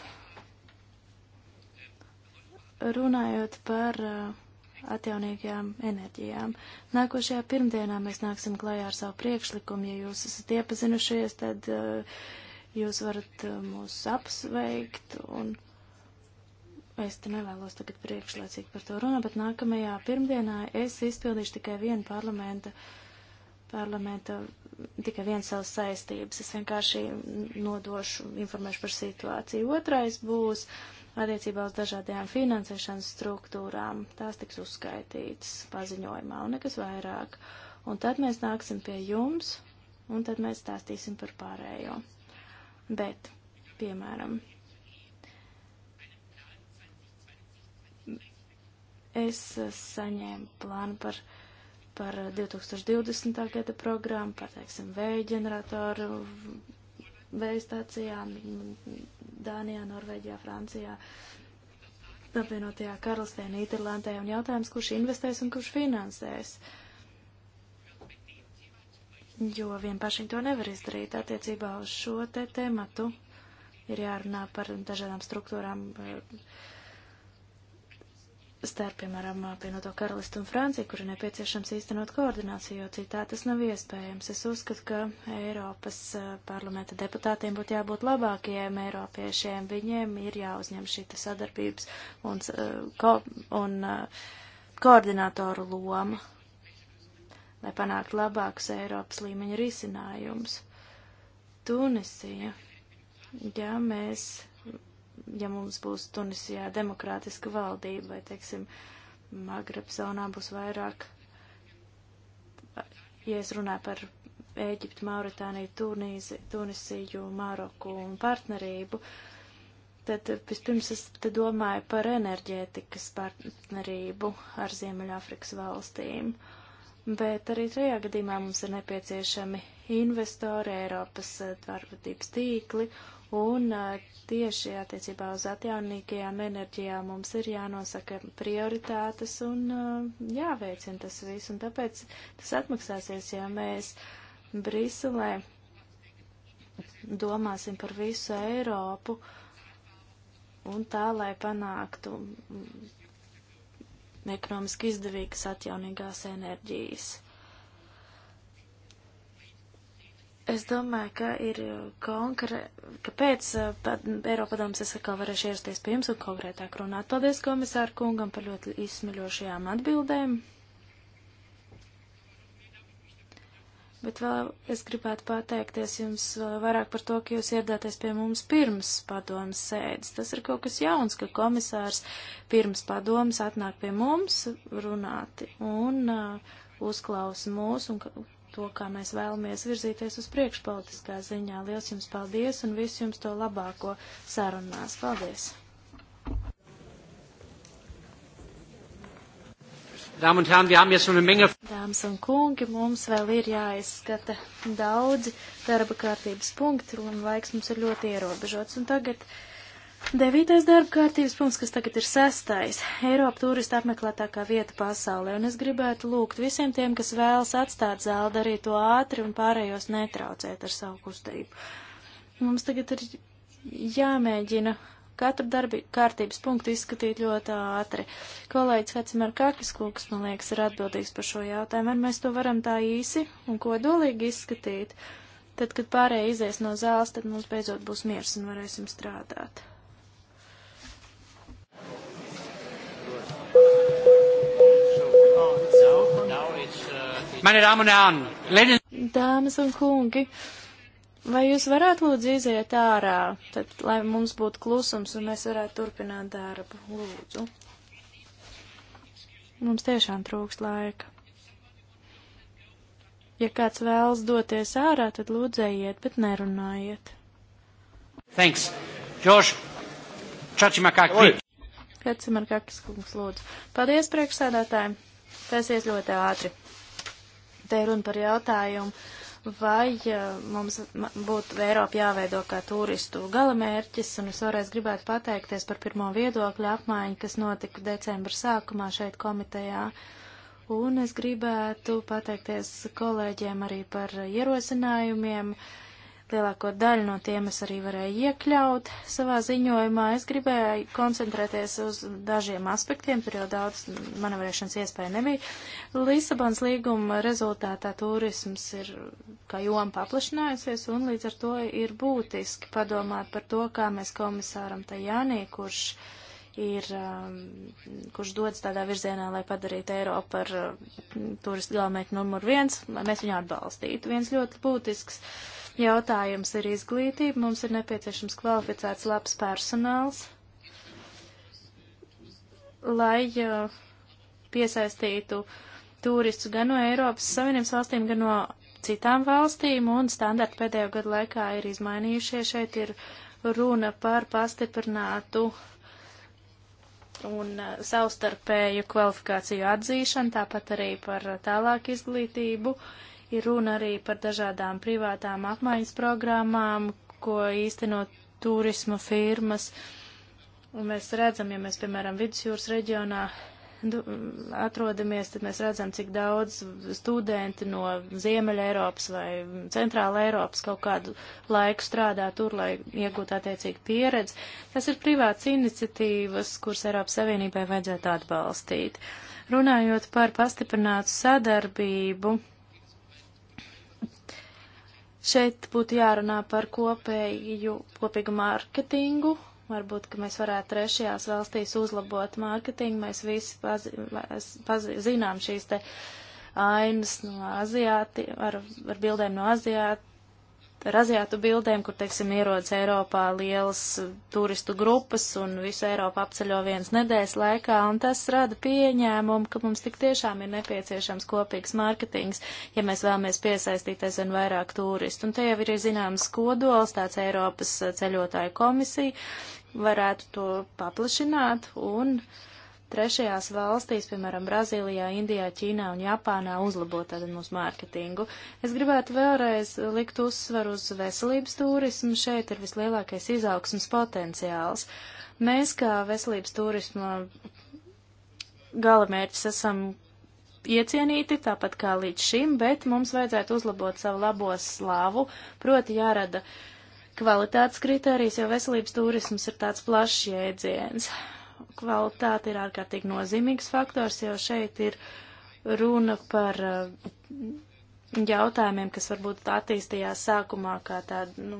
Runājot par eh, atjaunīgajām enerģijām. Nākošajā pirmdienā mēs nāksim klajā ar savu priekšlikumu. Ja jūs esat iepazinušies, tad uh, jūs varat mūs apsveikt un Es te nevēlos tagad priekšlaicīgi par to runāt, bet nākamajā pirmdienā es izpildīšu tikai vienu parlamenta, parlamenta tikai vienu savas saistības. Es vienkārši nodošu, informēšu par situāciju. Otrais būs attiecībā uz dažādajām finansēšanas struktūrām. Tās tiks uzskaitītas paziņojumā un nekas vairāk. Un tad mēs nāksim pie jums, un tad mēs stāstīsim par pārējo. Bet, piemēram, es eh, saņēmu plānu par, par 2020. Eh, gada programmu, par, teiksim, vēja ģeneratoru vēja stācijām mm, Dānijā, Norvēģijā, Francijā, apvienotajā karalistē, Nīderlandē, un jautājums, kurš investēs un kurš finansēs. Jo vien paši to nevar izdarīt attiecībā uz šo te tematu. Ir jārunā par dažādām struktūrām. Uh, starp, piemēram, apvienoto karalistu un Franciju, kur ir nepieciešams īstenot koordināciju, jo citā tas nav iespējams. Es uzskatu, ka Eiropas parlamenta deputātiem būtu jābūt labākajiem eiropiešiem. Viņiem ir jāuzņem šī sadarbības un, ko, un koordinātoru loma, lai panāktu labākus Eiropas līmeņa risinājumus. Tunisija. Ja mēs ja mums būs Tunisijā demokrātiska valdība, vai, teiksim, Magreb zonā būs vairāk, ja es runāju par Ēģiptu, Mauritāniju, Tunīzi, Tunisiju, Maroku un partnerību, tad vispirms es te domāju par enerģētikas partnerību ar Ziemeļāfrikas valstīm. Bet arī tajā gadījumā mums ir nepieciešami investori, Eiropas eh, darbības tīkli Un eh, tieši attiecībā uz atjaunīgajām enerģijām mums ir jānosaka prioritātes un eh, jāveicina tas viss. Un tāpēc tas atmaksāsies, ja mēs Briselē domāsim par visu Eiropu un tā, lai panāktu mm, ekonomiski izdevīgas atjaunīgās enerģijas. Es domāju, ka ir uh, konkrēti, ka pēc uh, Eiropadomas es atkal varēšu ierasties pie jums un konkrētāk runāt. Paldies komisāru kungam par ļoti izsmeļošajām atbildēm. Bet vēl es gribētu pateikties jums uh, vairāk par to, ka jūs iedāties pie mums pirms padomas sēdes. Tas ir kaut kas jauns, ka komisārs pirms padomas atnāk pie mums runāti un uh, uzklausa mūs un to, kā mēs vēlamies virzīties uz priekšpolitiskā ziņā. Liels jums paldies un visu jums to labāko sarunās. Paldies! Dāmas un kungi, mums vēl ir jāizskata daudzi darba kārtības punkti, un laiks mums ir ļoti ierobežots. Un tagad Devītais darba kārtības punkts, kas tagad ir sestais - Eiropa turista apmeklētākā vieta pasaulē, un es gribētu lūgt visiem tiem, kas vēlas atstāt zāli, darīt to ātri un pārējos netraucēt ar savu kustību. Mums tagad ir jāmēģina katru darbi kārtības punktu izskatīt ļoti ātri. Kolēģis Vecimēr Kākis Kūks, man liekas, ir atbildīgs par šo jautājumu, un mēs to varam tā īsi un kodolīgi izskatīt. Tad, kad pārējie izies no zāles, tad mums beidzot būs miers un varēsim strādāt. Mani dāmas un āni, ladies. Dāmas un kungi, vai jūs varētu lūdzu iziet ārā, tad, lai mums būtu klusums un mēs varētu turpināt darbu, lūdzu. Mums tiešām trūks laika. Ja kāds vēlas doties ārā, tad lūdzējiet, bet nerunājiet. Thanks. George, Čačimakakis. Hacimarkakis kungs lūdzu. Paldies priekšsēdētājiem. Tasies ļoti ātri. Te ir runa par jautājumu, vai eh, mums būtu Eiropa jāveido kā turistu galamērķis, un es vēlreiz gribētu pateikties par pirmo viedokļu apmaiņu, kas notika decembra sākumā šeit komitejā. Un es gribētu pateikties kolēģiem arī par ierosinājumiem. Uh, Lielāko daļu no tiem es arī varēju iekļaut savā ziņojumā. Es gribēju koncentrēties uz dažiem aspektiem, tur jau daudz manevrēšanas iespēja nebija. Lisabons līguma rezultātā turisms ir kā joma paplašinājusies, un līdz ar to ir būtiski padomāt par to, kā mēs komisāram Tajānī, kurš ir, um, kurš dodas tādā virzienā, lai padarītu Eiropu par uh, turistu galvenmērķi numur viens, lai mēs viņu atbalstītu. Viens ļoti būtisks jautājums ir izglītība, mums ir nepieciešams kvalificēts labs personāls, lai uh, piesaistītu turistus gan no Eiropas Savienības valstīm, gan no citām valstīm, un standarti pēdējo gadu laikā ir izmainījušies. Šeit ir runa par pastiprinātu un uh, savstarpēju kvalifikāciju atzīšanu, tāpat arī par uh, tālāku izglītību. Uh, Ir runa arī par dažādām privātām apmaiņas programmām, ko īstenot turisma firmas. Un mēs redzam, ja mēs, piemēram, vidusjūras reģionā atrodamies, tad mēs redzam, cik daudz studenti no Ziemeļa Eiropas vai Centrāla Eiropas kaut kādu laiku strādā tur, lai iegūtu attiecīgi pieredzi. Tas ir privāts iniciatīvas, kuras Eiropas Savienībai vajadzētu atbalstīt. Runājot par pastiprinātu sadarbību Šeit būtu jārunā par kopēju, kopīgu mārketingu. Varbūt, ka mēs varētu trešajās valstīs uzlabot mārketingu. Mēs visi pazi, pazi, zinām šīs te ainas no aziāti, ar, ar bildēm no aziāt, ar aziātu bildēm, kur, teiksim, ierodas Eiropā lielas turistu grupas un visu Eiropu apceļo viens nedēļas laikā, un tas rada pieņēmumu, ka mums tik tiešām ir nepieciešams kopīgs mārketings, ja mēs vēlamies piesaistīt aizvien vairāk turistu. Un te jau ir zināms kodols, tāds Eiropas ceļotāju komisija varētu to paplašināt un. Uh, trešajās valstīs, piemēram, Brazīlijā, Indijā, Ķīnā un Japānā, uzlabot tātad mūsu mārketingu. Es gribētu vēlreiz likt uzsvaru uz veselības turismu. Šeit ir vislielākais izaugsmas potenciāls. Mēs, kā veselības turisma galamērķis, esam iecienīti, tāpat kā līdz šim, bet mums vajadzētu uzlabot savu labo slāvu, proti jārada kvalitātes kritērijas, jo veselības turisms ir tāds plašs jēdziens kvalitāte ir ārkārtīgi nozīmīgs faktors, jo šeit ir runa par uh, jautājumiem, kas varbūt attīstījās sākumā kā tāda, nu,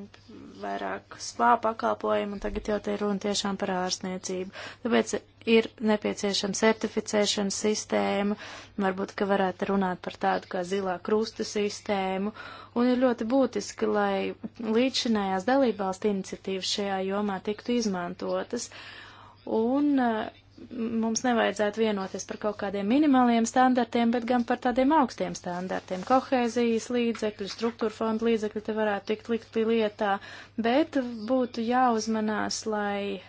vairāk spā pakalpojumu, un tagad jau te ir runa tiešām par ārstniecību. Tāpēc ir nepieciešama certificēšanas sistēma, varbūt, ka varētu runāt par tādu kā zilā krusta sistēmu, un ir ļoti būtiski, lai līdzšinējās dalībvalstu iniciatīvas šajā jomā tiktu izmantotas. Uh, un eh, mums nevajadzētu vienoties par kaut kādiem minimāliem standartiem, bet gan par tādiem augstiem standartiem. Kohēzijas līdzekļi, struktūra fonda līdzekļi te varētu tikt likti lietā, bet būtu jāuzmanās, lai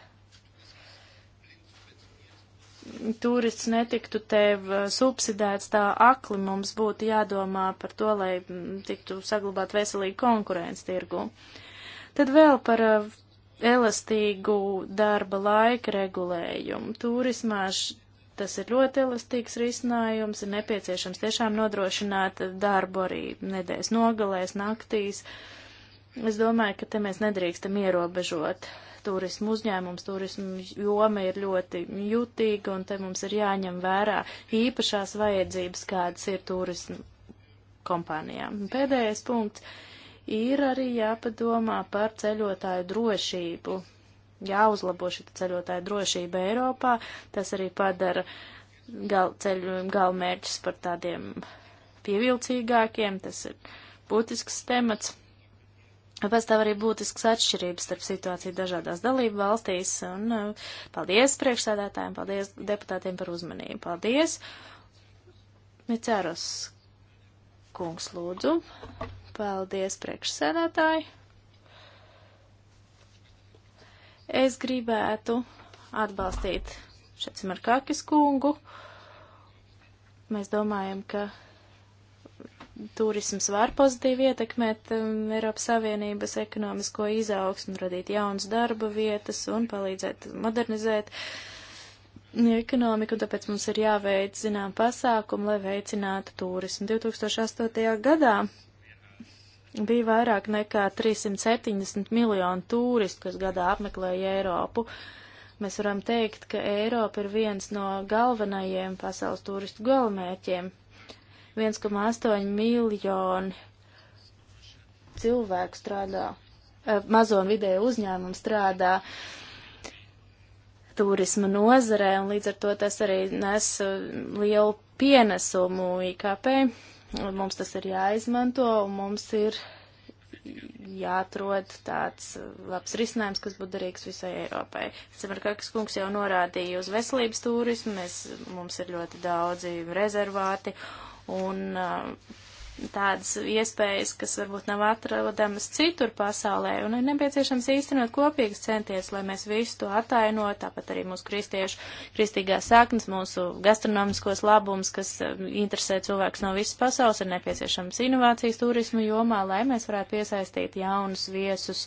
turists netiktu tev eh, subsidēts tā akli, mums būtu jādomā par to, lai mm, tiktu saglabāt veselīgu konkurences tirgu. Tad vēl par eh, elastīgu darba laika regulējumu. Turismā tas ir ļoti elastīgs risinājums, ir nepieciešams tiešām nodrošināt darbu arī nedēļas nogalēs, naktīs. Es domāju, ka te mēs nedrīkstam ierobežot turismu uzņēmums, turismu joma ir ļoti jutīga, un te mums ir jāņem vērā īpašās vajadzības, kādas ir turismu kompānijām. Pēdējais punkts ir arī jāpadomā par ceļotāju drošību. Jāuzlabo šī ceļotāja drošība Eiropā, tas arī padara gal, ceļu galmērķus par tādiem pievilcīgākiem, tas ir būtisks temats. Pastāv arī būtisks atšķirības starp situāciju dažādās dalību valstīs, un uh, paldies priekšsēdētājiem, paldies deputātiem par uzmanību. Paldies! Micēros kungs lūdzu. Paldies, priekšsēdētāji. Es gribētu atbalstīt Šecimarkakis kungu. Mēs domājam, ka turisms var pozitīvi ietekmēt um, Eiropas Savienības ekonomisko izaugsmu, radīt jaunas darba vietas un palīdzēt modernizēt ekonomiku, un tāpēc mums ir jāveic, zinām, pasākumu, lai veicinātu turismu. 2008. gadā bija vairāk nekā 370 miljonu turistu, kas gadā apmeklēja Eiropu. Mēs varam teikt, ka Eiropa ir viens no galvenajiem pasaules turistu galvenmērķiem. 1,8 miljoni cilvēku strādā, eh, mazo un vidēju uzņēmumu strādā turisma nozarē, un līdz ar to tas arī nes eh, lielu pienesumu IKP. Un mums tas ir jāizmanto, un mums ir jāatrod tāds uh, labs risinājums, kas būtu derīgs visai Eiropai. Samarkakas kungs jau norādīja uz veselības turismu, mēs, mums ir ļoti daudzi rezervāti, un uh, tādas iespējas, kas varbūt nav atrodamas citur pasaulē, un ir nepieciešams īstenot kopīgas centies, lai mēs visu to attainot, tāpat arī mūsu kristiešu, kristīgās saknes, mūsu gastronomiskos labumus, kas um, interesē cilvēks no visas pasaules, ir nepieciešams inovācijas turismu jomā, lai mēs varētu piesaistīt jaunus viesus,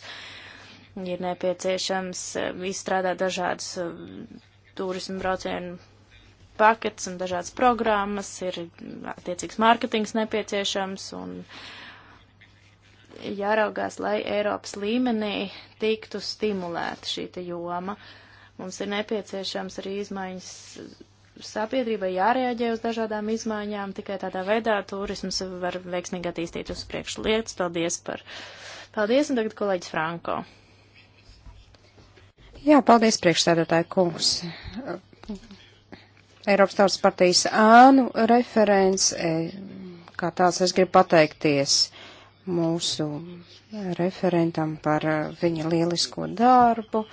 ir nepieciešams uh, izstrādāt dažādas um, turismu braucienu pakets un dažādas programmas, ir attiecīgs mārketings nepieciešams un jāraugās, lai Eiropas līmenī tiktu stimulēta šī joma. Mums ir nepieciešams arī izmaiņas sabiedrībai jārēģē uz dažādām izmaiņām, tikai tādā veidā turisms var veiksmīgi attīstīt uz priekšu lietas. Paldies par. Paldies, un tagad kolēģis Franko. Jā, paldies priekšstādātāju kungs. Eiropas Tautas partijas ānu referents, e, kā tāds es gribu pateikties mūsu referentam par e, viņa lielisko darbu.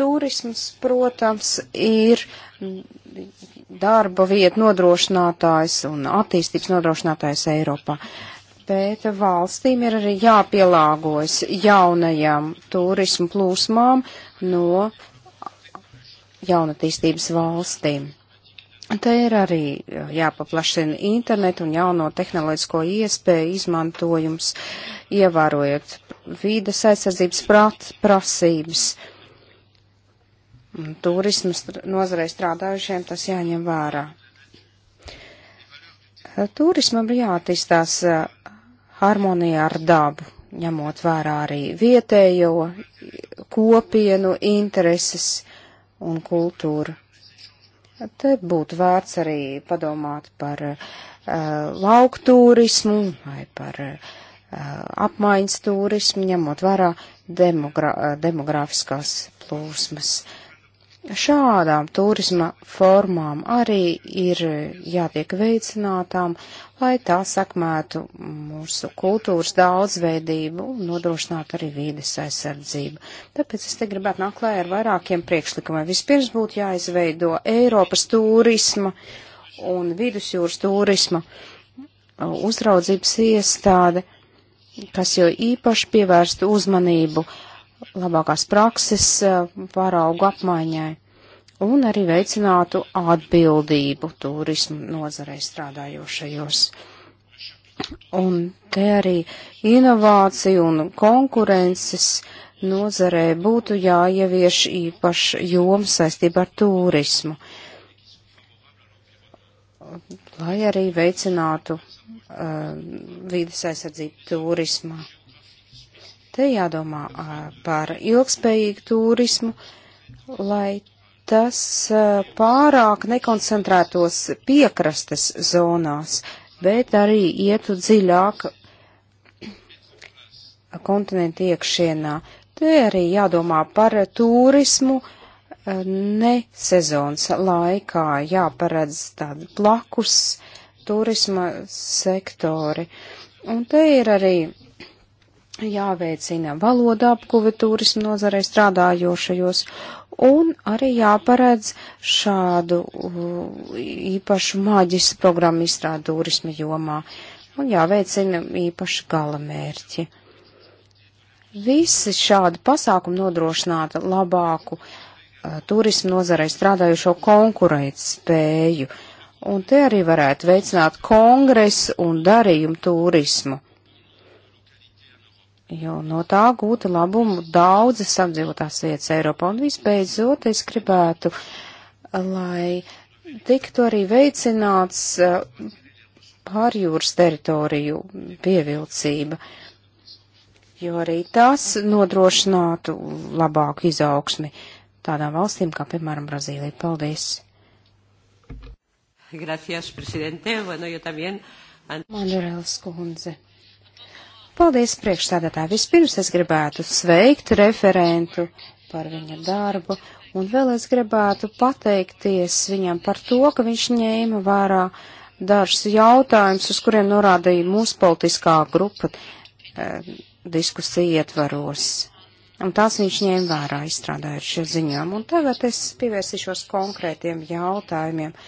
Turisms, protams, ir darba vietu nodrošinātājs un attīstības nodrošinātājs Eiropā. Bet valstīm ir arī jāpielāgojas jaunajām turismu plūsmām no jaunatīstības valstīm. Te ir arī jāpaplašina internetu un jauno tehnoloģisko iespēju izmantojums, ievērojot vīdas aizsardzības prāt, prasības. Turismas nozarei strādājušiem tas jāņem vērā. Turismam ir jāattīstās harmonijā ar dabu, ņemot vērā arī vietējo kopienu intereses un kultūru. Te būtu vērts arī padomāt par uh, eh, laukturismu vai par uh, apmaiņas turismu, ņemot vērā demogra demografiskās plūsmas. Uh, Šādām turisma formām arī ir jātiek veicinātām, lai tā sakmētu mūsu kultūras daudzveidību un nodrošinātu arī vīdes aizsardzību. Tāpēc es te gribētu nākt klāt ar vairākiem priekšlikumiem. Vispirms būtu jāizveido Eiropas turisma un vidusjūras turisma uzraudzības iestāde, kas jau īpaši pievērstu uzmanību uh, labākās prakses eh, paraugu apmaiņai un arī veicinātu atbildību turismu nozarei strādājošajos. Un te arī inovāciju un konkurences nozarē būtu jāievieš īpaši joms saistībā ar turismu, lai arī veicinātu uh, eh, vīdes aizsardzību turismā. Te jādomā par ilgspējīgu turismu, lai tas pārāk nekoncentrētos piekrastes zonās, bet arī ietu dziļāk kontinentu iekšienā. Te arī jādomā par turismu ne sezonas laikā, jāparedz tādi plakus turisma sektori. Un te ir arī jāveicina valoda apguve turismu nozarei strādājošajos un arī jāparedz šādu uh, īpašu maģis programmu izstrādu turismu jomā un jāveicina īpaši gala mērķi. Visi šādi pasākumi nodrošinātu labāku uh, turismu nozarei strādājušo konkurētspēju, un te arī varētu veicināt kongresu un darījumu turismu jo no tā gūta labumu daudzas apdzīvotās vietas Eiropā. Un visbeidzot, es gribētu, lai tiktu arī veicināts eh, pārjūras teritoriju pievilcība, jo arī tas nodrošinātu labāku izaugsmi tādām valstīm kā, piemēram, Brazīlija. Paldies! Gracias, presidente. Bueno, yo también. Manuēlis Kunze. Paldies priekšstādātā. Vispirms es gribētu sveikt referentu par viņa darbu, un vēl es gribētu pateikties viņam par to, ka viņš ņēma vērā dažus jautājumus, uz kuriem norādīja mūsu politiskā grupa eh, diskusija ietvaros. Un tās viņš ņēma vērā, izstrādājot šo ziņām. Un tagad es pievērsīšos konkrētiem jautājumiem.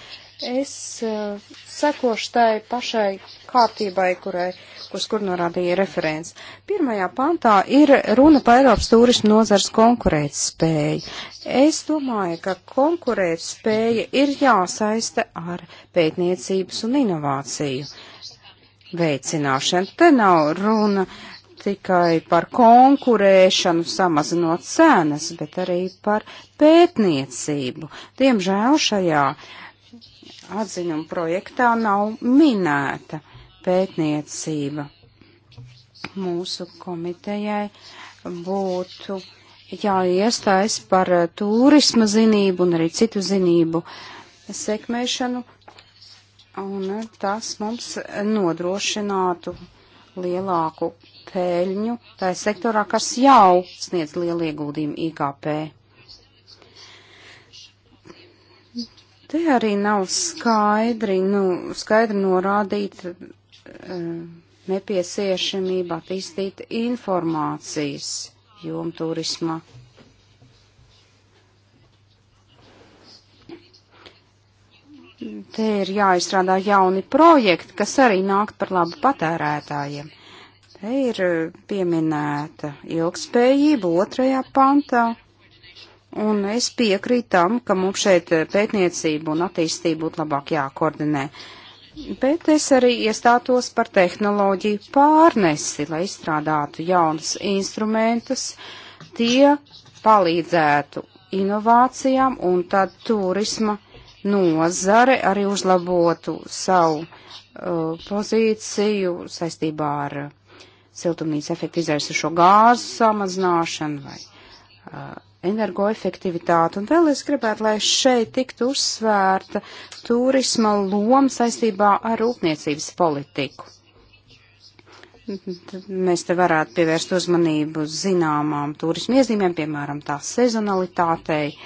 Es uh, eh, sekošu tai pašai kārtībai, kurai uh, uz kur norādīja referents. Pirmajā pantā ir runa par Eiropas turismu nozars konkurētspēju. Es domāju, ka konkurētspēja ir jāsaista ar pētniecības un inovāciju veicināšanu. Te nav runa tikai par konkurēšanu, samazinot cenas, bet arī par pētniecību. Diemžēl šajā atziņuma projektā nav minēta pētniecība. Mūsu komitejai būtu jāiestājas par eh, turisma zinību un arī citu zinību sekmēšanu, un eh, tas mums nodrošinātu lielāku pēļņu tā sektorā, kas jau sniedz lielu ieguldījumu IKP. Te arī nav skaidri, nu, skaidri norādīta Eh, nepieciešamība attīstīt informācijas jomu turismā. Te ir jāizstrādā jauni projekti, kas arī nāk par labu patērētājiem. Te ir eh, pieminēta ilgspējība otrajā pantā, un es piekrītu tam, ka mums šeit eh, pētniecību un attīstību būtu labāk jākoordinē. Uh, bet es arī iestātos par tehnoloģiju pārnesi, lai izstrādātu jaunas instrumentus, tie palīdzētu inovācijām un tad turisma nozare arī uzlabotu savu uh, pozīciju saistībā ar uh, siltumnīca efektu izraisušo gāzu samazināšanu vai uh, energoefektivitāti. Un vēl es gribētu, lai šeit tiktu uzsvērta turisma loma saistībā ar rūpniecības politiku. Tad mēs te varētu pievērst uzmanību zināmām turismu iezīmēm, piemēram, tā sezonalitātei.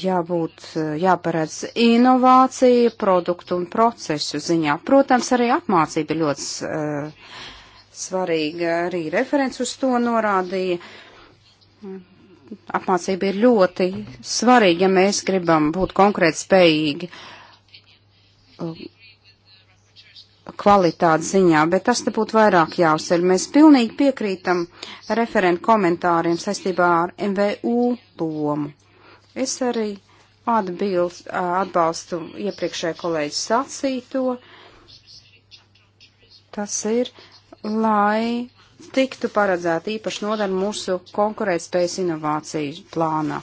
Jābūt, jāparedz inovācija produktu un procesu ziņā. Protams, arī apmācība ļoti uh, svarīga. Arī referents uz to norādīja apmācība ir ļoti svarīga, ja mēs gribam būt konkrēti spējīgi um, kvalitātes ziņā, bet tas te būtu vairāk jāuzceļ. Mēs pilnīgi piekrītam referentu komentāriem saistībā ar MVU lomu. Es arī atbilst, atbalstu iepriekšēju kolēģi sacīto. Tas ir, lai tiktu paredzēta īpaši nodaļa mūsu konkurētspējas inovāciju plānā.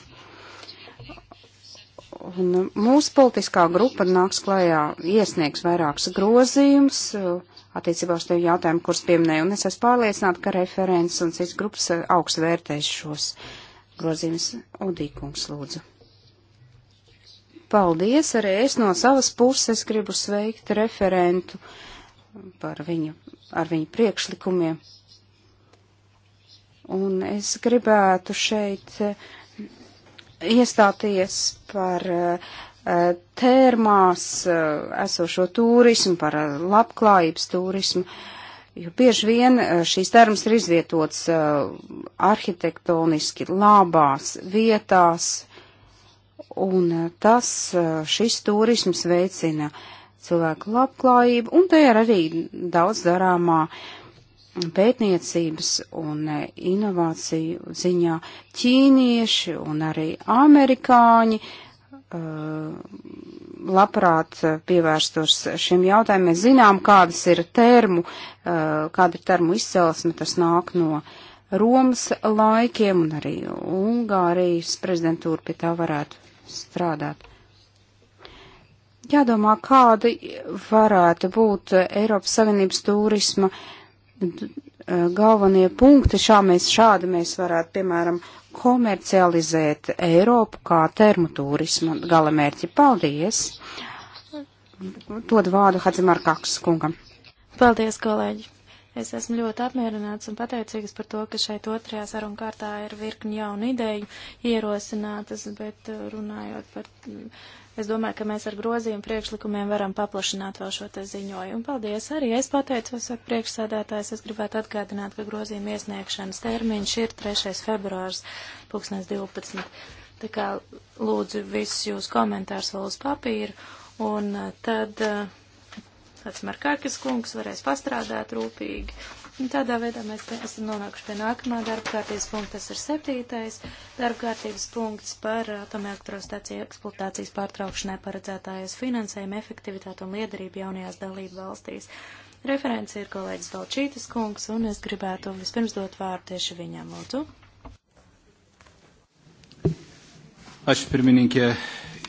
Un mūsu politiskā grupa nāks klajā, iesniegs vairākus grozījumus uh, attiecībā uz tevi jautājumu, kurus pieminēju, un es esmu pārliecināta, ka referents un cits grupas uh, augstu vērtēs šos grozījumus. Udīkums, lūdzu. Paldies, arī es no savas puses gribu sveikt referentu par viņu, ar viņu priekšlikumiem. Un es gribētu šeit eh, iestāties par eh, tērmās eh, esošo turismu, par labklājības turismu. Jo bieži vien šīs termas ir izvietots arhitektoniski labās vietās, un tas šis turisms veicina cilvēku labklājību, un te ir arī daudz darāmā uh, pētniecības un e, inovāciju ziņā ķīnieši un arī amerikāņi e, labprāt pievērstos šiem jautājumiem. Mēs zinām, kādas ir termu, e, kāda ir termu izcelsme, tas nāk no Romas laikiem un arī Ungārijas prezidentūra pie tā varētu strādāt jādomā, kādi varētu būt Eiropas Savienības turisma galvenie punkti. Šā mēs, šādi mēs varētu, piemēram, komercializēt Eiropu kā termoturismu galamērķi. Paldies! Dod vārdu Hadzimarkakas kungam. Paldies, kolēģi! Es esmu ļoti apmierināts un pateicīgs par to, ka šeit otrajā sarunu kārtā ir virkni jaunu ideju ierosinātas, bet uh, runājot par Es domāju, ka mēs ar grozījumu priekšlikumiem varam paplašināt vēl šo te ziņojumu. Paldies arī. Es pateicos, saka priekšsēdētājs, es gribētu atgādināt, ka grozījuma iesniegšanas termiņš ir 3. februārs 2012. Tā kā lūdzu visus jūs komentārus vēl uz papīru, un uh, tad uh, tāds Markārkis kungs varēs pastrādāt rūpīgi Un tādā veidā mēs esam nonākuši pie nākamā darba kārtības punkta, tas ir septītais darba kārtības punkts par atomelektrostaciju eksploatācijas pārtraukšanai paredzētājas finansējumu, efektivitātu un liederību jaunajās dalību valstīs. Referents ir kolēģis Valčītis kungs, un es gribētu vispirms dot vārdu tieši viņam, lūdzu. Aš pirmininkė,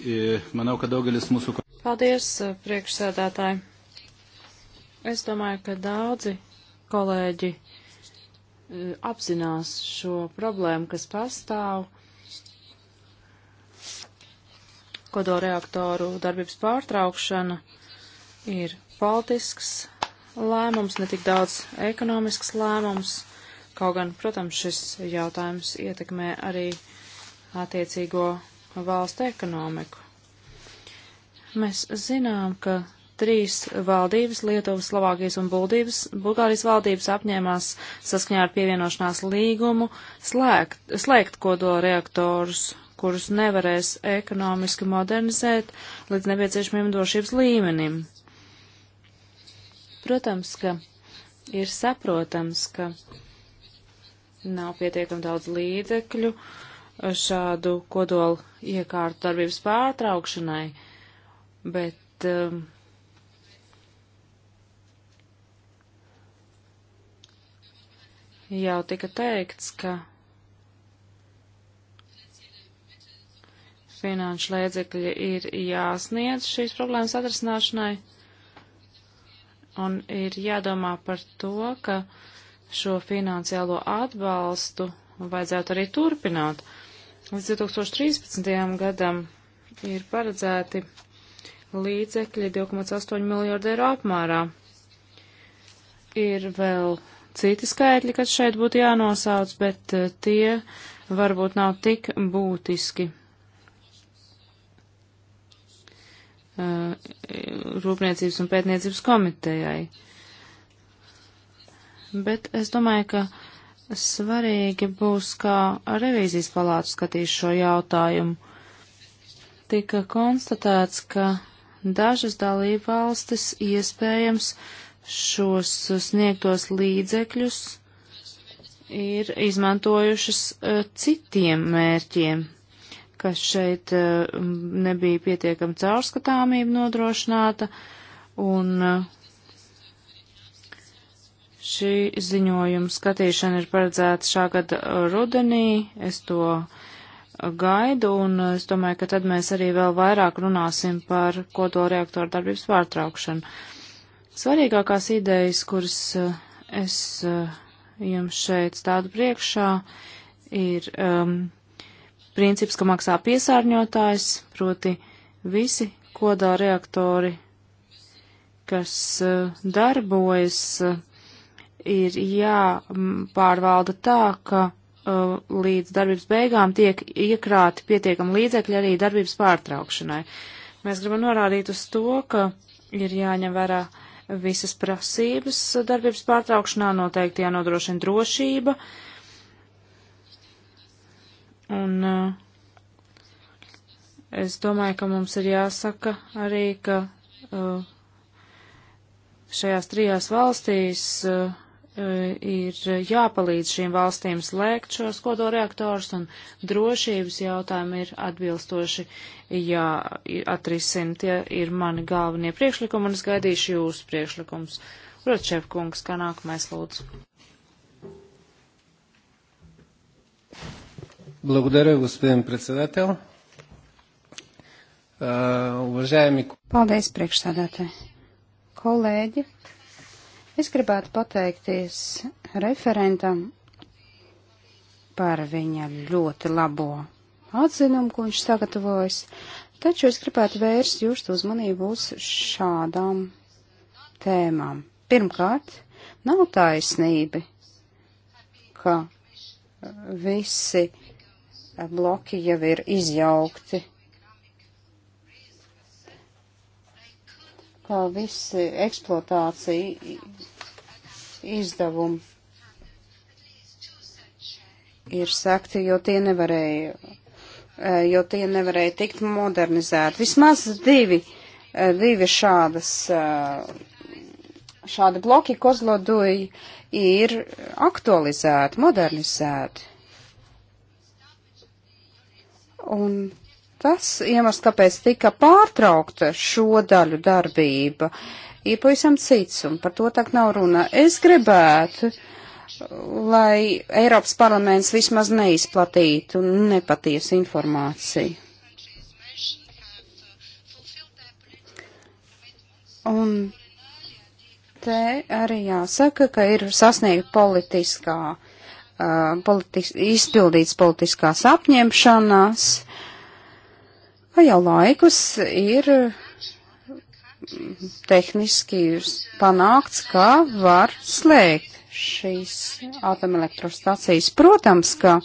e, manau, kad daugelis mūsų. Paldies, e, priekšsēdētāji. Es domāju, ka daudzi kolēģi eh, apzinās šo problēmu, kas pastāv kodoreaktoru darbības pārtraukšana ir politisks lēmums, ne tik daudz ekonomisks lēmums, kaut gan, protams, šis jautājums ietekmē arī attiecīgo valstu ekonomiku. Mēs zinām, ka trīs valdības, Lietuvas, Slovākijas un Buldības, Bulgārijas valdības apņēmās saskaņā ar pievienošanās līgumu slēgt, slēgt kodolreaktorus, kurus nevarēs ekonomiski modernizēt līdz nepieciešamiem drošības līmenim. Protams, ka ir saprotams, ka nav pietiekami daudz līdzekļu šādu kodolu iekārtu darbības pārtraukšanai, bet um, Jau tika teikts, ka finanšu līdzekļi ir jāsniedz šīs problēmas atrisināšanai, un ir jādomā par to, ka šo finansiālo atbalstu vajadzētu arī turpināt. Līdz 2013. gadam ir paredzēti līdzekļi 2,8 miljārdu eiro apmērā. Ir vēl citi skaitļi, kas šeit būtu jānosauc, bet eh, tie varbūt nav tik būtiski. Eh, Rūpniecības un pētniecības komitejai. Bet es domāju, ka svarīgi būs, kā revīzijas palāta skatīs šo jautājumu. Tika konstatēts, ka dažas dalībvalstis iespējams uh, šos sniegtos līdzekļus ir izmantojušas eh, citiem mērķiem, kas šeit eh, nebija pietiekama caurskatāmība nodrošināta, un eh, šī ziņojuma skatīšana ir paredzēta šā gada rudenī. Es to gaidu, un es domāju, ka tad mēs arī vēl vairāk runāsim par kodola reaktoru darbības pārtraukšanu. Svarīgākās idejas, kuras eh, es eh, jums šeit stādu priekšā, ir um, princips, ka maksā piesārņotājs, proti visi kodā reaktori, kas uh, darbojas, uh, ir jāpārvalda tā, ka uh, līdz darbības beigām tiek iekrāti pietiekami līdzekļi arī darbības pārtraukšanai. Mēs gribam norādīt uz to, ka ir jāņem vērā uh, visas prasības darbības pārtraukšanā, noteikti jānodrošina drošība. Un uh, es domāju, ka mums ir jāsaka arī, ka uh, šajās trijās valstīs uh, E, ir jāpalīdz šīm valstīm slēgt šos kodoreaktorus, un drošības jautājumi ir atbilstoši jāatrisina. Tie ir mani galvenie priekšlikumi, un es gaidīšu jūsu priekšlikumus. Ročev kungs, kā nākamais lūdzu. Благодаря, господин председател. Uh, уважаеми... Paldies, priekšsādātāji. Kolēģi, Es gribētu pateikties referentam par viņa ļoti labo atzinumu, ko viņš sagatavojas, taču es gribētu vērst jūsu uzmanību uz šādām tēmām. Pirmkārt, nav taisnība, ka visi bloki jau ir izjaukti kā visi eksploatācija izdevumi ir sakti, jo tie nevarēja, eh, jo tie nevarēja tikt modernizēti. Vismaz divi, eh, divi šādas, eh, šādi bloki Kozloduji ir aktualizēti, modernizēti. Un Tas iemesls, kāpēc tika pārtraukta šo daļu darbība, ir pavisam cits, un par to tak nav runa. Es gribētu, lai Eiropas parlaments vismaz neizplatītu nepatiesu informāciju. Un te arī jāsaka, ka ir sasniegta politiskā, uh, politis, izpildīts politiskās apņemšanās, ka nu, jau laikus ir mm, tehniski panākts, ka var slēgt šīs atomelektrostacijas. Protams, ka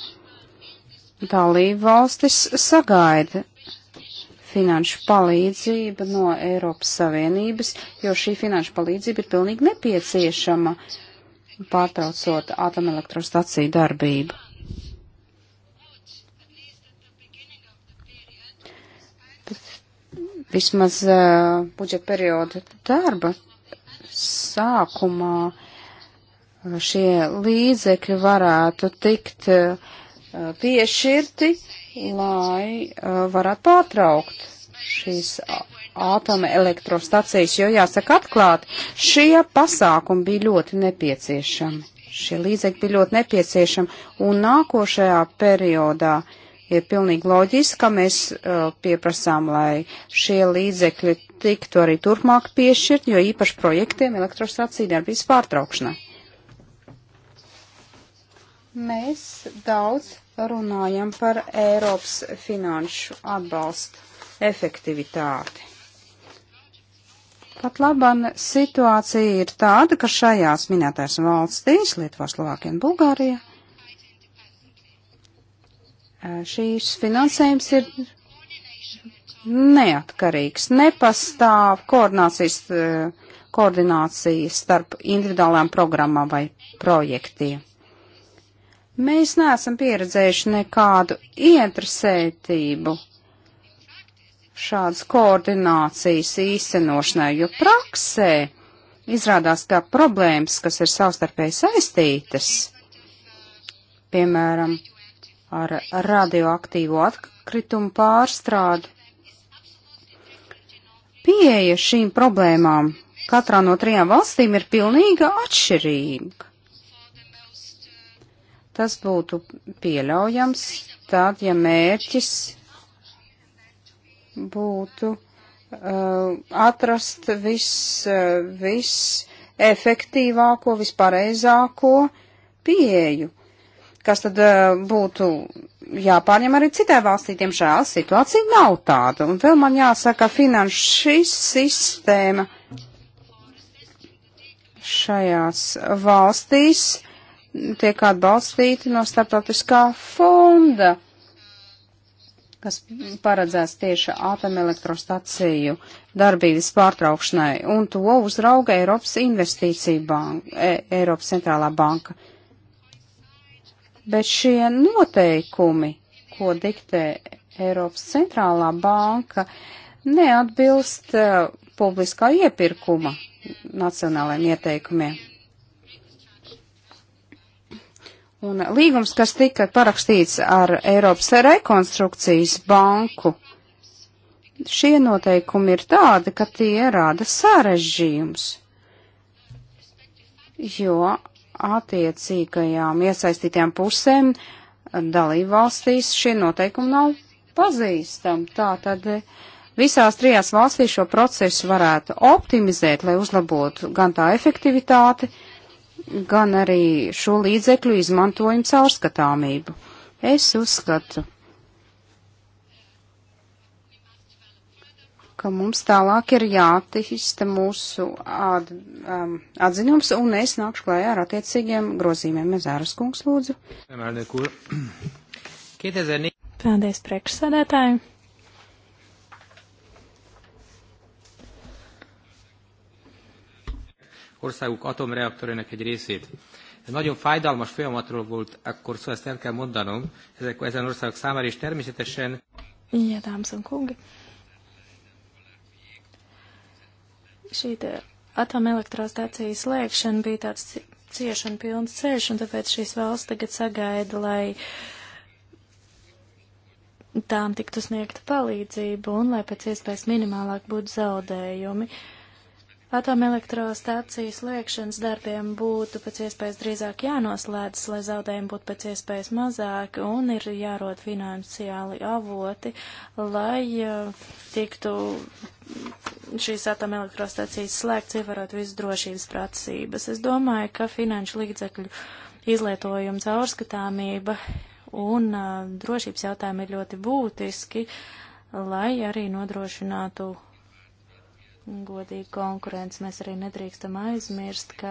dalība valstis sagaida finanšu palīdzību no Eiropas Savienības, jo šī finanšu palīdzība ir pilnīgi nepieciešama pārtraucot atomelektrostaciju darbību. vismaz uh, budžeta perioda darba sākumā šie līdzekļi varētu tikt uh, piešķirti, lai uh, varētu pārtraukt šīs atomelektrostacijas, jo jāsaka atklāti, šie pasākumi bija ļoti nepieciešami. Šie līdzekļi bija ļoti nepieciešami, un nākošajā periodā uh, ir pilnīgi loģiski, ka mēs uh, pieprasām, lai šie līdzekļi tiktu arī turpmāk piešķirt, jo īpaši projektiem elektrostāciju darbības pārtraukšanai. Mēs daudz runājam par Eiropas finanšu atbalstu efektivitāti. Pat labam situācija ir tāda, ka šajās minētās valstīs, Lietuvā, Slovākija un Bulgārija, šīs finansējums ir neatkarīgs, nepastāv koordinācijas, koordinācijas starp individuālām programmām vai projektiem. Mēs neesam pieredzējuši nekādu ieinteresētību šādas koordinācijas īstenošanai, jo praksē izrādās, ka problēmas, kas ir savstarpēji saistītas, piemēram, ar radioaktīvo atkritumu pārstrādi. Pieeja šīm problēmām katrā no trijām valstīm ir pilnīga atšķirīga. Tas būtu pieļaujams tad, ja mērķis būtu uh, atrast viss uh, vis efektīvāko, vispareizāko pieeju kas tad eh, būtu jāpārņem arī citai valstī. Diemžēl situācija nav tāda. Un vēl man jāsaka, finanšu sistēma šajās valstīs tiek atbalstīta no starptautiskā fonda, kas paredzēts tieši atomelektrostaciju darbības pārtraukšanai, un to uzrauga Eiropas investīcija banka, e, Eiropas centrālā banka bet šie noteikumi, ko diktē Eiropas centrālā banka, neatbilst uh, publiskā iepirkuma nacionālajiem ieteikumiem. Un līgums, kas tika parakstīts ar Eiropas rekonstrukcijas banku, šie noteikumi ir tādi, ka tie rada sarežģījums, jo attiecīgajām iesaistītajām pusēm dalību valstīs šie noteikumi nav pazīstami. Tā tad eh, visās trijās valstīs šo procesu varētu optimizēt, lai uzlabotu gan tā efektivitāti, gan arī šo līdzekļu izmantojumu caurskatāmību. Es uzskatu, ka mums tālāk ir jātīsta mūsu ad, um, atziņums, un es nākšu klājā ar attiecīgiem grozījumiem. Mezāras kungs, lūdzu. Paldies, priekšsēdētāji. Országuk atomreaktorének egy részét. Ez nagyon fájdalmas folyamatról volt akkor szó, szóval ezt el kell mondanom, ezek, ezen országok számára, és természetesen... Igen, dámszon kungi. Uh, šī atomelektrostācija slēgšana bija tāds ciešana pilns ceļš, un tāpēc šīs valsts tagad sagaida, lai tām tiktu sniegta palīdzība un lai pēc iespējas minimālāk būtu zaudējumi. Uh, Atomelektrostāciju slēgšanas darbiem būtu pēc iespējas drīzāk jānoslēdz, lai zaudējumi būtu pēc iespējas mazāki, un ir jārod finansiāli avoti, lai uh, tiktu šīs atomelektrostācijas slēgts, ievarot visu drošības prasības. Es domāju, ka finanšu līdzekļu izlietojuma caurskatāmība un uh, drošības jautājumi ir ļoti būtiski, lai arī nodrošinātu godīgu konkurenci. Mēs arī nedrīkstam aizmirst, ka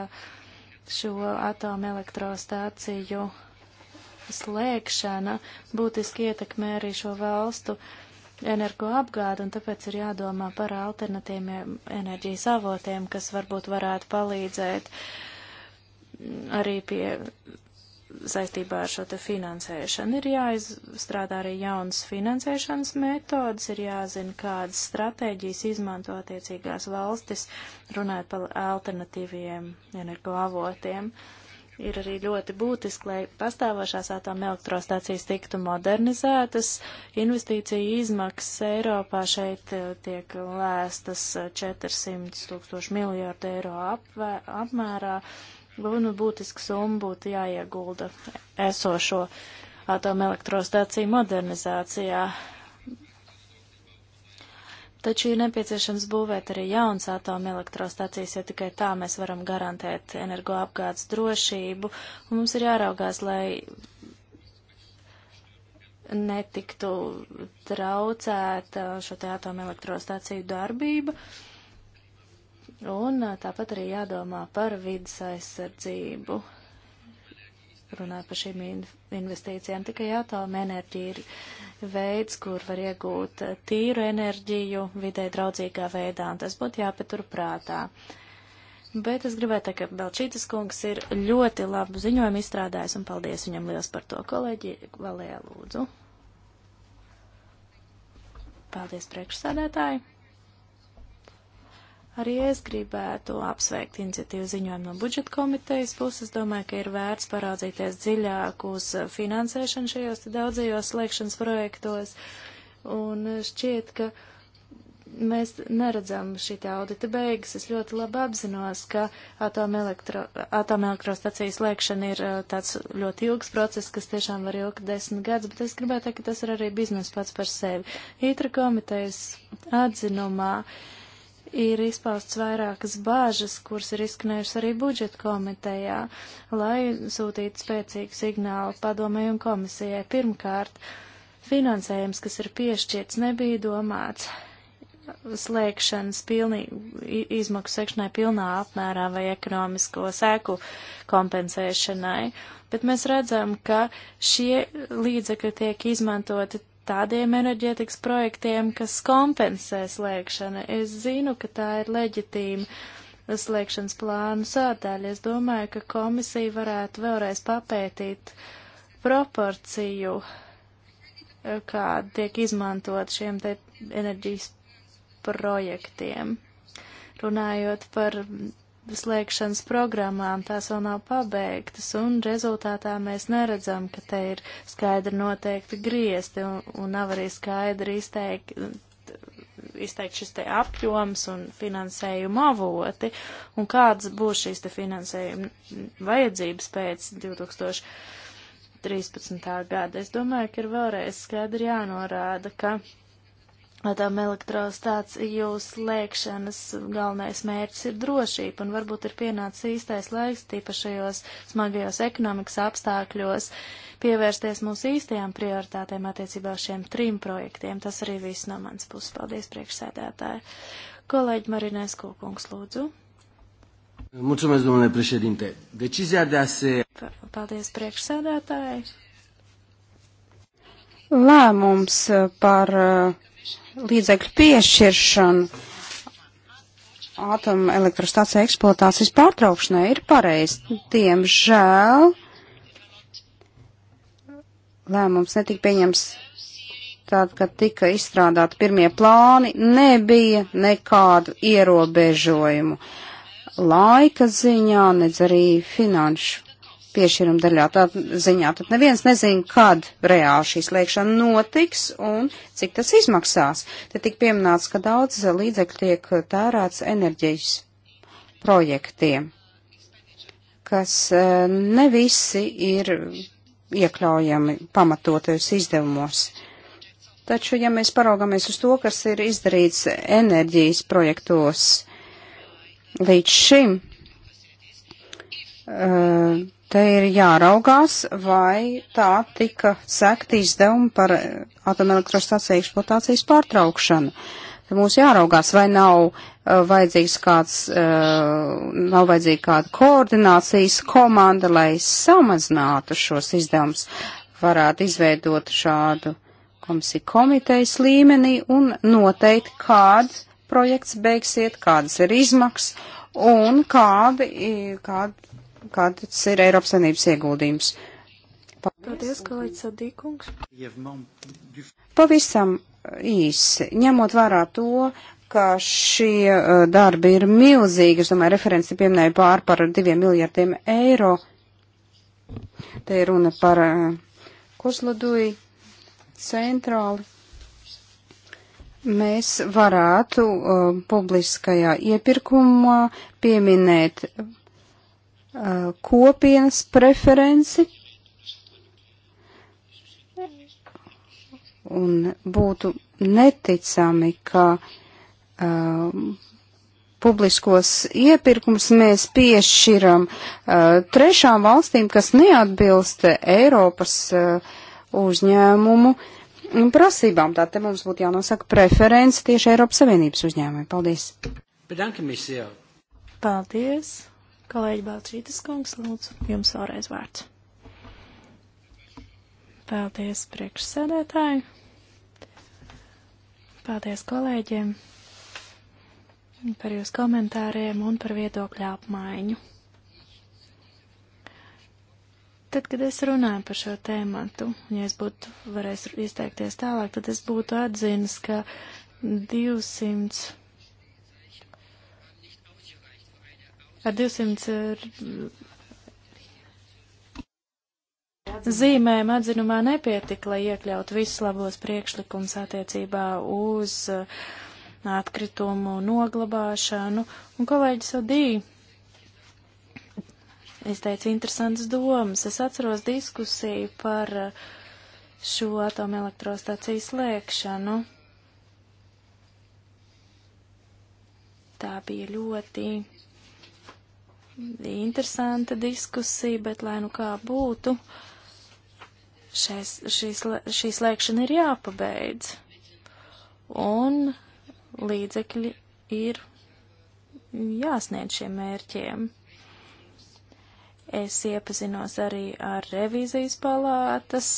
šo atomelektrostāciju slēgšana būtiski ietekmē arī šo valstu energoapgādi, un tāpēc ir jādomā par alternatīviem enerģijas avotiem, kas varbūt varētu palīdzēt arī pie saistībā ar šo te finansēšanu. Ir jāizstrādā arī jaunas finansēšanas metodas, ir jāzina, kādas stratēģijas izmanto attiecīgās valstis, runājot par alternatīviem energoavotiem. Ir arī ļoti būtiski, lai pastāvošās atomelektrostācijas tiktu modernizētas. Investīcija izmaksas Eiropā šeit eh, tiek lēstas 400 eh, tūkstoši miljārdu eiro apvē, apmērā. Ap nu, būtiska summa būtu jāiegulda esošo atomelektrostaciju modernizācijā. Taču ir nepieciešams būvēt arī jauns atomelektrostacijas, jo tikai tā mēs varam garantēt energoapgādes drošību, un mums ir jāraugās, lai netiktu traucēta šo te atomelektrostaciju darbība. Uh, Un tāpat arī jādomā par vidas aizsardzību. Runājot par šīm investīcijām, tikai atomenerģija ir veids, kur var iegūt tīru enerģiju vidē draudzīgā veidā, un tas būtu jāpatur prātā. Bet es gribēju teikt, ka Belčītis kungs ir ļoti labu ziņojumu izstrādājis, un paldies viņam liels par to, kolēģi Valē, lūdzu. Paldies priekšsādētāji! Arī es gribētu apsveikt iniciatīvu ziņojumu no budžeta komitejas puses. Domāju, ka ir vērts parādzīties dziļāk uz finansēšanu šajos daudzajos slēgšanas projektos. Un šķiet, ka mēs neredzam šī audita beigas. Es ļoti labi apzinos, ka atomelektrostacijas slēgšana ir eh, tāds ļoti ilgs process, kas tiešām var ilgt desmit gadus, bet es gribētu teikt, ka tas ir arī biznes pats par sevi. Ītra komitejas atzinumā. Uh, ir izpausts vairākas bāžas, kuras ir izskanējušas arī budžeta komitejā, lai sūtītu spēcīgu signālu padomēju un komisijai. Pirmkārt, finansējums, kas ir piešķirts, nebija domāts slēgšanas pilnī, izmaksu sekšanai pilnā apmērā vai ekonomisko sēku kompensēšanai, bet mēs redzam, ka šie līdzekļi tiek izmantoti tādiem enerģētikas projektiem, kas kompensē slēgšanu. Es zinu, ka tā ir leģitīma slēgšanas plānu sādaļa. Es domāju, ka komisija varētu vēlreiz papētīt proporciju, kāda tiek izmantot šiem te enerģijas projektiem. Runājot par slēgšanas programmām, tās vēl nav pabeigtas, un rezultātā mēs neredzam, ka te ir skaidri noteikti griezti, un, un nav arī skaidri izteikt, izteikt šis te apjoms un finansējuma avoti, un kādas būs šīs te finansējuma vajadzības pēc 2013. gada. Es domāju, ka ir vēlreiz skaidri jānorāda, ka Tām elektrostāciju slēgšanas galvenais mērķis ir drošība, un varbūt ir pienācis īstais laiks, tīpašajos smagajos ekonomikas apstākļos, pievērsties mūsu īstajām prioritātēm attiecībā uz šiem trim projektiem. Tas arī viss no mans puses. Paldies, priekšsēdētāji. Kolēģi Marinēs Kūkungs, lūdzu. Mulțumesc, domnule președinte. Decizia de a se... Paldies, priekšsēdētāji. Lēmums par uh, līdzekļu piešķiršanu atomelektrostācija eksploatācijas pārtraukšanai ir pareizi. Diemžēl lēmums netika pieņems tad, kad tika izstrādāti pirmie plāni, nebija nekādu ierobežojumu laika ziņā, nedz arī finanšu piešķiruma daļā tā ziņā. Tad neviens nezina, kad reāli šī slēgšana notiks un cik tas izmaksās. Te tik pieminēts, ka daudz līdzekļu tiek tērēts enerģijas projektiem, kas e, ne visi ir iekļaujami pamatotajos izdevumos. Taču, ja mēs paraugamies uz to, kas ir izdarīts enerģijas projektos līdz šim, e, Te ir jāraugās, vai tā tika sekta izdevuma par atomelektrostāciju eksploatācijas pārtraukšanu. Te mums jāraugās, vai nav uh, vajadzīgs kāds, uh, nav vajadzīga kāda koordinācijas komanda, lai samazinātu šos izdevumus, varētu izveidot šādu komisiju komitejas līmenī un noteikt, kāds projekts beigsiet, kādas ir izmaksas un kādi, kādi kāds ir Eiropas Sanības ieguldījums. Paldies, kolēģis Sadīkungs. Pavisam īsi, ņemot vērā to, ka šie uh, darbi ir milzīgi, es domāju, referenci pieminēja pār par diviem miljardiem eiro. Te ir runa par uh, Kozloduju centrāli. Mēs varētu uh, publiskajā iepirkumā pieminēt kopienas preferenci. Un būtu neticami, ka uh, publiskos iepirkums mēs piešķiram uh, trešām valstīm, kas neatbilst Eiropas uh, uzņēmumu prasībām. Tātad mums būtu jānosaka preference tieši Eiropas Savienības uzņēmumiem. Paldies! Paldies! Kolēģi Balčītis kungs, lūdzu, jums vēlreiz vārds. Paldies priekšsēdētāji. Paldies kolēģiem par jūsu komentāriem un par viedokļu apmaiņu. Tad, kad es runāju par šo tēmatu, ja es būtu varējis izteikties tālāk, tad es būtu atzinis, ka 200 ar 200 zīmēm atzinumā nepietika, lai iekļaut visus labos priekšlikums attiecībā uz uh, atkritumu noglabāšanu. Un kolēģis Odī izteica interesantas domas. Es atceros diskusiju par uh, šo atomelektrostaciju slēgšanu. Tā bija ļoti interesanta diskusija, bet lai nu kā būtu, šais, šīs, šī slēgšana ir jāpabeidz. Un līdzekļi ir jāsniedz šiem mērķiem. Es iepazinos arī ar revīzijas palātas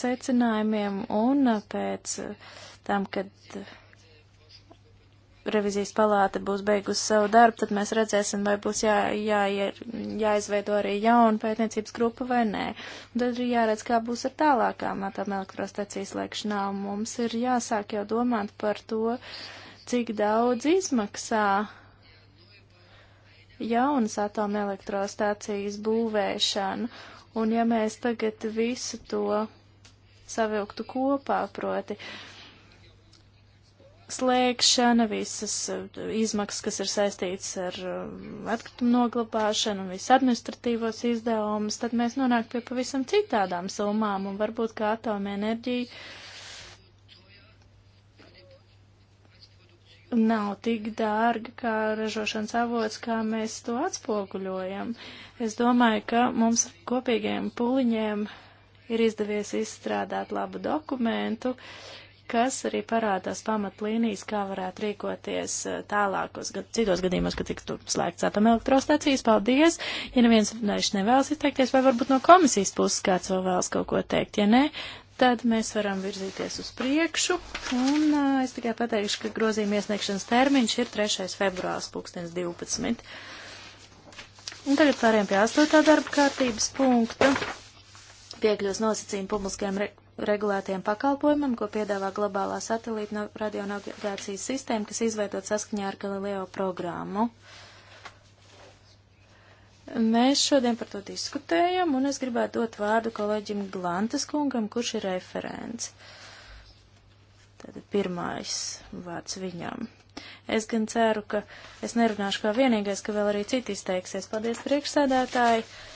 secinājumiem un pēc tam, kad revizijas palāta būs beigusi savu darbu, tad mēs redzēsim, vai būs jā, jā, jāizveido arī jauna pētniecības grupa vai nē. Un tad ir jāredz, kā būs ar tālākām atām elektrostacijas lēkšanā. Mums ir jāsāk jau domāt par to, cik daudz izmaksā jaunas atomelektrostācijas būvēšana, un ja mēs tagad visu to savilktu kopā, proti, uh, slēgšana, visas uh, izmaksas, kas ir saistītas ar uh, atkritumu noglabāšanu un visas administratīvos izdevumus, tad mēs nonāk pie pavisam citādām summām un varbūt kā atomenerģija nav tik dārga kā ražošanas avots, kā mēs to atspoguļojam. Es domāju, ka mums kopīgiem puliņiem ir izdevies izstrādāt labu dokumentu, uh, kas arī parādās pamatlīnijas, kā varētu rīkoties eh, tālākos, gad, citos gadījumos, kad tiks slēgts atomelektrostacijas. Paldies! Ja neviens vairs nevēlas izteikties, vai varbūt no komisijas puses kāds vēl vēlas kaut ko teikt, ja ne, tad mēs varam virzīties uz priekšu. Un uh, es tikai pateikšu, ka grozījuma iesniegšanas termiņš ir 3. februārs 2012. Un tagad pāriem pie 8. darba kārtības punkta. Piekļūs nosacījumi publiskajām re regulētiem pakalpojumam, ko piedāvā globālā satelīta radionavigācijas sistēma, kas izveidot saskaņā ar Galileo programmu. Mēs šodien par to diskutējam, un es gribētu dot vārdu kolēģim Glantas kungam, kurš ir referents. Tad pirmais vārds viņam. Es gan ceru, ka es nerunāšu kā vienīgais, ka vēl arī citi izteiksies. Paldies, priekšsēdētāji! Uh,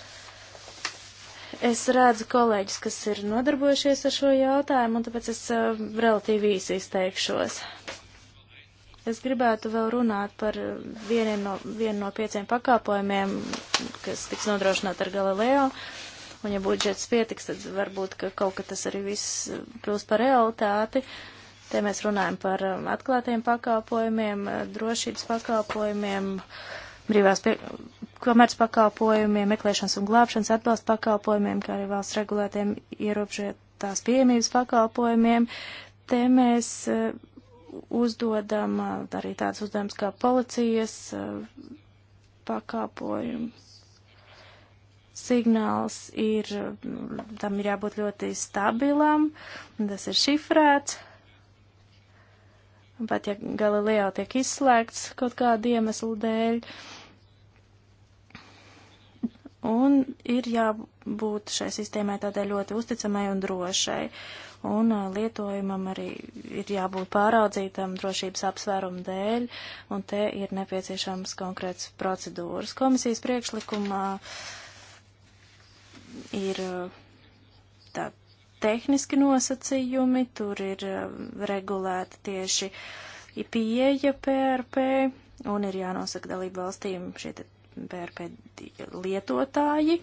Es redzu kolēģis, kas ir nodarbojušies ar šo jautājumu, un tāpēc es uh, relatīvi īsi izteikšos. Es gribētu vēl runāt par uh, vienu no, vienu no pieciem pakāpojumiem, kas tiks nodrošināt ar Galileo. Un ja budžets pietiks, tad varbūt, ka kaut ka tas arī viss uh, kļūs par realitāti. Te mēs runājam par um, atklātiem pakāpojumiem, uh, drošības pakāpojumiem. Uh, brīvās pie, komerc pakalpojumiem, meklēšanas un glābšanas atbalsta pakalpojumiem, kā arī valsts regulētiem ierobežotās pieejamības pakalpojumiem. Te mēs eh, uzdodam eh, arī tāds uzdevums kā policijas eh, pakalpojumu. Signāls ir, mm, tam ir jābūt ļoti stabilam, tas ir šifrēts, pat ja Galileo tiek izslēgts kaut kāda iemesla dēļ, uh, Un ir jābūt šai sistēmai tādai ļoti uzticamai un drošai. Un uh, lietojumam arī ir jābūt pāraudzītam drošības apsvērumu dēļ, un te ir nepieciešams konkrēts procedūras. Komisijas priekšlikumā ir uh, tā tehniski nosacījumi, tur ir uh, regulēta tieši pieeja PRP, un ir jānosaka dalību valstīm šie BRP lietotāji,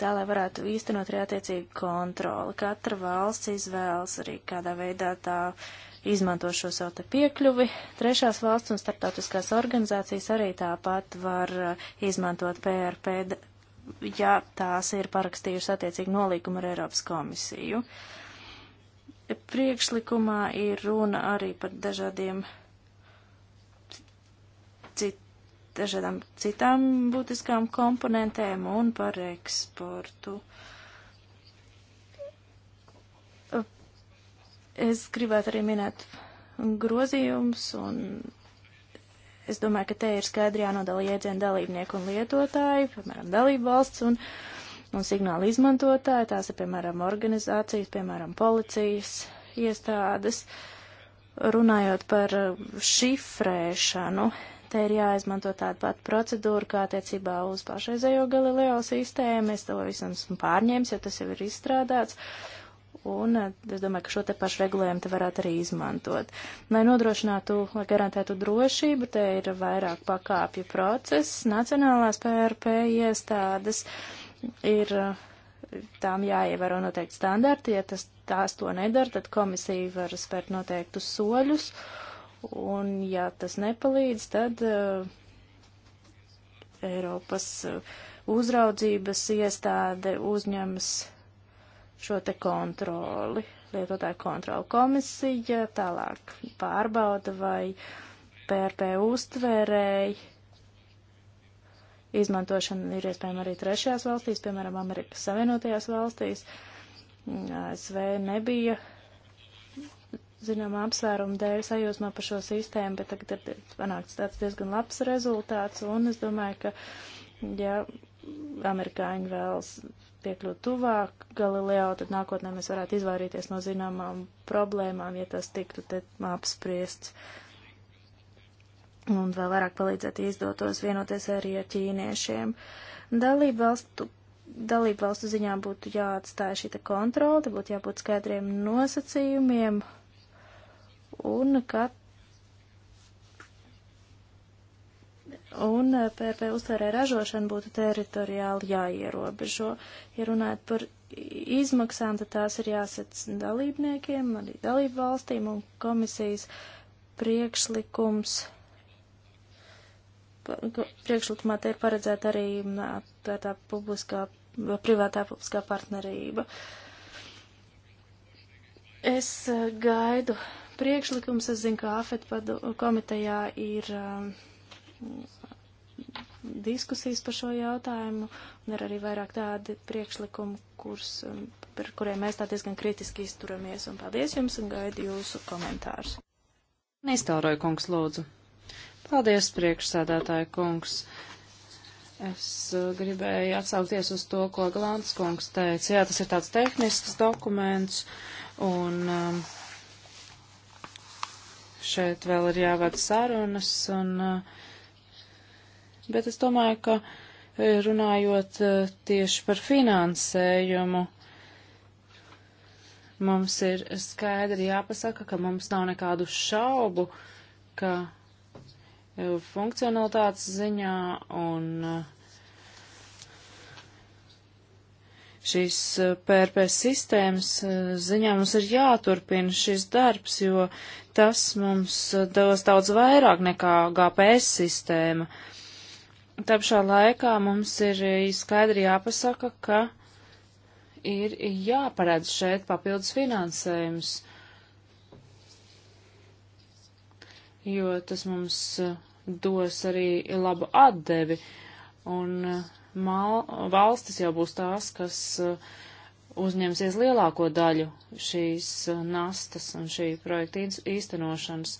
tā lai varētu īstenot arī attiecīgu kontroli. Katra valsts izvēlas arī kādā veidā tā izmanto šo savu te piekļuvi. Trešās valsts un starptautiskās organizācijas arī tāpat var uh, izmantot PRP, ja tās ir parakstījušas attiecīgu nolīgumu ar Eiropas komisiju. Priekšlikumā ir runa arī par dažādiem dažādām citām būtiskām komponentēm un par eksportu. Es gribētu arī minēt grozījums, un es domāju, ka te ir skaidri jānodala jēdzienu dalībnieku un lietotāju, piemēram, dalību valsts un, un signāla izmantotāji, tās ir, piemēram, organizācijas, piemēram, policijas iestādes. Runājot par šifrēšanu, te ir jāizmanto tāda pat procedūra, kā attiecībā uz pašreizējo Galileo sistēmu. Es to visam esmu pārņēmis, jo tas jau ir izstrādāts. Un eh, es domāju, ka šo te pašu regulējumu te varētu arī izmantot. Lai nodrošinātu, lai garantētu drošību, te ir vairāk pakāpju process. Nacionālās PRP iestādes ir eh, tām jāievēro noteikti standarti. Ja tas, tās to nedara, tad komisija var spērt noteiktus soļus. Uh, Un ja tas nepalīdz, tad eh, Eiropas eh, uzraudzības iestāde uzņems šo te kontroli, lietotāju kontroli komisija, tālāk pārbauda vai PRP uztvērēji. Izmantošana ir iespējama arī trešajās valstīs, piemēram, Amerikas Savienotajās valstīs. Mm, ASV nebija zinām, apsvērumu dēļ sajūsmā par šo sistēmu, bet tagad ir panākts tāds diezgan labs rezultāts, un es domāju, ka, ja amerikāņi vēlas piekļūt tuvāk Galileo, tad nākotnē mēs varētu izvairīties no zināmām problēmām, ja tas tiktu te apspriests. Un vēl vairāk palīdzētu izdotos vienoties arī ar ķīniešiem. Dalību valstu dalību valstu ziņā būtu jāatstāja šī kontrola, būtu jābūt skaidriem nosacījumiem, un ka un eh, PP uztvērē ražošana būtu teritoriāli jāierobežo. Ja runājot par izmaksām, tad tās ir jāsac dalībniekiem, arī dalību valstīm un komisijas priekšlikums. Priekšlikumā te ir paredzēta arī mm, tā, tā publiskā, privātā publiskā partnerība. Es eh, gaidu priekšlikums. Es zinu, ka AFET komitejā ir um, diskusijas par šo jautājumu, un ir arī vairāk tādi priekšlikumi, kurs, um, par kuriem mēs tā diezgan kritiski izturamies, un paldies jums un gaidu jūsu komentārus. Nestāroju, kungs, lūdzu. Paldies, priekšsēdētāja kungs. Es uh, gribēju atsaukties uz to, ko Glāns kungs teica. Jā, tas ir tāds tehnisks dokuments, un. Um, šeit vēl ir jāved sarunas, un, eh, bet es domāju, ka eh, runājot eh, tieši par finansējumu, mums ir skaidri jāpasaka, ka mums nav nekādu šaubu, ka funkcionalitātes ziņā un uh, šīs PRP eh, sistēmas eh, ziņā mums ir jāturpina šis darbs, jo tas mums eh, dos daudz vairāk nekā GPS sistēma. Tāpšā laikā mums ir skaidri jāpasaka, ka ir jāparedz šeit papildus finansējums, jo tas mums dos arī labu atdevi. Un uh, mal, valstis jau būs tās, kas uh, uzņemsies lielāko daļu šīs uh, nastas un šī projekta īstenošanas.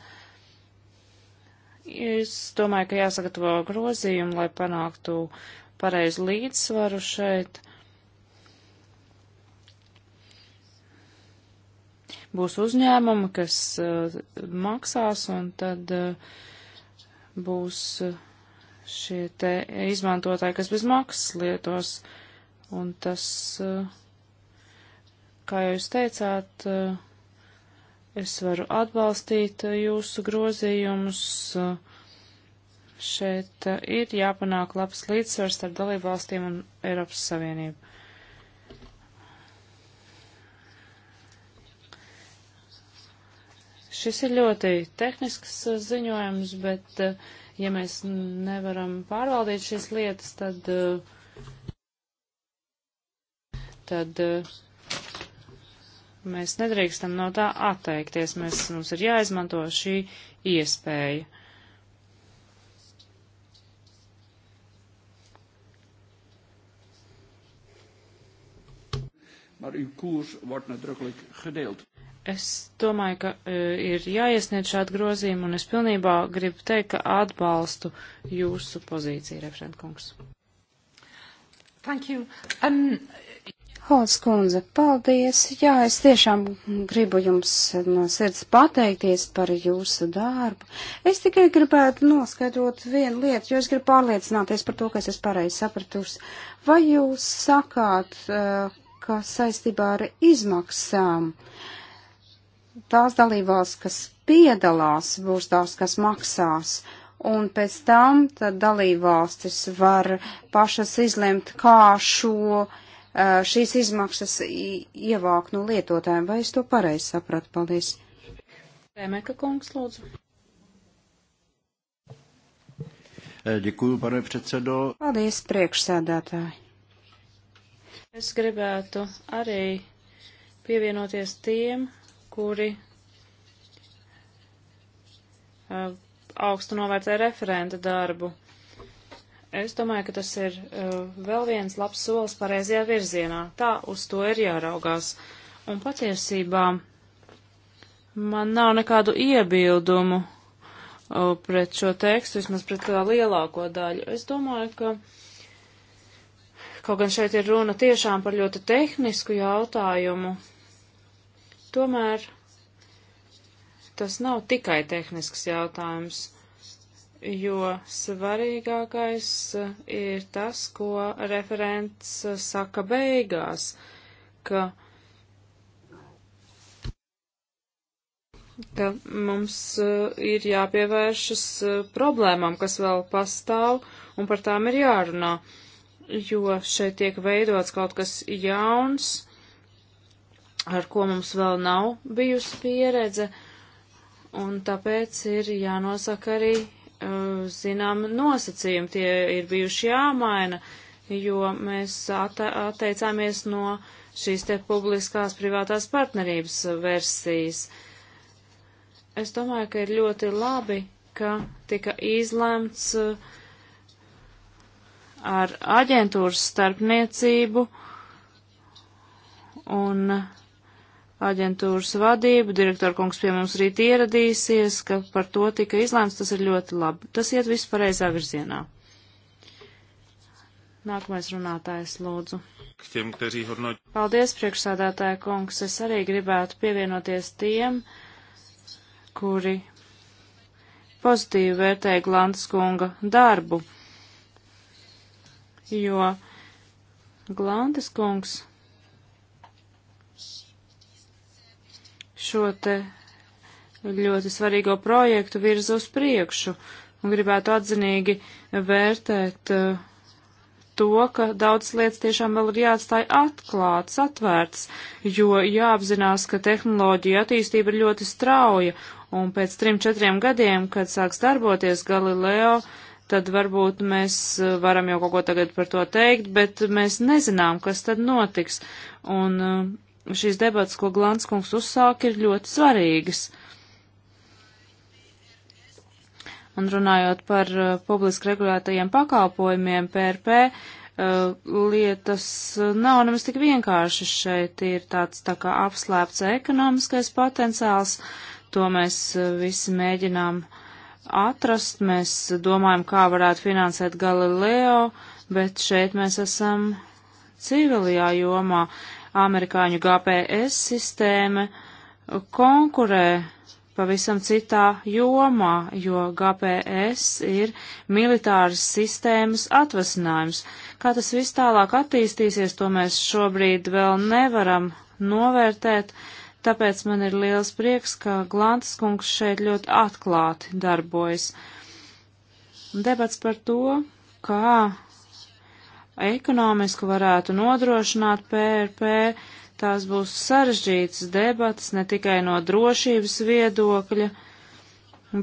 Es domāju, ka jāsagatavo grozījumi, lai panāktu pareizu līdzsvaru šeit. Būs uzņēmumi, kas uh, maksās, un tad uh, būs. Uh, šie te izmantotāji, kas bez maksas lietos. Un tas, eh, kā jūs teicāt, eh, es varu atbalstīt eh, jūsu grozījumus. Šeit ir jāpanāk labs līdzsvars starp dalībvalstīm un Eiropas Savienību. Šis ir ļoti tehnisks ziņojums, bet uh, Ja mēs nevaram pārvaldīt šīs lietas, tad, eh, tad eh, mēs nedrīkstam no tā atteikties. Mēs, mums ir jāizmanto šī iespēja. maar uw koers wordt nadrukkelijk gedeeld. Es domāju, ka uh, ir jāiesniedz šādi grozījumi, un es pilnībā gribu teikt, ka atbalstu jūsu pozīciju, referentkungs. Thank you. Um, Holds kundze, paldies. Jā, es tiešām gribu jums no sirds pateikties par jūsu darbu. Es tikai gribētu noskaidrot vienu lietu, jo es gribu pārliecināties par to, kas es pareizi sapratusi. Vai jūs sakāt, e, ka saistībā ar izmaksām? Uh, tās dalībvalsts, kas piedalās, būs tās, kas maksās. Un pēc tam tad dalībvalstis var pašas izlemt, kā šo, šīs izmaksas ievākt no lietotājiem. Vai es to pareizi sapratu? Paldies. Remeka kungs, lūdzu. Ďakujem, eh, pane predsedo. Paldies, priekšsēdētāji. Es gribētu arī pievienoties tiem, kuri uh, augstu novērtē referenta darbu. Es domāju, ka tas ir uh, vēl viens labs solis pareizajā virzienā. Tā uz to ir jāraugās. Un patiesībā man nav nekādu iebildumu uh, pret šo tekstu, vismaz pret tā lielāko daļu. Es domāju, ka kaut gan šeit ir runa tiešām par ļoti tehnisku jautājumu, Tomēr tas nav tikai tehnisks jautājums, jo svarīgākais eh, ir tas, ko referents eh, saka beigās, ka, ka mums eh, ir jāpievēršas problēmām, kas vēl pastāv, un par tām ir jārunā, jo šeit tiek veidots kaut kas jauns, ar ko mums vēl nav bijusi pieredze, un tāpēc ir jānosaka arī, uh, zinām, nosacījumi. Tie ir bijuši jāmaina, jo mēs atteicāmies no šīs te publiskās privātās partnerības versijas. Es domāju, ka ir ļoti labi, ka tika izlemts uh, ar aģentūras starpniecību un uh, aģentūras vadību. Direktora kungs pie mums rīt ieradīsies, ka par to tika izlēmts. Tas ir ļoti labi. Tas iet viss pareizā virzienā. Nākamais runātājs, lūdzu. Paldies, priekšsādātāja kungs. Es arī gribētu pievienoties tiem, kuri pozitīvi vērtēja Glantas kunga darbu, jo Glantas kungs šo te ļoti svarīgo projektu virza uz priekšu un gribētu atzinīgi vērtēt uh, to, ka daudzas lietas tiešām vēl ir jāatstāj atklātas, atvērtas, jo jāapzinās, ka tehnoloģija attīstība ir ļoti strauja, un pēc trim, četriem gadiem, kad sāks darboties Galileo, tad varbūt mēs eh, varam jau kaut ko tagad par to teikt, bet mēs nezinām, kas tad notiks. Un eh, šīs debats, ko Glanskungs uzsāk, ir ļoti svarīgas. Un runājot par uh, publiski regulētajiem pakalpojumiem, PRP uh, lietas uh, nav nemaz tik vienkārši. Šeit ir tāds tā kā apslēpts ekonomiskais potenciāls, to mēs uh, visi mēģinām atrast. Mēs domājam, kā varētu finansēt Galileo, bet šeit mēs esam civilajā jomā. Uh, amerikāņu GPS sistēma konkurē pavisam citā jomā, jo GPS ir militāras sistēmas atvasinājums. Kā tas viss tālāk attīstīsies, to mēs šobrīd vēl nevaram novērtēt, tāpēc man ir liels prieks, ka Glantas kungs šeit ļoti atklāti darbojas. Debats par to, kā ekonomiski varētu nodrošināt PRP, tās būs sarežģītas debatas ne tikai no drošības viedokļa,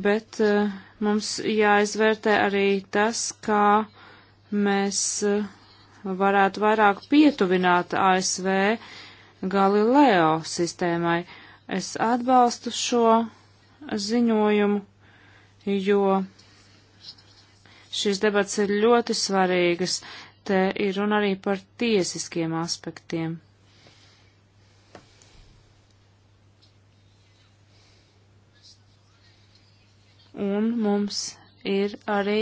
bet uh, mums jāizvērtē arī tas, kā mēs uh, varētu vairāk pietuvināt ASV Galileo sistēmai. Es atbalstu šo ziņojumu, jo šīs debats ir ļoti svarīgas te ir runa arī par tiesiskiem aspektiem. Un mums ir arī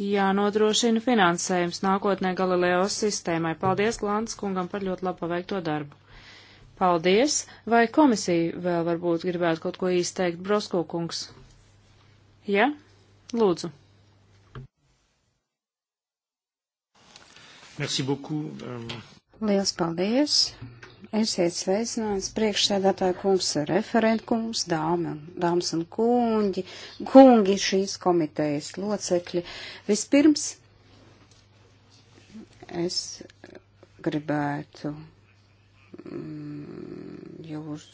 jānodrošina finansējums nākotnē Galileo sistēmai. Paldies Glāns kungam par ļoti labu paveikto darbu. Paldies! Vai komisija vēl varbūt gribētu kaut ko īsteikt, Brosko kungs? Ja? Lūdzu! Merci beaucoup. Euh, Liels paldies. Esiet sveicināts priekšsēdētāja kungs, referent kungs, dāma, dāmas un kungi, kungi šīs komitejas locekļi. Vispirms es gribētu mm, jūs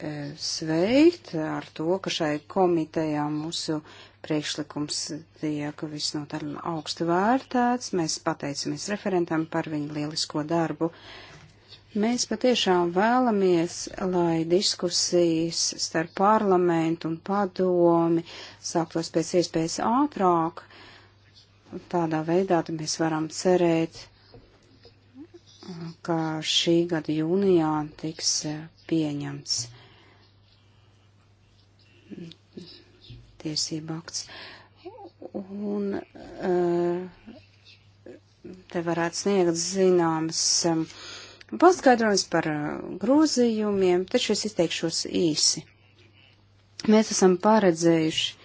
eh, sveikt ar to, ka šai komitejā mūsu priekšlikums tiek visnotaļ augstu vērtēts. Mēs pateicamies referentam par viņu lielisko darbu. Mēs patiešām vēlamies, lai diskusijas starp parlamentu un padomi sāktos pēc iespējas ātrāk. Tādā veidā mēs varam cerēt, ka šī gada jūnijā tiks pieņemts tiesība akts. Un eh, te varētu sniegt zināmas eh, paskaidrojums par eh, grozījumiem, taču es izteikšos īsi. Mēs esam paredzējuši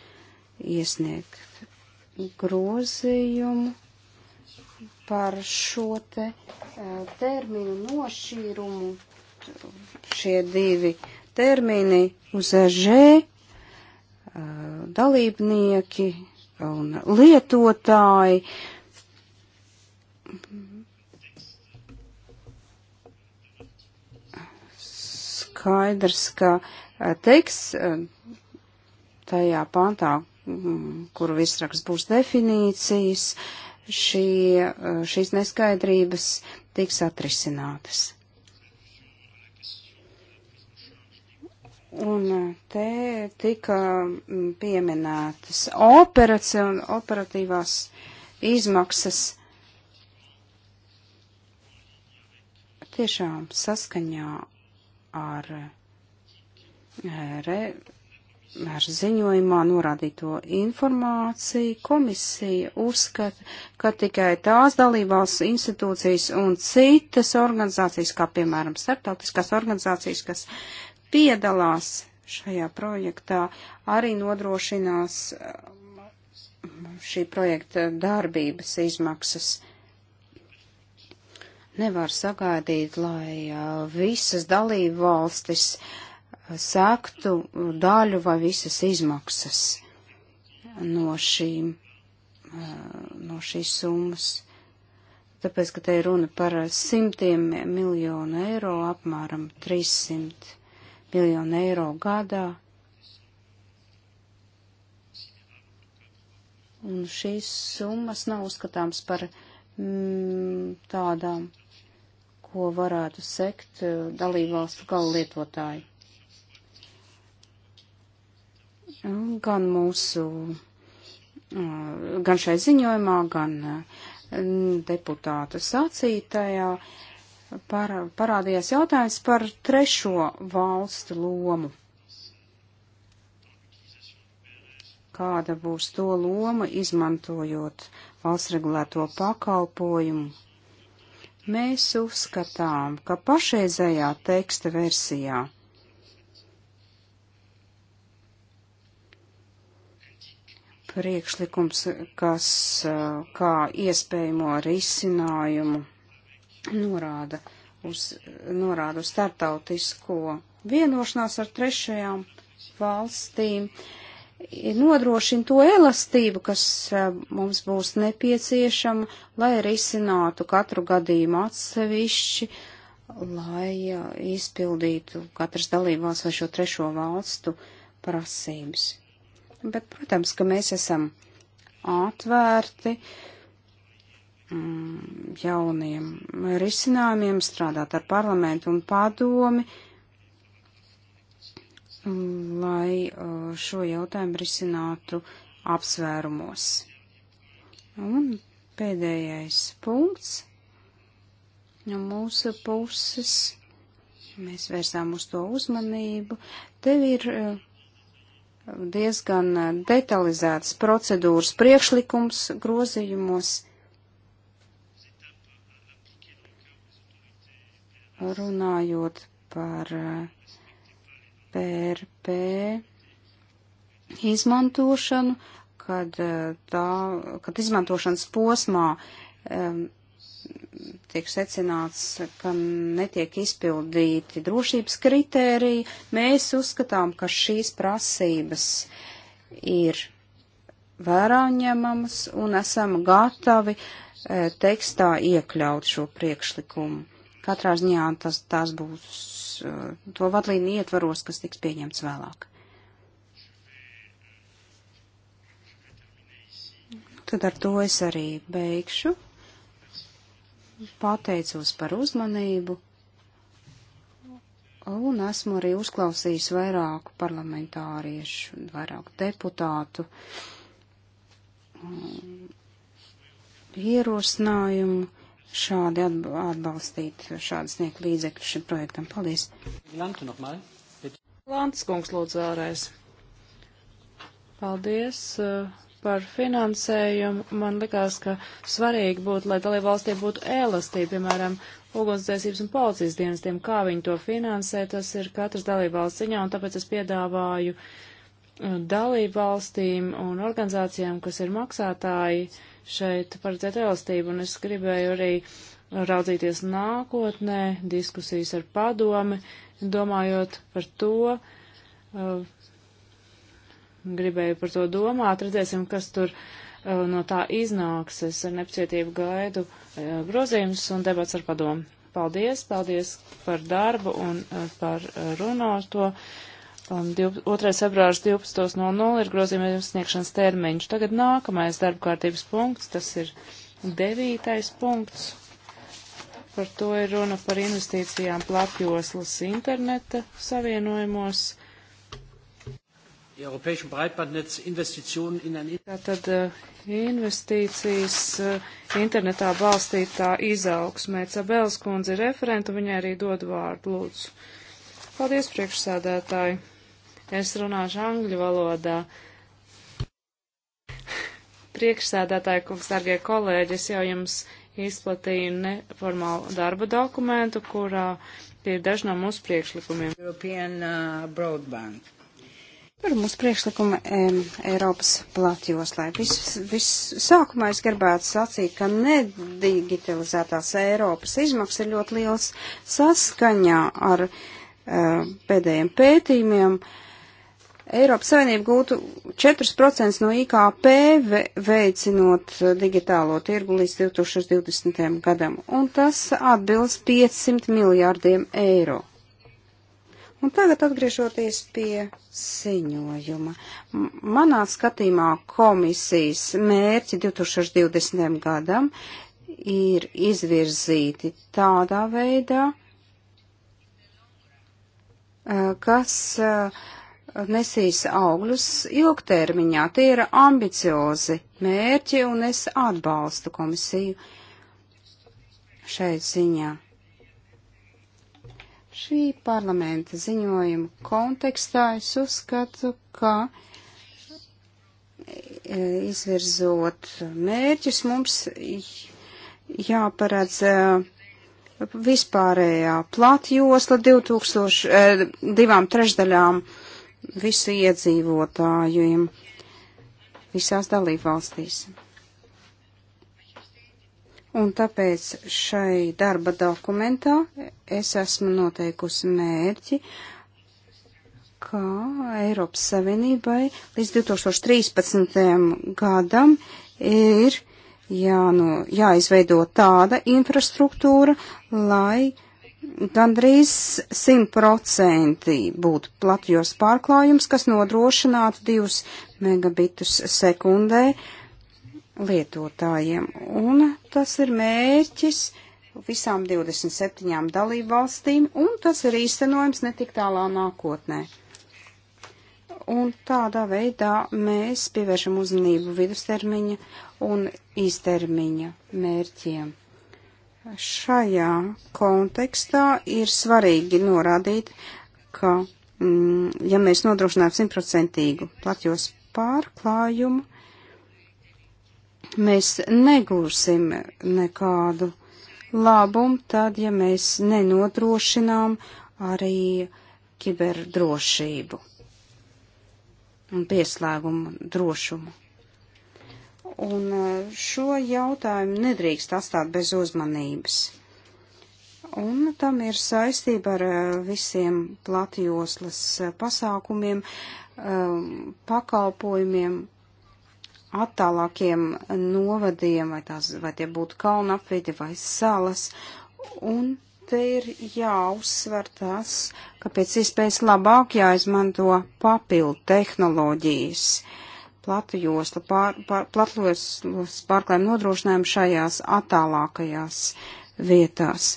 iesniegt grozījumu par šo te terminu nošķīrumu. Šie divi termini uz Ž dalībnieki un lietotāji. Skaidrs, ka teiks tajā pantā, kur virsraksts būs definīcijas, šī, šīs neskaidrības tiks atrisinātas. Un e, te tika pieminētas operācija un operatīvās izmaksas tiešām saskaņā ar, e, re, ar ziņojumā norādīto informāciju komisija uzskata, ka tikai tās dalībās institūcijas un citas organizācijas, kā piemēram starptautiskās organizācijas, kas piedalās šajā projektā, arī nodrošinās um, šī projekta darbības izmaksas. Nevar sagaidīt, lai uh, visas dalību valstis uh, sektu daļu vai visas izmaksas no, šīm, uh, no šīs summas. Tāpēc, ka te ir runa par simtiem miljonu eiro, apmēram 300 miljonu eiro gadā. Un šīs summas nav uzskatāms par mm, tādām, ko varētu sekt eh, dalībvalstu galu lietotāji. Gan mūsu, eh, gan šai ziņojumā, gan eh, deputāta sacītajā par, parādījās jautājums par trešo valstu lomu. Kāda būs to loma, izmantojot valsts regulēto pakalpojumu? Mēs uzskatām, ka pašreizējā teksta versijā priekšlikums, kas kā iespējamo risinājumu norāda uz, norāda uz startautisko vienošanās ar trešajām valstīm, nodrošina to elastību, kas eh, mums būs nepieciešama, lai risinātu katru gadījumu atsevišķi, lai eh, izpildītu katras dalībās vai šo trešo valstu prasības. Bet, protams, ka mēs esam atvērti uh, Mm, jauniem risinājumiem, strādāt ar parlamentu un padomi, mm, lai uh, šo jautājumu risinātu apsvērumos. Un pēdējais punkts no mūsu puses. Mēs vērsām uz to uzmanību. Tev ir uh, diezgan uh, detalizēts procedūras priekšlikums grozījumos. runājot par PRP eh, izmantošanu, kad, eh, tā, kad izmantošanas posmā um, tiek secināts, ka netiek izpildīti drošības kritēriji, mēs uzskatām, ka šīs prasības ir vērā ņemamas un esam gatavi e, tekstā iekļaut šo priekšlikumu. Katrā ziņā tas, tas būs eh, to vadlīnu ietvaros, kas tiks pieņemts vēlāk. Tad ar to es arī beigšu. Pateicos par uzmanību. Un esmu arī uzklausījis vairāku parlamentāriešu, vairāku deputātu mm, ierosinājumu šādi atbalstīt, šādi sniegt līdzekļu šim projektam. Paldies! Lants kungs lūdzu vēlreiz. Paldies eh, par finansējumu. Man likās, ka svarīgi būtu, lai dalībvalstī būtu elastība, piemēram, ugunsdzēsības un policijas dienestiem, kā viņi to finansē, tas ir katras dalībvalsts ziņā, un tāpēc es piedāvāju eh, dalībvalstīm un organizācijām, kas ir maksātāji, uh, šeit paredzēt elastību, un es gribēju arī raudzīties nākotnē, diskusijas ar padomi, domājot par to, uh, gribēju par to domāt, redzēsim, kas tur uh, no tā iznāks. Es ar nepacietību gaidu uh, grozījumus un debats ar padomu. Paldies, paldies par darbu un par runāto. Un 2. februārs 12.00 ir grozījuma sniegšanas termiņš. Tagad nākamais darba kārtības punkts, tas ir 9. punkts. Par to ir runa par investīcijām platjoslas interneta savienojumos. Europäischen Breitbandnetz Investitionen in ein Tātad eh, investīcijas eh, internetā balstītā izaugsmē. Cabels kundze ir referenta, viņai arī dod vārdu, lūdzu. Paldies, priekšsēdētāji. Es runāšu angļu valodā. Priekšsēdētāji, kungs, dargie kolēģi, es jau jums izplatīju neformālu darba dokumentu, kurā ir daži no mūsu priekšlikumiem. European, uh, Par mūsu priekšlikumu e, Eiropas platjoslē. Vissākumā vis, es gribētu sacīt, ka nedigitalizētās Eiropas izmaksas ir ļoti liels saskaņā ar e, pēdējiem pētījumiem. E, Eiropas Savienība gūtu 4% no IKP veicinot eh, digitālo tirgu līdz 2020. gadam, un tas atbilst 500 miljārdiem eiro. Un tagad atgriežoties pie ziņojuma. Manā skatījumā komisijas mērķi 2020. gadam ir izvirzīti tādā veidā, eh, kas uh, nesīs augļus ilgtermiņā. Tie ir ambiciozi mērķi, un es atbalstu komisiju šeit ziņā. Šī parlamenta ziņojuma kontekstā es uzskatu, ka e, izvirzot mērķus mums jāparedz e, vispārējā platjosla 2000, e, divām trešdaļām visu iedzīvotājiem visās dalībvalstīs. Un tāpēc šai darba dokumentā es esmu noteikusi mērķi, ka Eiropas Savienībai līdz 2013. gadam ir jāno, jāizveido tāda infrastruktūra, lai uh, gandrīz 100% būtu platjos pārklājums, kas nodrošinātu 2 megabitus sekundē lietotājiem. Un tas ir mērķis visām 27 dalību valstīm, un tas ir īstenojams netik tālā nākotnē. Un tādā veidā mēs pievēršam uzmanību vidustermiņa un īstermiņa mērķiem. Šajā kontekstā ir svarīgi norādīt, ka, mm, ja mēs nodrošinātu simtprocentīgu platjos pārklājumu, mēs negūsim nekādu labumu, tad, ja mēs nenodrošinām arī kiberdrošību un pieslēgumu drošumu un eh, šo jautājumu nedrīkst atstāt bez uzmanības. Un tam ir saistība ar eh, visiem platjoslas eh, pasākumiem, pakalpojumiem, attālākiem novadiem, vai, tās, vai tie būtu kalna apvidi vai salas. Un te ir jāuzsver tas, ka pēc iespējas labāk jāizmanto papildu tehnoloģijas. Uh, plata josta, pār, pār, platlos pārklājuma nodrošinājumu šajās attālākajās vietās.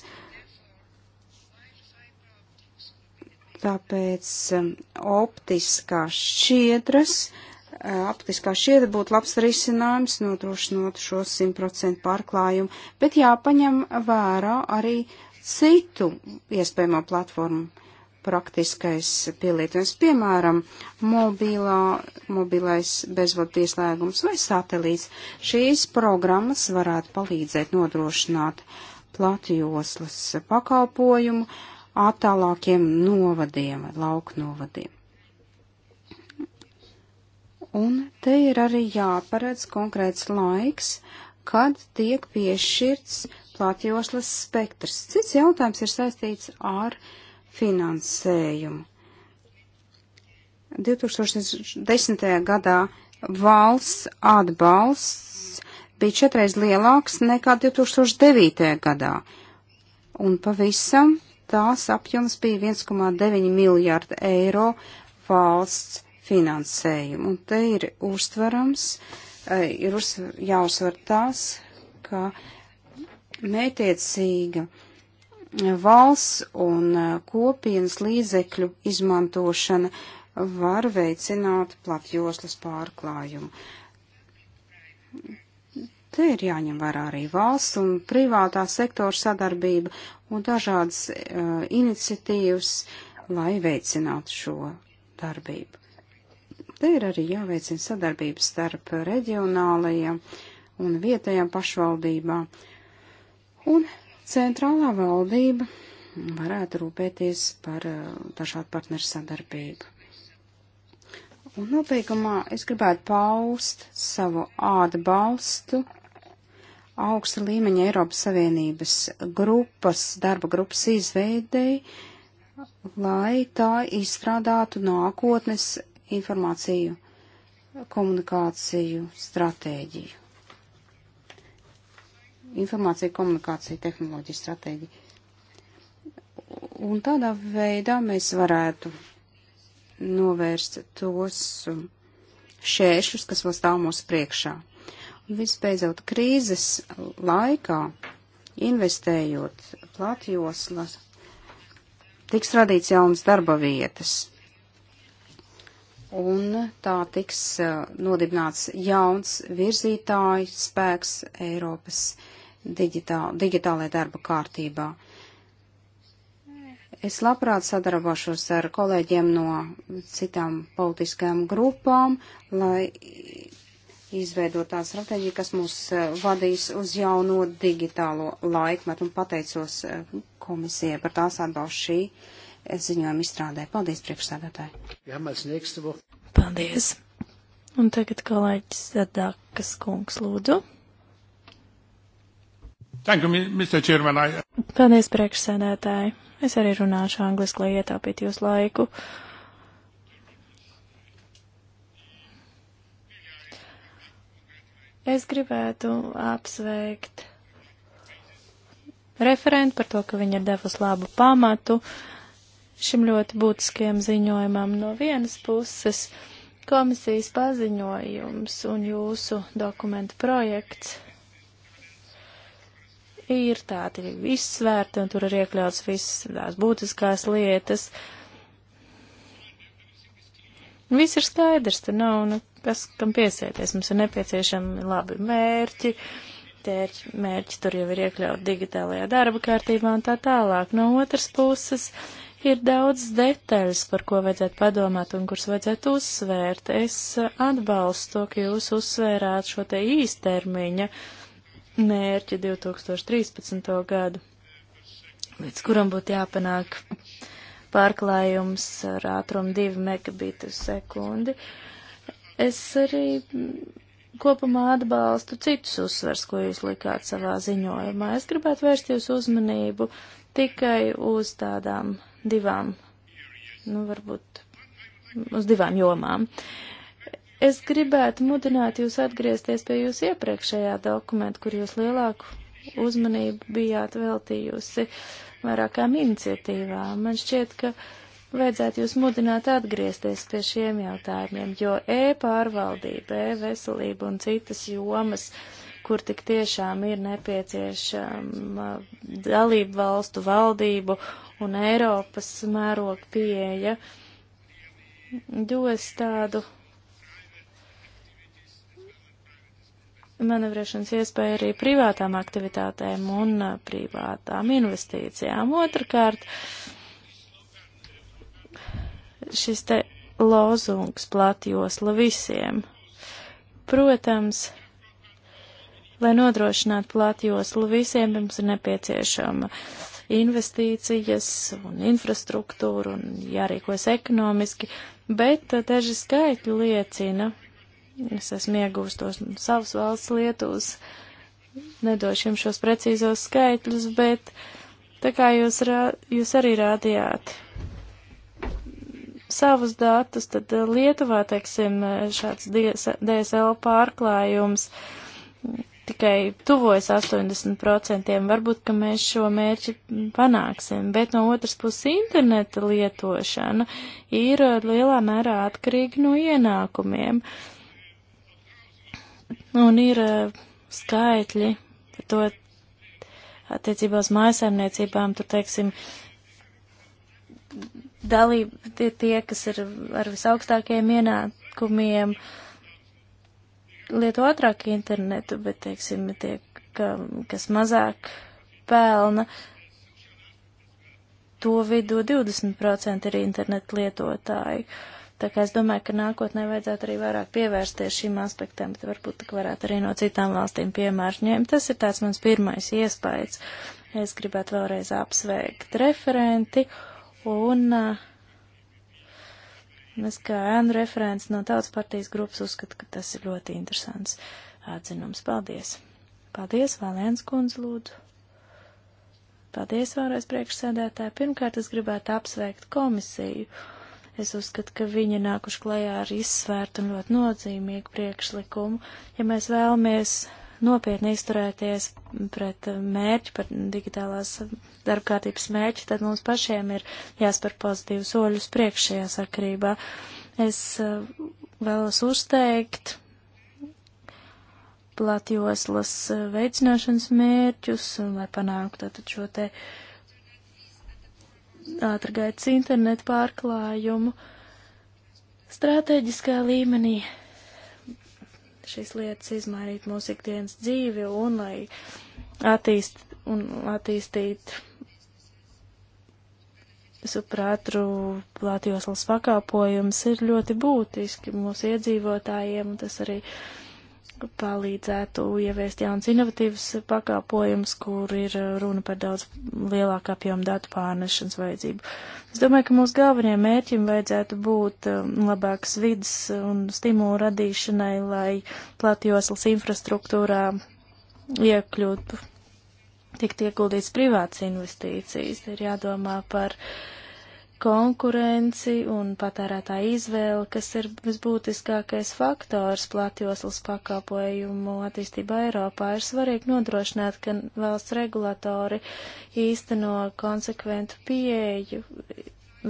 Tāpēc um, optiskās šķiedras, uh, optiskā šķiedra būtu labs risinājums, nodrošinot šo 100% pārklājumu, bet jāpaņem vērā arī citu iespējamo platformu praktiskais pielietojums, piemēram, mobilā, mobilais bezvadu pieslēgums vai satelīts. Šīs programmas varētu palīdzēt nodrošināt platjoslas pakalpojumu attālākiem novadiem, lauknovadiem. Un te ir arī jāparedz konkrēts laiks, kad tiek piešķirts platjoslas spektrs. Cits jautājums ir saistīts ar uh, finansējumu. 2010. gadā valsts atbalsts bija četreiz lielāks nekā 2009. gadā, un pavisam tās apjoms bija 1,9 miljārda eiro valsts finansējumu. Un te ir uztverams, eh, ir jāuzsver tas, ka mētiecīga valsts un uh, kopienas līdzekļu izmantošana var veicināt platjoslas pārklājumu. Te ir jāņem vērā arī valsts un privātā sektora sadarbība un dažādas uh, iniciatīvas, lai veicinātu šo darbību. Te ir arī jāveicina sadarbības starp reģionālajiem un vietējām pašvaldībām un Centrālā valdība varētu rūpēties par dažādu eh, partneru sadarbību. Un nobeigumā es gribētu paust savu atbalstu augsta līmeņa Eiropas Savienības grupas, darba grupas izveidei, lai tā izstrādātu nākotnes informāciju komunikāciju stratēģiju informācija komunikācija tehnoloģija stratēģija. Un tādā veidā mēs varētu novērst tos šēršļus, kas vēl stāv mūsu priekšā. Un visbeidzot, krīzes laikā, investējot platjoslas, tiks radīts jaunas darba vietas. Un tā tiks uh, nodibināts jauns virzītājs spēks Eiropas digitāl, digitālajā darba kārtībā. Es labprāt sadarbošos ar kolēģiem no citām politiskajām grupām, lai izveidot tādu stratēģiju, kas mūs eh, vadīs uz jauno digitālo laikmetu un pateicos eh, komisijai par tās atbalstu šī ziņojuma izstrādē. Paldies, priekšsēdētāji! Paldies! Un tagad kolēģis Dākas kungs lūdzu. Thank you, Mr. Chairman. I... Paldies, priekšsēdētāji. Es arī runāšu angliski, lai ietaupītu jūs laiku. Es gribētu apsveikt referentu par to, ka viņa ir devus labu pamatu šim ļoti būtiskiem ziņojumam no vienas puses komisijas paziņojums un jūsu dokumentu projekts ir tādi izsvērti, un tur ir iekļauts viss tās būtiskās lietas. Viss ir skaidrs, tur nav nekas, nu, kam piesēties. Mums ir nepieciešami labi mērķi, tērķi, mērķi tur jau ir iekļauti digitālajā darba kārtībā un tā tālāk. No otras puses ir daudz detaļas, par ko vajadzētu padomāt un kuras vajadzētu uzsvērt. Es atbalstu to, ka jūs uzsvērāt šo te īstermiņa uh, mērķi 2013. gadu, līdz kuram būtu jāpanāk pārklājums ar ātrumu 2 megabitu sekundi. Es arī kopumā atbalstu citus uzsvers, ko jūs likāt savā ziņojumā. Es gribētu vērst jūs uzmanību tikai uz tādām divām, nu varbūt uz divām jomām. Uh, Es gribētu mudināt jūs atgriezties pie jūsu iepriekšējā dokumenta, kur jūs lielāku uzmanību bijāt veltījusi vairākām iniciatīvām. Man šķiet, ka vajadzētu jūs mudināt atgriezties pie šiem jautājumiem, jo e-pārvaldība, e-veselība un citas jomas kur tik tiešām ir nepieciešama dalību valstu valdību un Eiropas mēroga pieeja, dos tādu manevrēšanas iespēja arī privātām aktivitātēm un uh, privātām investīcijām. Otrakārt, šis te lozungs platjosla visiem. Protams, lai nodrošinātu platjoslu visiem, mums ir nepieciešama investīcijas un infrastruktūra un jārīkojas ekonomiski, bet uh, daži skaitļi liecina, Es esmu iegūst tos savas valsts Lietuvas. Nedošu jums šos precīzos skaitļus, bet tā kā jūs, rā, jūs arī rādījāt savus datus, tad eh, Lietuvā, teiksim, šāds DSL pārklājums tikai tuvojas 80%. Varbūt, ka mēs šo mērķi panāksim, bet no otras puses interneta lietošana ir eh, lielā mērā atkarīga no ienākumiem. Uh, Un ir e, skaitļi par to attiecībā uz mājasēmniecībām, tur teiksim, dalība tie, tie, kas ir ar visaugstākajiem ienākumiem, lieto ātrāk internetu, bet, teiksim, tie, ka, kas mazāk pelna, to vidū 20% ir internetu lietotāji. Uh, Tā kā es domāju, ka nākotnē vajadzētu arī vairāk pievērsties šīm aspektiem, bet varbūt tā varētu arī no citām valstīm piemēru ņemt. Tas ir tāds mans pirmais iespējas. Es gribētu vēlreiz apsveikt referenti un uh, es kā ēnu referents no tautas partijas grupas uzskatu, ka tas ir ļoti interesants atzinums. Paldies! Paldies, Valēns kundze, lūdzu! Paldies vēlreiz priekšsēdētāji. Pirmkārt, es gribētu apsveikt komisiju Es uzskatu, ka viņi nākuši klajā ar izsvērtu un ļoti nozīmīgu priekšlikumu. Ja mēs vēlamies nopietni izturēties pret mērķi, par digitālās darbkārtības mērķi, tad mums pašiem ir jāspēr pozitīvu soļus priekš šajā sakarībā. Es uh, vēlos uzteikt platjoslas uh, veicināšanas mērķus, lai panāktu tātad šo te uh, ātrgaitas internetu pārklājumu. Stratēģiskā līmenī šīs lietas izmainīt mūsu ikdienas dzīvi un lai attīst, un attīstīt suprātru plātjoslas pakāpojums ir ļoti būtiski mūsu iedzīvotājiem, un tas arī uh, palīdzētu ieviest jauns inovatīvs pakāpojums, kur ir runa par daudz lielāku apjomu datu pārnešanas vajadzību. Es domāju, ka mūsu galvenajiem mērķim vajadzētu būt um, labākas vidas un stimulu radīšanai, lai platjoslas infrastruktūrā iekļūtu, tikt ieguldīts privāts investīcijas. Ir jādomā par uh, konkurenci un patērētāju izvēli, kas ir visbūtiskākais faktors platjoslas pakalpojumu attīstībā Eiropā, ir svarīgi nodrošināt, ka valsts regulatori īsteno konsekventu pieeju,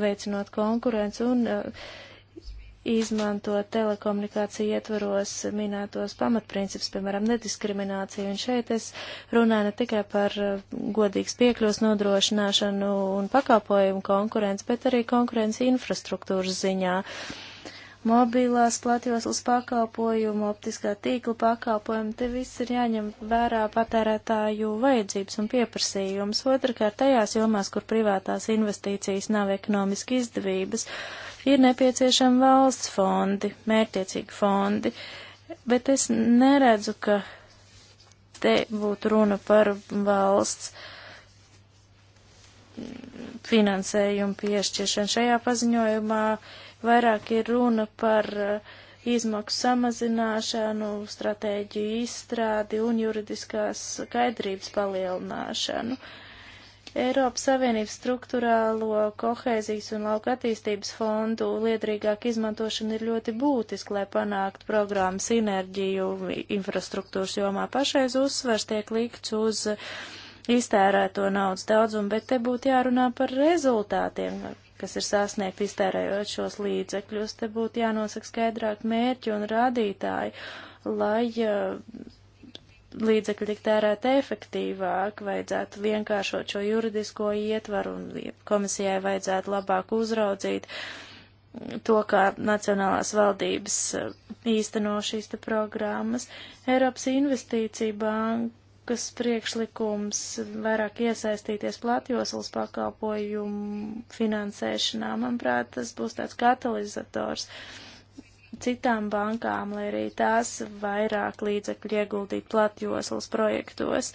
veicinot konkurenci un uh, izmantot telekomunikāciju ietvaros minētos pamatprincips, piemēram, nediskrimināciju. Un šeit es runāju ne tikai par uh, godīgas piekļuvas nodrošināšanu un pakalpojumu konkurenci, bet arī konkurenci infrastruktūras ziņā. Mobilās platjoslas pakalpojumu, optiskā tīkla pakalpojumu, te viss ir jāņem vērā patērētāju vajadzības un pieprasījums. Otrakārt, tajās jomās, kur privātās investīcijas nav ekonomiski izdevības, uh, ir nepieciešami valsts fondi, mērķiecīgi fondi, bet es neredzu, ka te būtu runa par valsts finansējumu piešķiršanu. Šajā paziņojumā vairāk ir runa par uh, izmaksu samazināšanu, stratēģiju izstrādi un juridiskās skaidrības palielināšanu. Uh, Eiropas Savienības struktūrālo kohēzijas un lauka attīstības fondu liedrīgāk izmantošana ir ļoti būtiska, lai panāktu programmu sinerģiju infrastruktūras jomā. Pašreiz uzsvars tiek likts uz iztērēto naudas daudzumu, bet te būtu jārunā par rezultātiem, kas ir sasniegt iztērējot šos līdzekļus. Te būtu jānosaka skaidrāk mērķi un rādītāji, lai uh, līdzekļi tik tērēt efektīvāk, vajadzētu vienkāršot šo juridisko ietvaru un komisijai vajadzētu labāk uzraudzīt to, kā nacionālās valdības eh, īsteno šīs te programmas. Eiropas investīcija bankas priekšlikums vairāk iesaistīties platjoslas pakalpojumu finansēšanā, manuprāt, tas būs tāds katalizators. Uh, citām bankām, lai arī tās vairāk līdzekļu ieguldītu platjoslas projektos.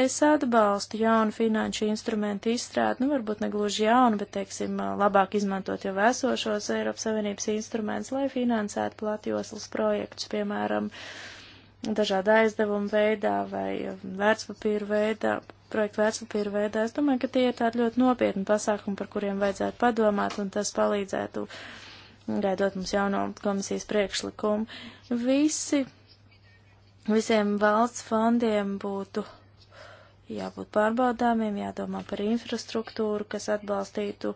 Es atbalstu jaunu finanšu instrumentu izstrādi, nu varbūt ne gluži jaunu, bet, teiksim, labāk izmantot jau esošos Eiropas Savienības instrumentus, lai finansētu platjoslas projektus, piemēram, dažāda aizdevuma veidā vai vērtspapīra veidā, projektu vērtspapīra veidā. Es domāju, ka tie ir tādi ļoti nopietni pasākumi, par kuriem vajadzētu padomāt, un tas palīdzētu uh, gaidot mums jauno komisijas priekšlikumu, visi, visiem valsts fondiem būtu jābūt pārbaudāmiem, jādomā par infrastruktūru, kas atbalstītu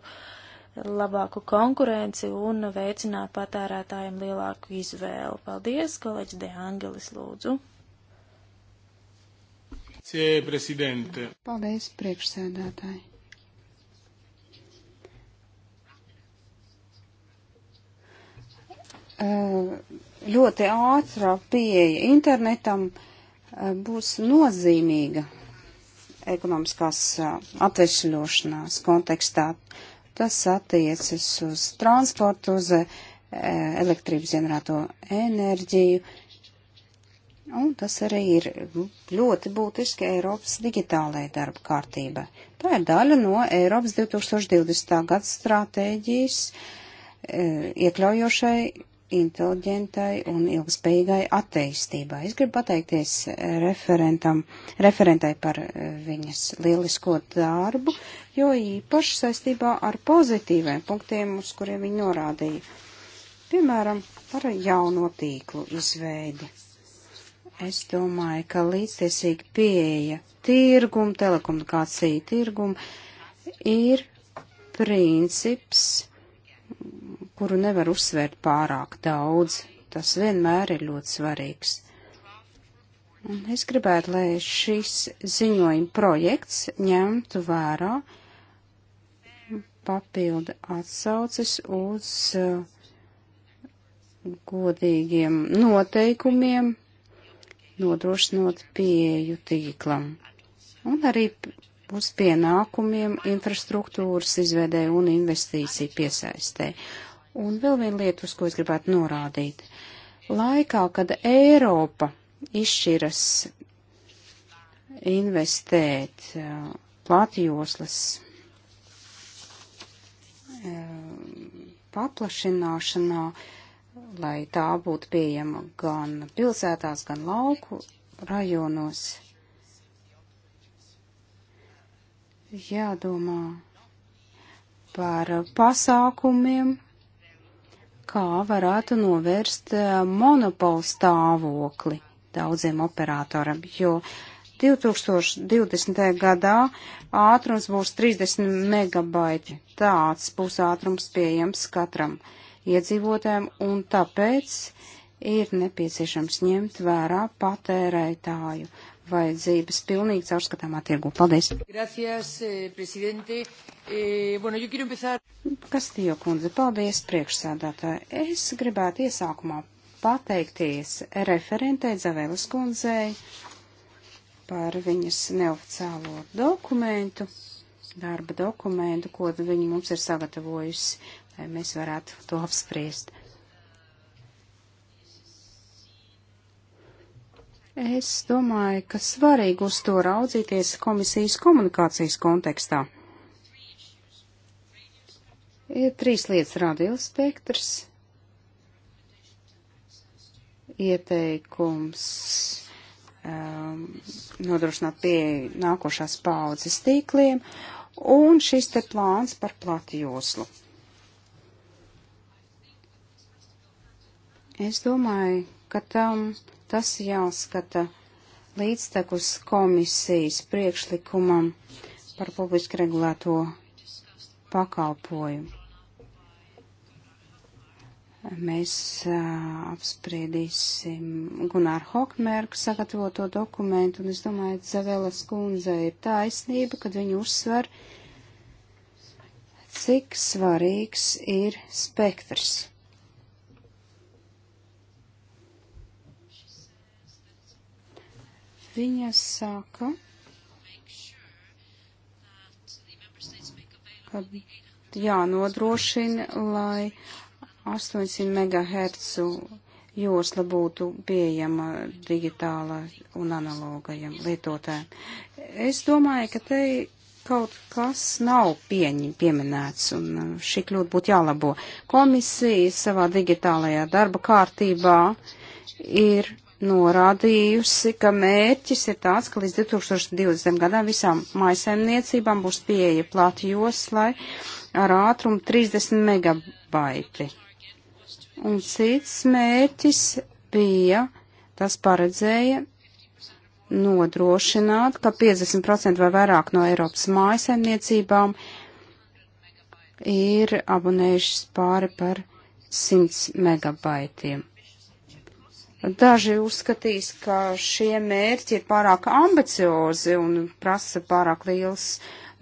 labāku konkurenci un veicinātu patērētājiem lielāku izvēlu. Paldies, kolēģis De Angelis, lūdzu. Paldies, priekšsēdētāji. Eh, ļoti ātrā pieeja internetam eh, būs nozīmīga ekonomiskās eh, atvešļošanās kontekstā. Tas attiecas uz transportu, uz elektrības ģenerēto enerģiju, un tas arī ir ļoti būtiski Eiropas digitālajai darba kārtībai. Tā ir daļa no Eiropas 2020. gada stratēģijas iekļaujošai inteliģentai un ilgspējīgai attīstībai. Es gribu pateikties referentai par eh, viņas lielisko darbu, jo īpaši saistībā ar pozitīviem punktiem, uz kuriem viņa norādīja. Piemēram, par jauno tīklu izveidi. Es domāju, ka līdztiesīga pieeja tirgumu, telekomunikāciju tirgumu ir princips kuru nevar uzsvērt pārāk daudz. Tas vienmēr ir ļoti svarīgs. Un es gribētu, lai šis ziņojuma projekts ņemtu vērā papildu atsaucis uz uh, godīgiem noteikumiem, nodrošinot pieeju tīklam. Un arī uz pienākumiem infrastruktūras izveidē un investīciju piesaistē. Un vēl viena lieta, uz ko es gribētu norādīt. Laikā, kad Eiropa izšķiras investēt uh, platjoslas uh, paplašināšanā, lai tā būtu pieejama gan pilsētās, gan lauku rajonos. Jādomā par pasākumiem, kā varētu novērst e, monopolu stāvokli daudziem operatoriem, jo 2020. gadā ātrums būs 30 megabaiti. Tāds būs ātrums pieejams katram iedzīvotājiem, un tāpēc ir nepieciešams ņemt vērā patērētāju vajadzības pilnīgi caurskatāmā tirgu. Paldies! Gracias, eh, prezidente. E, eh, bueno, yo quiero empezar. Kastījo kundze, paldies priekšsādātāji. Es gribētu iesākumā pateikties referentei Zavēlas kundzei par viņas neoficiālo dokumentu, darba dokumentu, ko viņa mums ir sagatavojusi, lai mēs varētu to apspriest. Es domāju, ka svarīgi uz to raudzīties komisijas komunikācijas kontekstā. Ir trīs lietas - radiospektrs, ieteikums um, nodrošināt pie nākošās paudzes tīkliem un šis te plāns par plati joslu. Es domāju, ka tam tas jāskata līdztekus komisijas priekšlikumam par publiski regulēto pakalpojumu. Mēs uh, apspriedīsim Gunāru Hokmērku sagatavoto dokumentu, un es domāju, Zavēlas kundze ir taisnība, kad viņa uzsver, cik svarīgs ir spektrs. Viņa saka, ka jānodrošina, lai 800 MHz josla būtu pieejama digitāla un analogajam lietotājiem. Es domāju, ka te kaut kas nav pieņi, pieminēts, un uh, šī kļūda būtu jālabo. Komisija savā digitālajā darba kārtībā ir norādījusi, ka mērķis ir tāds, ka līdz 2020. gadam visām maisaimniecībām būs pieeja plati joslai ar ātrumu 30 megabaiti. Un cits mērķis bija, tas paredzēja nodrošināt, ka 50% vai vairāk no Eiropas mājasemniecībām ir abonējušas pāri par 100 megabaitiem. Daži uzskatīs, ka šie mērķi ir pārāk ambiciozi un prasa pārāk liels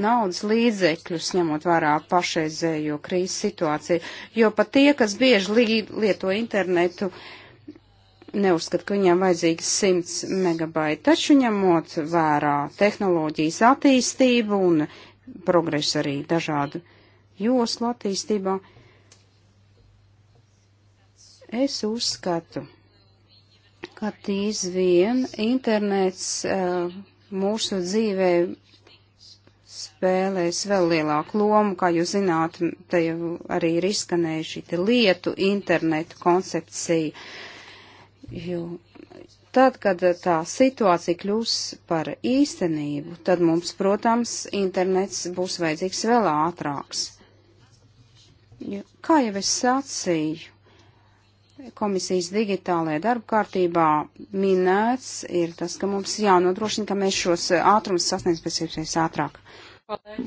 naudas līdzekļus, ņemot vērā pašreizējo krīzes situāciju. Jo pat tie, kas bieži lieto internetu, neuzskata, ka viņiem vajadzīgi 100 megabaiti. Taču ņemot vērā tehnoloģijas attīstību un progresu arī dažādu joslu attīstībā, es uzskatu ka tīs vien internets uh, mūsu dzīvē spēlēs vēl lielāku lomu, kā jūs zināt, te jau arī ir izskanējuši te lietu internetu koncepcija. Jo tad, kad tā situācija kļūs par īstenību, tad mums, protams, internets būs vajadzīgs vēl ātrāks. Jo, kā jau es sacīju, komisijas digitālajā darba kārtībā minēts, ir tas, ka mums jānodrošina, ka mēs šos eh, ātrumus sasniegsim pēc iespējas ātrāk.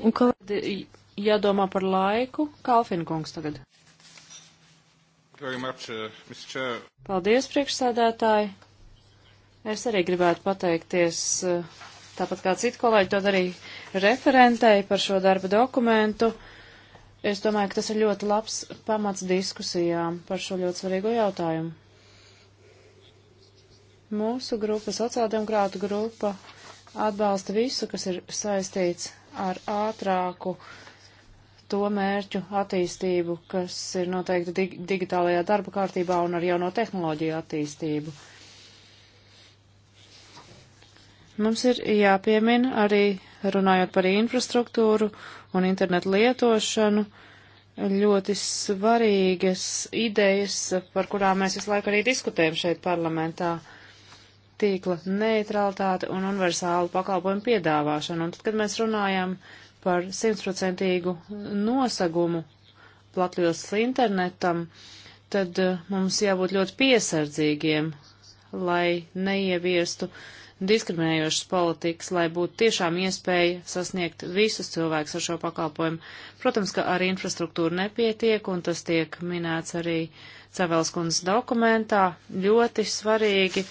Un kad jādomā par laiku, Kalfin kungs tagad. Much, uh, Paldies, priekšsēdētāji. Es arī gribētu pateikties, uh, tāpat kā citu kolēģi to darīja referentei par šo darba dokumentu. Uh, Es domāju, ka tas ir ļoti labs pamats diskusijām par šo ļoti svarīgo jautājumu. Mūsu grupa, sociāldemokrāta grupa, atbalsta visu, kas ir saistīts ar ātrāku to mērķu attīstību, kas ir noteikti dig digitālajā darba kārtībā un ar jauno tehnoloģiju attīstību. Mums ir jāpiemina arī runājot par infrastruktūru un internetu lietošanu, ļoti svarīgas idejas, par kurām mēs visu laiku arī diskutējam šeit parlamentā tīkla neutralitāte un universālu pakalpojumu piedāvāšanu. Un tad, kad mēs runājam par simtprocentīgu nosagumu platļos internetam, tad eh, mums jābūt ļoti piesardzīgiem, lai neieviestu uh, diskriminējošas politikas, lai būtu tiešām iespēja sasniegt visus cilvēkus ar šo pakalpojumu. Protams, ka ar infrastruktūru nepietiek, un tas tiek minēts arī Cevels kundzes dokumentā. Ļoti svarīgi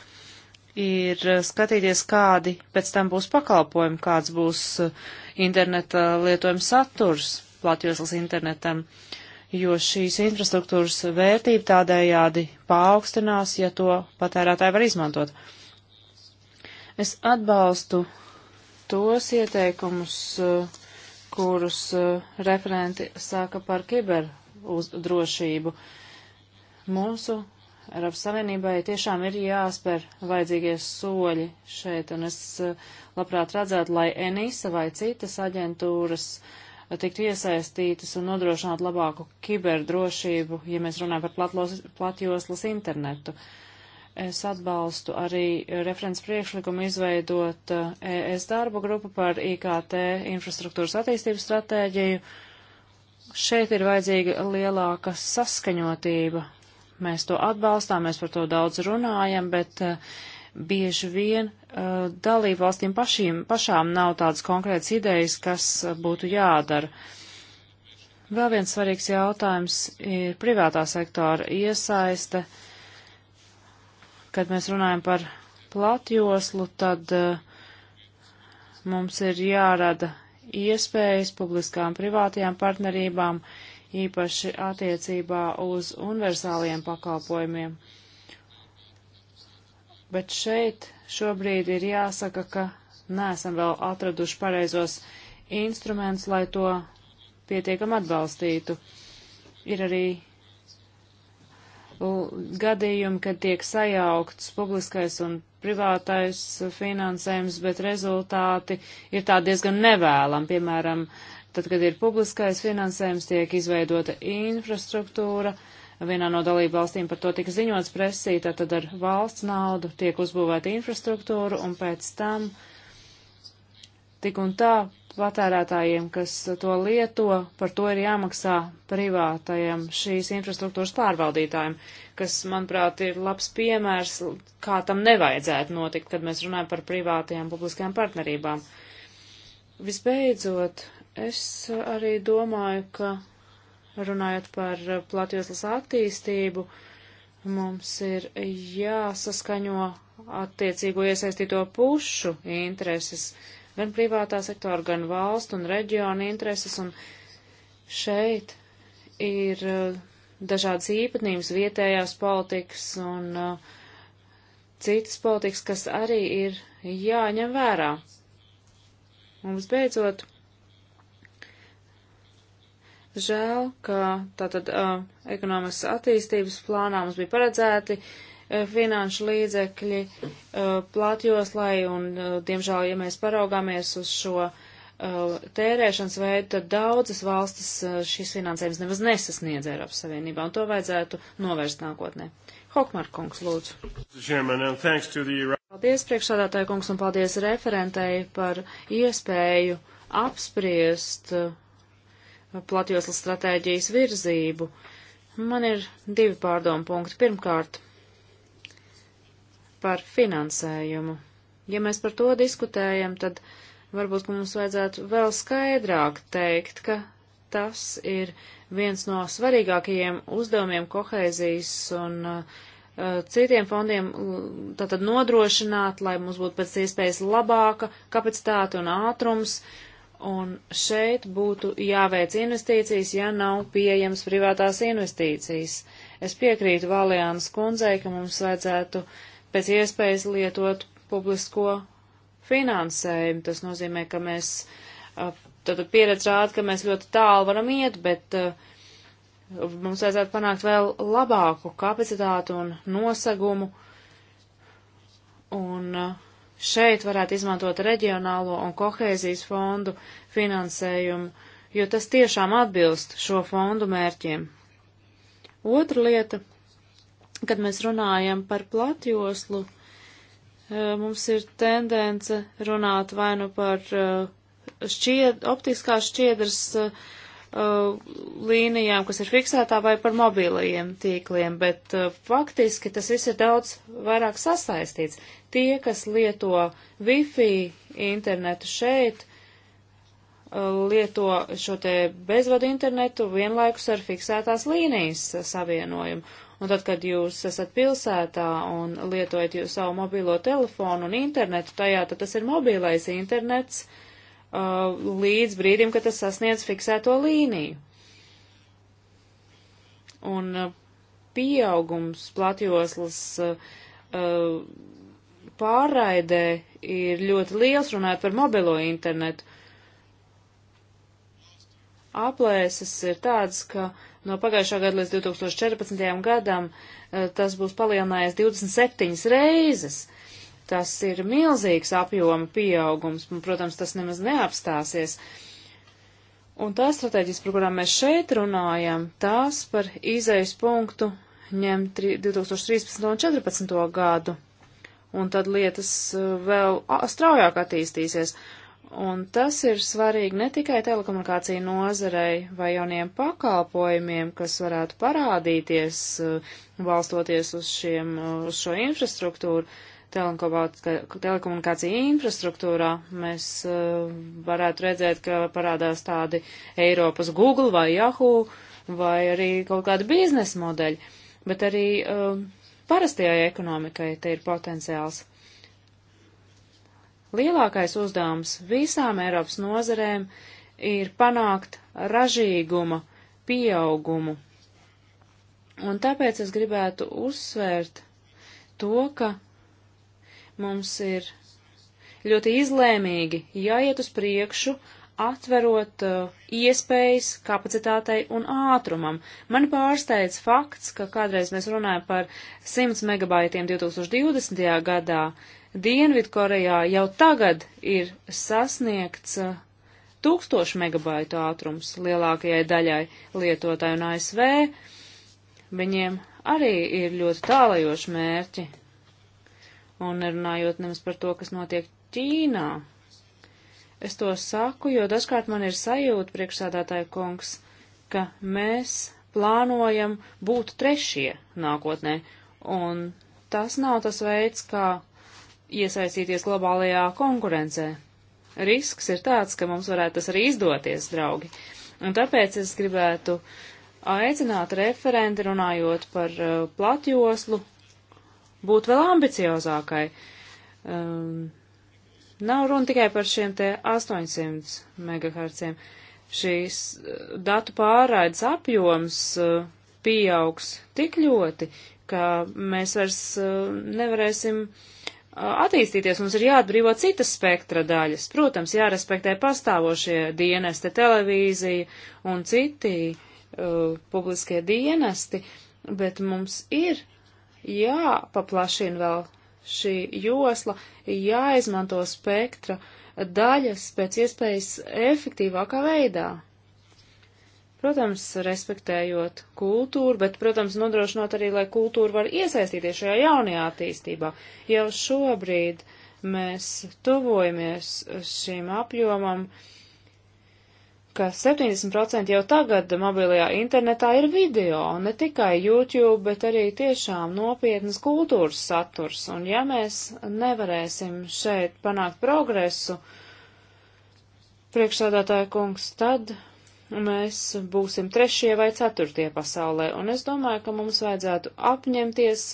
ir skatīties, kādi pēc tam būs pakalpojumi, kāds būs uh, interneta lietojums saturs platjoslas internetam, jo šīs infrastruktūras vērtība tādējādi paaugstinās, ja to patērētāji var izmantot. Uh, Es atbalstu tos ieteikumus, eh, kurus eh, referenti sāka par kiberdrošību. Mūsu Eiropas Savienībai tiešām ir jāspēr vajadzīgie soļi šeit, un es eh, labprāt redzētu, lai ENISA vai citas aģentūras tiktu iesaistītas un nodrošinātu labāku kiberdrošību, ja mēs runājam par platjoslas internetu. Uh, Es atbalstu arī referents priekšlikumu izveidot ES eh, e darba grupu par IKT infrastruktūras attīstības stratēģiju. Šeit ir vajadzīga lielāka saskaņotība. Mēs to atbalstām, mēs par to daudz runājam, bet eh, bieži vien eh, dalību valstīm pašīm, pašām nav tādas konkrētas idejas, kas būtu jādara. Vēl viens svarīgs jautājums ir privātā sektora iesaiste. Uh, Kad mēs runājam par platjoslu, tad eh, mums ir jārada iespējas publiskām privātajām partnerībām, īpaši attiecībā uz universāliem pakalpojumiem. Bet šeit šobrīd ir jāsaka, ka neesam vēl atraduši pareizos instrumentus, lai to pietiekam atbalstītu. Ir arī gadījumi, kad tiek sajaukts publiskais un privātais finansējums, bet rezultāti ir tā diezgan nevēlam. Piemēram, tad, kad ir publiskais finansējums, tiek izveidota infrastruktūra. Vienā no dalību valstīm par to tika ziņots presī, tad ar valsts naudu tiek uzbūvēta infrastruktūra un pēc tam uh, tik un tā patērētājiem, kas to lieto, par to ir jāmaksā privātajiem šīs infrastruktūras pārvaldītājiem, kas, manuprāt, ir labs piemērs, kā tam nevajadzētu notikt, kad mēs runājam par privātajām publiskajām partnerībām. Visbeidzot, es arī domāju, ka runājot par platjoslas attīstību, mums ir jāsaskaņo attiecīgo iesaistīto pušu intereses gan privātā sektora, gan valstu un reģionu intereses, un šeit ir eh, dažādas īpatnības vietējās politikas un eh, citas politikas, kas arī ir jāņem vērā. Mums beidzot, žēl, ka tātad uh, ekonomikas attīstības plānā mums bija paredzēti uh, finanšu līdzekļi uh, plātjoslai un, uh, diemžēl, ja mēs paraugāmies uz šo uh, tērēšanas veidu, tad daudzas valstis šīs finansējums nemaz nesasniedz Eiropas Savienībā, un to vajadzētu novērst nākotnē. Hokmar kungs, lūdzu. Paldies priekšsādātāju kungs un paldies referentei par iespēju apspriest platjoslas stratēģijas virzību. Man ir divi pārdomu punkti. Pirmkārt, par finansējumu. Ja mēs par to diskutējam, tad varbūt mums vajadzētu vēl skaidrāk teikt, ka tas ir viens no svarīgākajiem uzdevumiem kohēzijas un uh, uh citiem fondiem, tātad nodrošināt, lai mums būtu pēc iespējas labāka kapacitāte un ātrums, un šeit būtu jāveic investīcijas, ja nav pieejams privātās investīcijas. Es piekrītu Valjānas kundzei, ka mums vajadzētu uh, pēc iespējas lietot publisko finansējumu. Tas nozīmē, ka mēs, tad pieredze rāda, ka mēs ļoti tālu varam iet, bet mums vajadzētu panākt vēl labāku kapacitātu un nosagumu. Un šeit varētu izmantot reģionālo un kohēzijas fondu finansējumu, jo tas tiešām atbilst šo fondu mērķiem. Otra lieta Kad mēs runājam par platjoslu, eh, mums ir tendence runāt vai nu par eh, šķied, optiskās šķiedras eh, līnijām, kas ir fiksētā, vai par mobilajiem tīkliem, bet uh, faktiski tas viss ir daudz vairāk sasaistīts. Tie, kas lieto Wi-Fi internetu šeit, uh, lieto šo te bezvadu internetu vienlaikus ar fiksētās līnijas savienojumu. Un tad, kad jūs esat pilsētā un lietojat jūs savu mobilo telefonu un internetu tajā, tad tas ir mobilais internets uh, līdz brīdim, kad tas sasniedz fiksēto līniju. Un uh, pieaugums platjoslas uh, uh pārraidē ir ļoti liels runājot par mobilo internetu. Aplēses ir tāds, ka uh, No pagājušā gada līdz 2014. gadam eh, tas būs palielinājies 27 reizes. Tas ir milzīgs apjoma pieaugums, un, protams, tas nemaz neapstāsies. Un tā strateģiska programma mēs šeit runājam, tās par izējas punktu ņem 2013. un 2014. gadu. Un tad lietas eh, vēl straujāk attīstīsies. Un tas ir svarīgi ne tikai telekomunikāciju nozarei vai jauniem pakalpojumiem, kas varētu parādīties, uh, balstoties uz, šiem, uh, uz šo infrastruktūru, telekomunikāciju infrastruktūrā. Mēs uh, varētu redzēt, ka parādās tādi Eiropas Google vai Yahoo vai arī kaut kādi biznesa modeļi, bet arī parastajai ekonomikai te ir potenciāls. Lielākais uzdevums visām Eiropas nozarēm ir panākt ražīguma pieaugumu. Un tāpēc es gribētu uzsvērt to, ka mums ir ļoti izlēmīgi jāiet uz priekšu, atverot uh, iespējas kapacitātei un ātrumam. Mani pārsteidz fakts, ka kādreiz mēs runājam par 100 megabaitiem 2020. gadā, Dienvidkorejā jau tagad ir sasniegts uh, tūkstošu megabaitu ātrums lielākajai daļai lietotāju un ASV. Viņiem arī ir ļoti tālajoši mērķi. Un runājot nemaz par to, kas notiek Ķīnā. Es to saku, jo dažkārt man ir sajūta, priekšsādātāja kungs, ka mēs plānojam būt trešie nākotnē, un tas nav tas veids, kā iesaistīties globālajā konkurencē. Risks ir tāds, ka mums varētu tas arī izdoties, draugi. Un tāpēc es gribētu aicināt referenti runājot par uh, platjoslu, būt vēl ambiciozākai. Um, nav runa tikai par šiem te 800 MHz. Šīs uh, datu pārraides apjoms uh, pieaugs tik ļoti, ka mēs vairs uh, nevarēsim uh, attīstīties, mums ir jāatbrīvo citas spektra daļas. Protams, jārespektē pastāvošie dienesti, televīzija un citi uh, publiskie dienesti, bet mums ir jāpaplašina vēl šī josla, jāizmanto spektra daļas pēc iespējas efektīvākā veidā. Protams, respektējot kultūru, bet, protams, nodrošinot arī, lai kultūra var iesaistīties šajā jaunajā attīstībā. Jau šobrīd mēs tuvojamies šim apjomam, ka 70% jau tagad mobilajā internetā ir video, un ne tikai YouTube, bet arī tiešām nopietnas kultūras saturs. Un ja mēs nevarēsim šeit panākt progresu, priekšsādātāja kungs, tad mēs būsim trešie vai ceturtie pasaulē, un es domāju, ka mums vajadzētu apņemties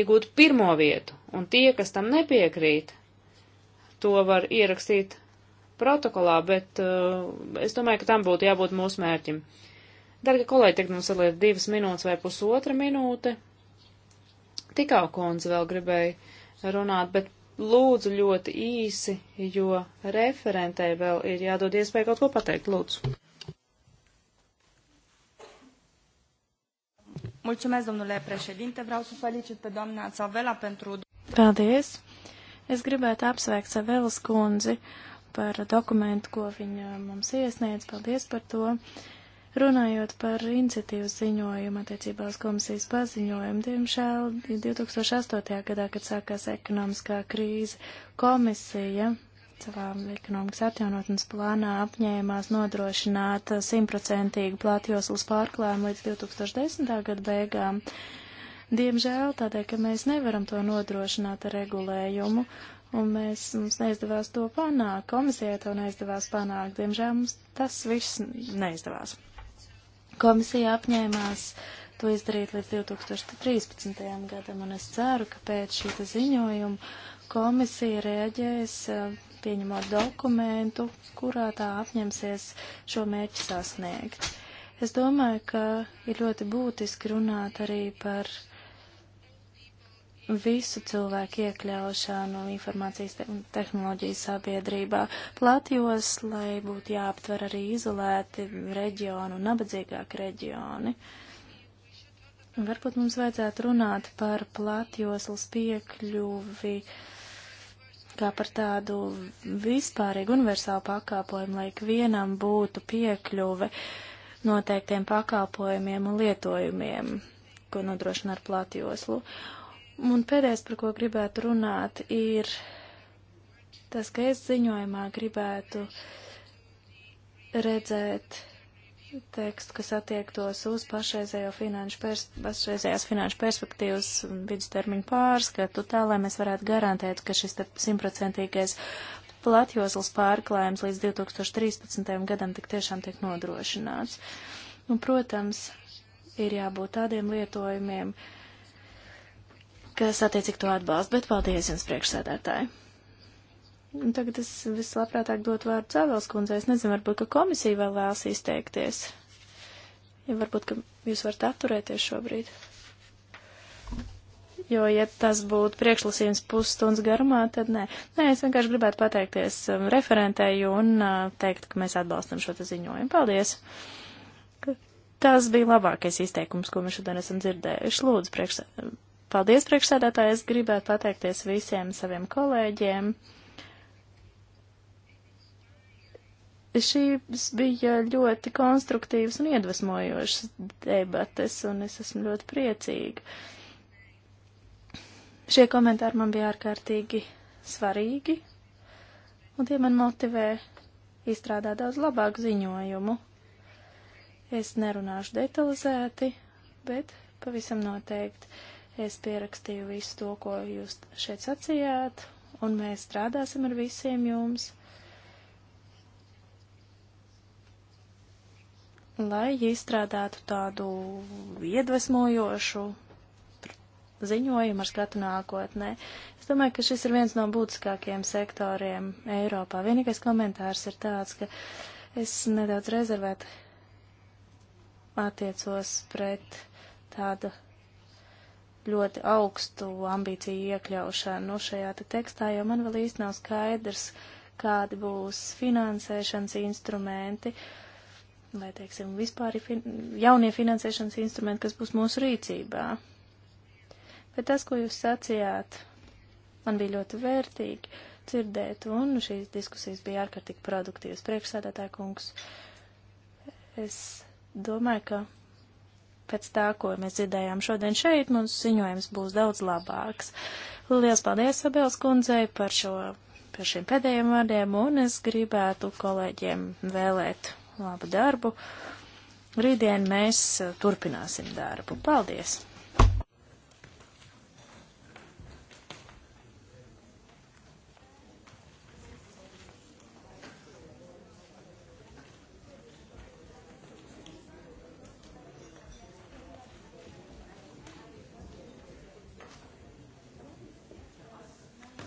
iegūt pirmo vietu, un tie, kas tam nepiekrīt, to var ierakstīt protokolā, bet uh, es domāju, ka tam būtu jābūt mūsu mērķim. Darga kolēģi, tagad mums ir liet divas minūtes vai pusotra minūte. Tikā kundze vēl gribēja runāt, bet Lūdzu ļoti īsi, jo referentei vēl ir jādod iespēja kaut ko pateikt. Lūdzu. Mulțumesc, domnule președinte. Vreau să felicit pe doamna Savela pentru... Paldies! Es gribētu apsveikt Savelas kundzi par dokumentu, ko viņa mums iesniedz. Paldies par to! Uh, Runājot par iniciatīvas ziņojumu attiecībā uz komisijas paziņojumu, diemžēl 2008. gadā, kad sākās ekonomiskā krīze, komisija savā ekonomikas atjaunotnes plānā apņēmās nodrošināt simtprocentīgu plātjoslas pārklājumu līdz 2010. gada beigām. Diemžēl tādēļ, ka mēs nevaram to nodrošināt ar regulējumu, un mēs, mums neizdevās to panākt, komisijai to neizdevās panākt, diemžēl mums tas viss neizdevās. Komisija apņēmās to izdarīt līdz 2013. gadam, un es ceru, ka pēc šīta ziņojuma komisija rēģēs pieņemot dokumentu, kurā tā apņemsies šo mērķu sasniegt. Es domāju, ka ir ļoti būtiski runāt arī par visu cilvēku iekļaušanu informācijas te tehnoloģiju sabiedrībā. Platjos, lai būtu jāaptver arī izolēti reģioni un nabadzīgāki reģioni. Varbūt mums vajadzētu runāt par platjoslas piekļuvi kā par tādu vispārīgu universālu pakāpojumu, lai ikvienam būtu piekļuve noteiktiem pakāpojumiem un lietojumiem, ko nodrošina ar platjoslu. Uh, Un pēdējais, par ko gribētu runāt, ir tas, ka es ziņojumā gribētu redzēt tekstu, kas attiektos uz pašreizējo finanšu pers pašreizējās finanšu perspektīvas vidustermiņu pārskatu, tā lai mēs varētu garantēt, ka šis simtprocentīgais platjoslas pārklājums līdz 2013. gadam tik tiešām tiek nodrošināts. Un, protams, ir jābūt tādiem lietojumiem, uh, kas attiecīgi to atbalsta, bet paldies jums priekšsēdētāji. Un tagad es vislabprātāk dotu vārdu Cēlēls kundzei. Es nezinu, varbūt, ka komisija vēl vēlas izteikties. Ja varbūt, ka jūs varat atturēties šobrīd. Jo, ja tas būtu priekšlasījums pusstundas garumā, tad nē. Nē, es vienkārši gribētu pateikties um, referentēju un uh, teikt, ka mēs atbalstam šo te ziņojumu. Paldies! Tas bija labākais izteikums, ko mēs šodien esam dzirdējuši. Lūdzu, priekšsēdētāji Paldies, priekšsēdētāji. Es gribētu pateikties visiem saviem kolēģiem. Šīs bija ļoti konstruktīvas un iedvesmojošas debates, un es esmu ļoti priecīga. Šie komentāri man bija ārkārtīgi svarīgi, un tie man motivē izstrādāt daudz labāku ziņojumu. Es nerunāšu detalizēti, bet pavisam noteikti Es pierakstīju visu to, ko jūs šeit sacījāt, un mēs strādāsim ar visiem jums, lai izstrādātu tādu iedvesmojošu ziņojumu ar skatu nākotnē. Es domāju, ka šis ir viens no būtiskākajiem sektoriem Eiropā. Vienīgais komentārs ir tāds, ka es nedaudz rezervēt attiecos pret tādu ļoti augstu ambīciju iekļaušanu nu, šajā te tekstā, jo man vēl īsti nav skaidrs, kādi būs finansēšanas instrumenti, vai, teiksim, vispār fin jaunie finansēšanas instrumenti, kas būs mūsu rīcībā. Bet tas, ko jūs sacījāt, man bija ļoti vērtīgi dzirdēt, un šīs diskusijas bija ārkārtīgi produktīvas. Priekšsēdētāja kungs, es domāju, ka pēc tā, ko mēs dzirdējām šodien šeit, mums ziņojums būs daudz labāks. Lielas paldies Abels kundzei par, šo, par šiem pēdējiem vārdiem, un es gribētu kolēģiem vēlēt labu darbu. Rītdien mēs turpināsim darbu. Paldies!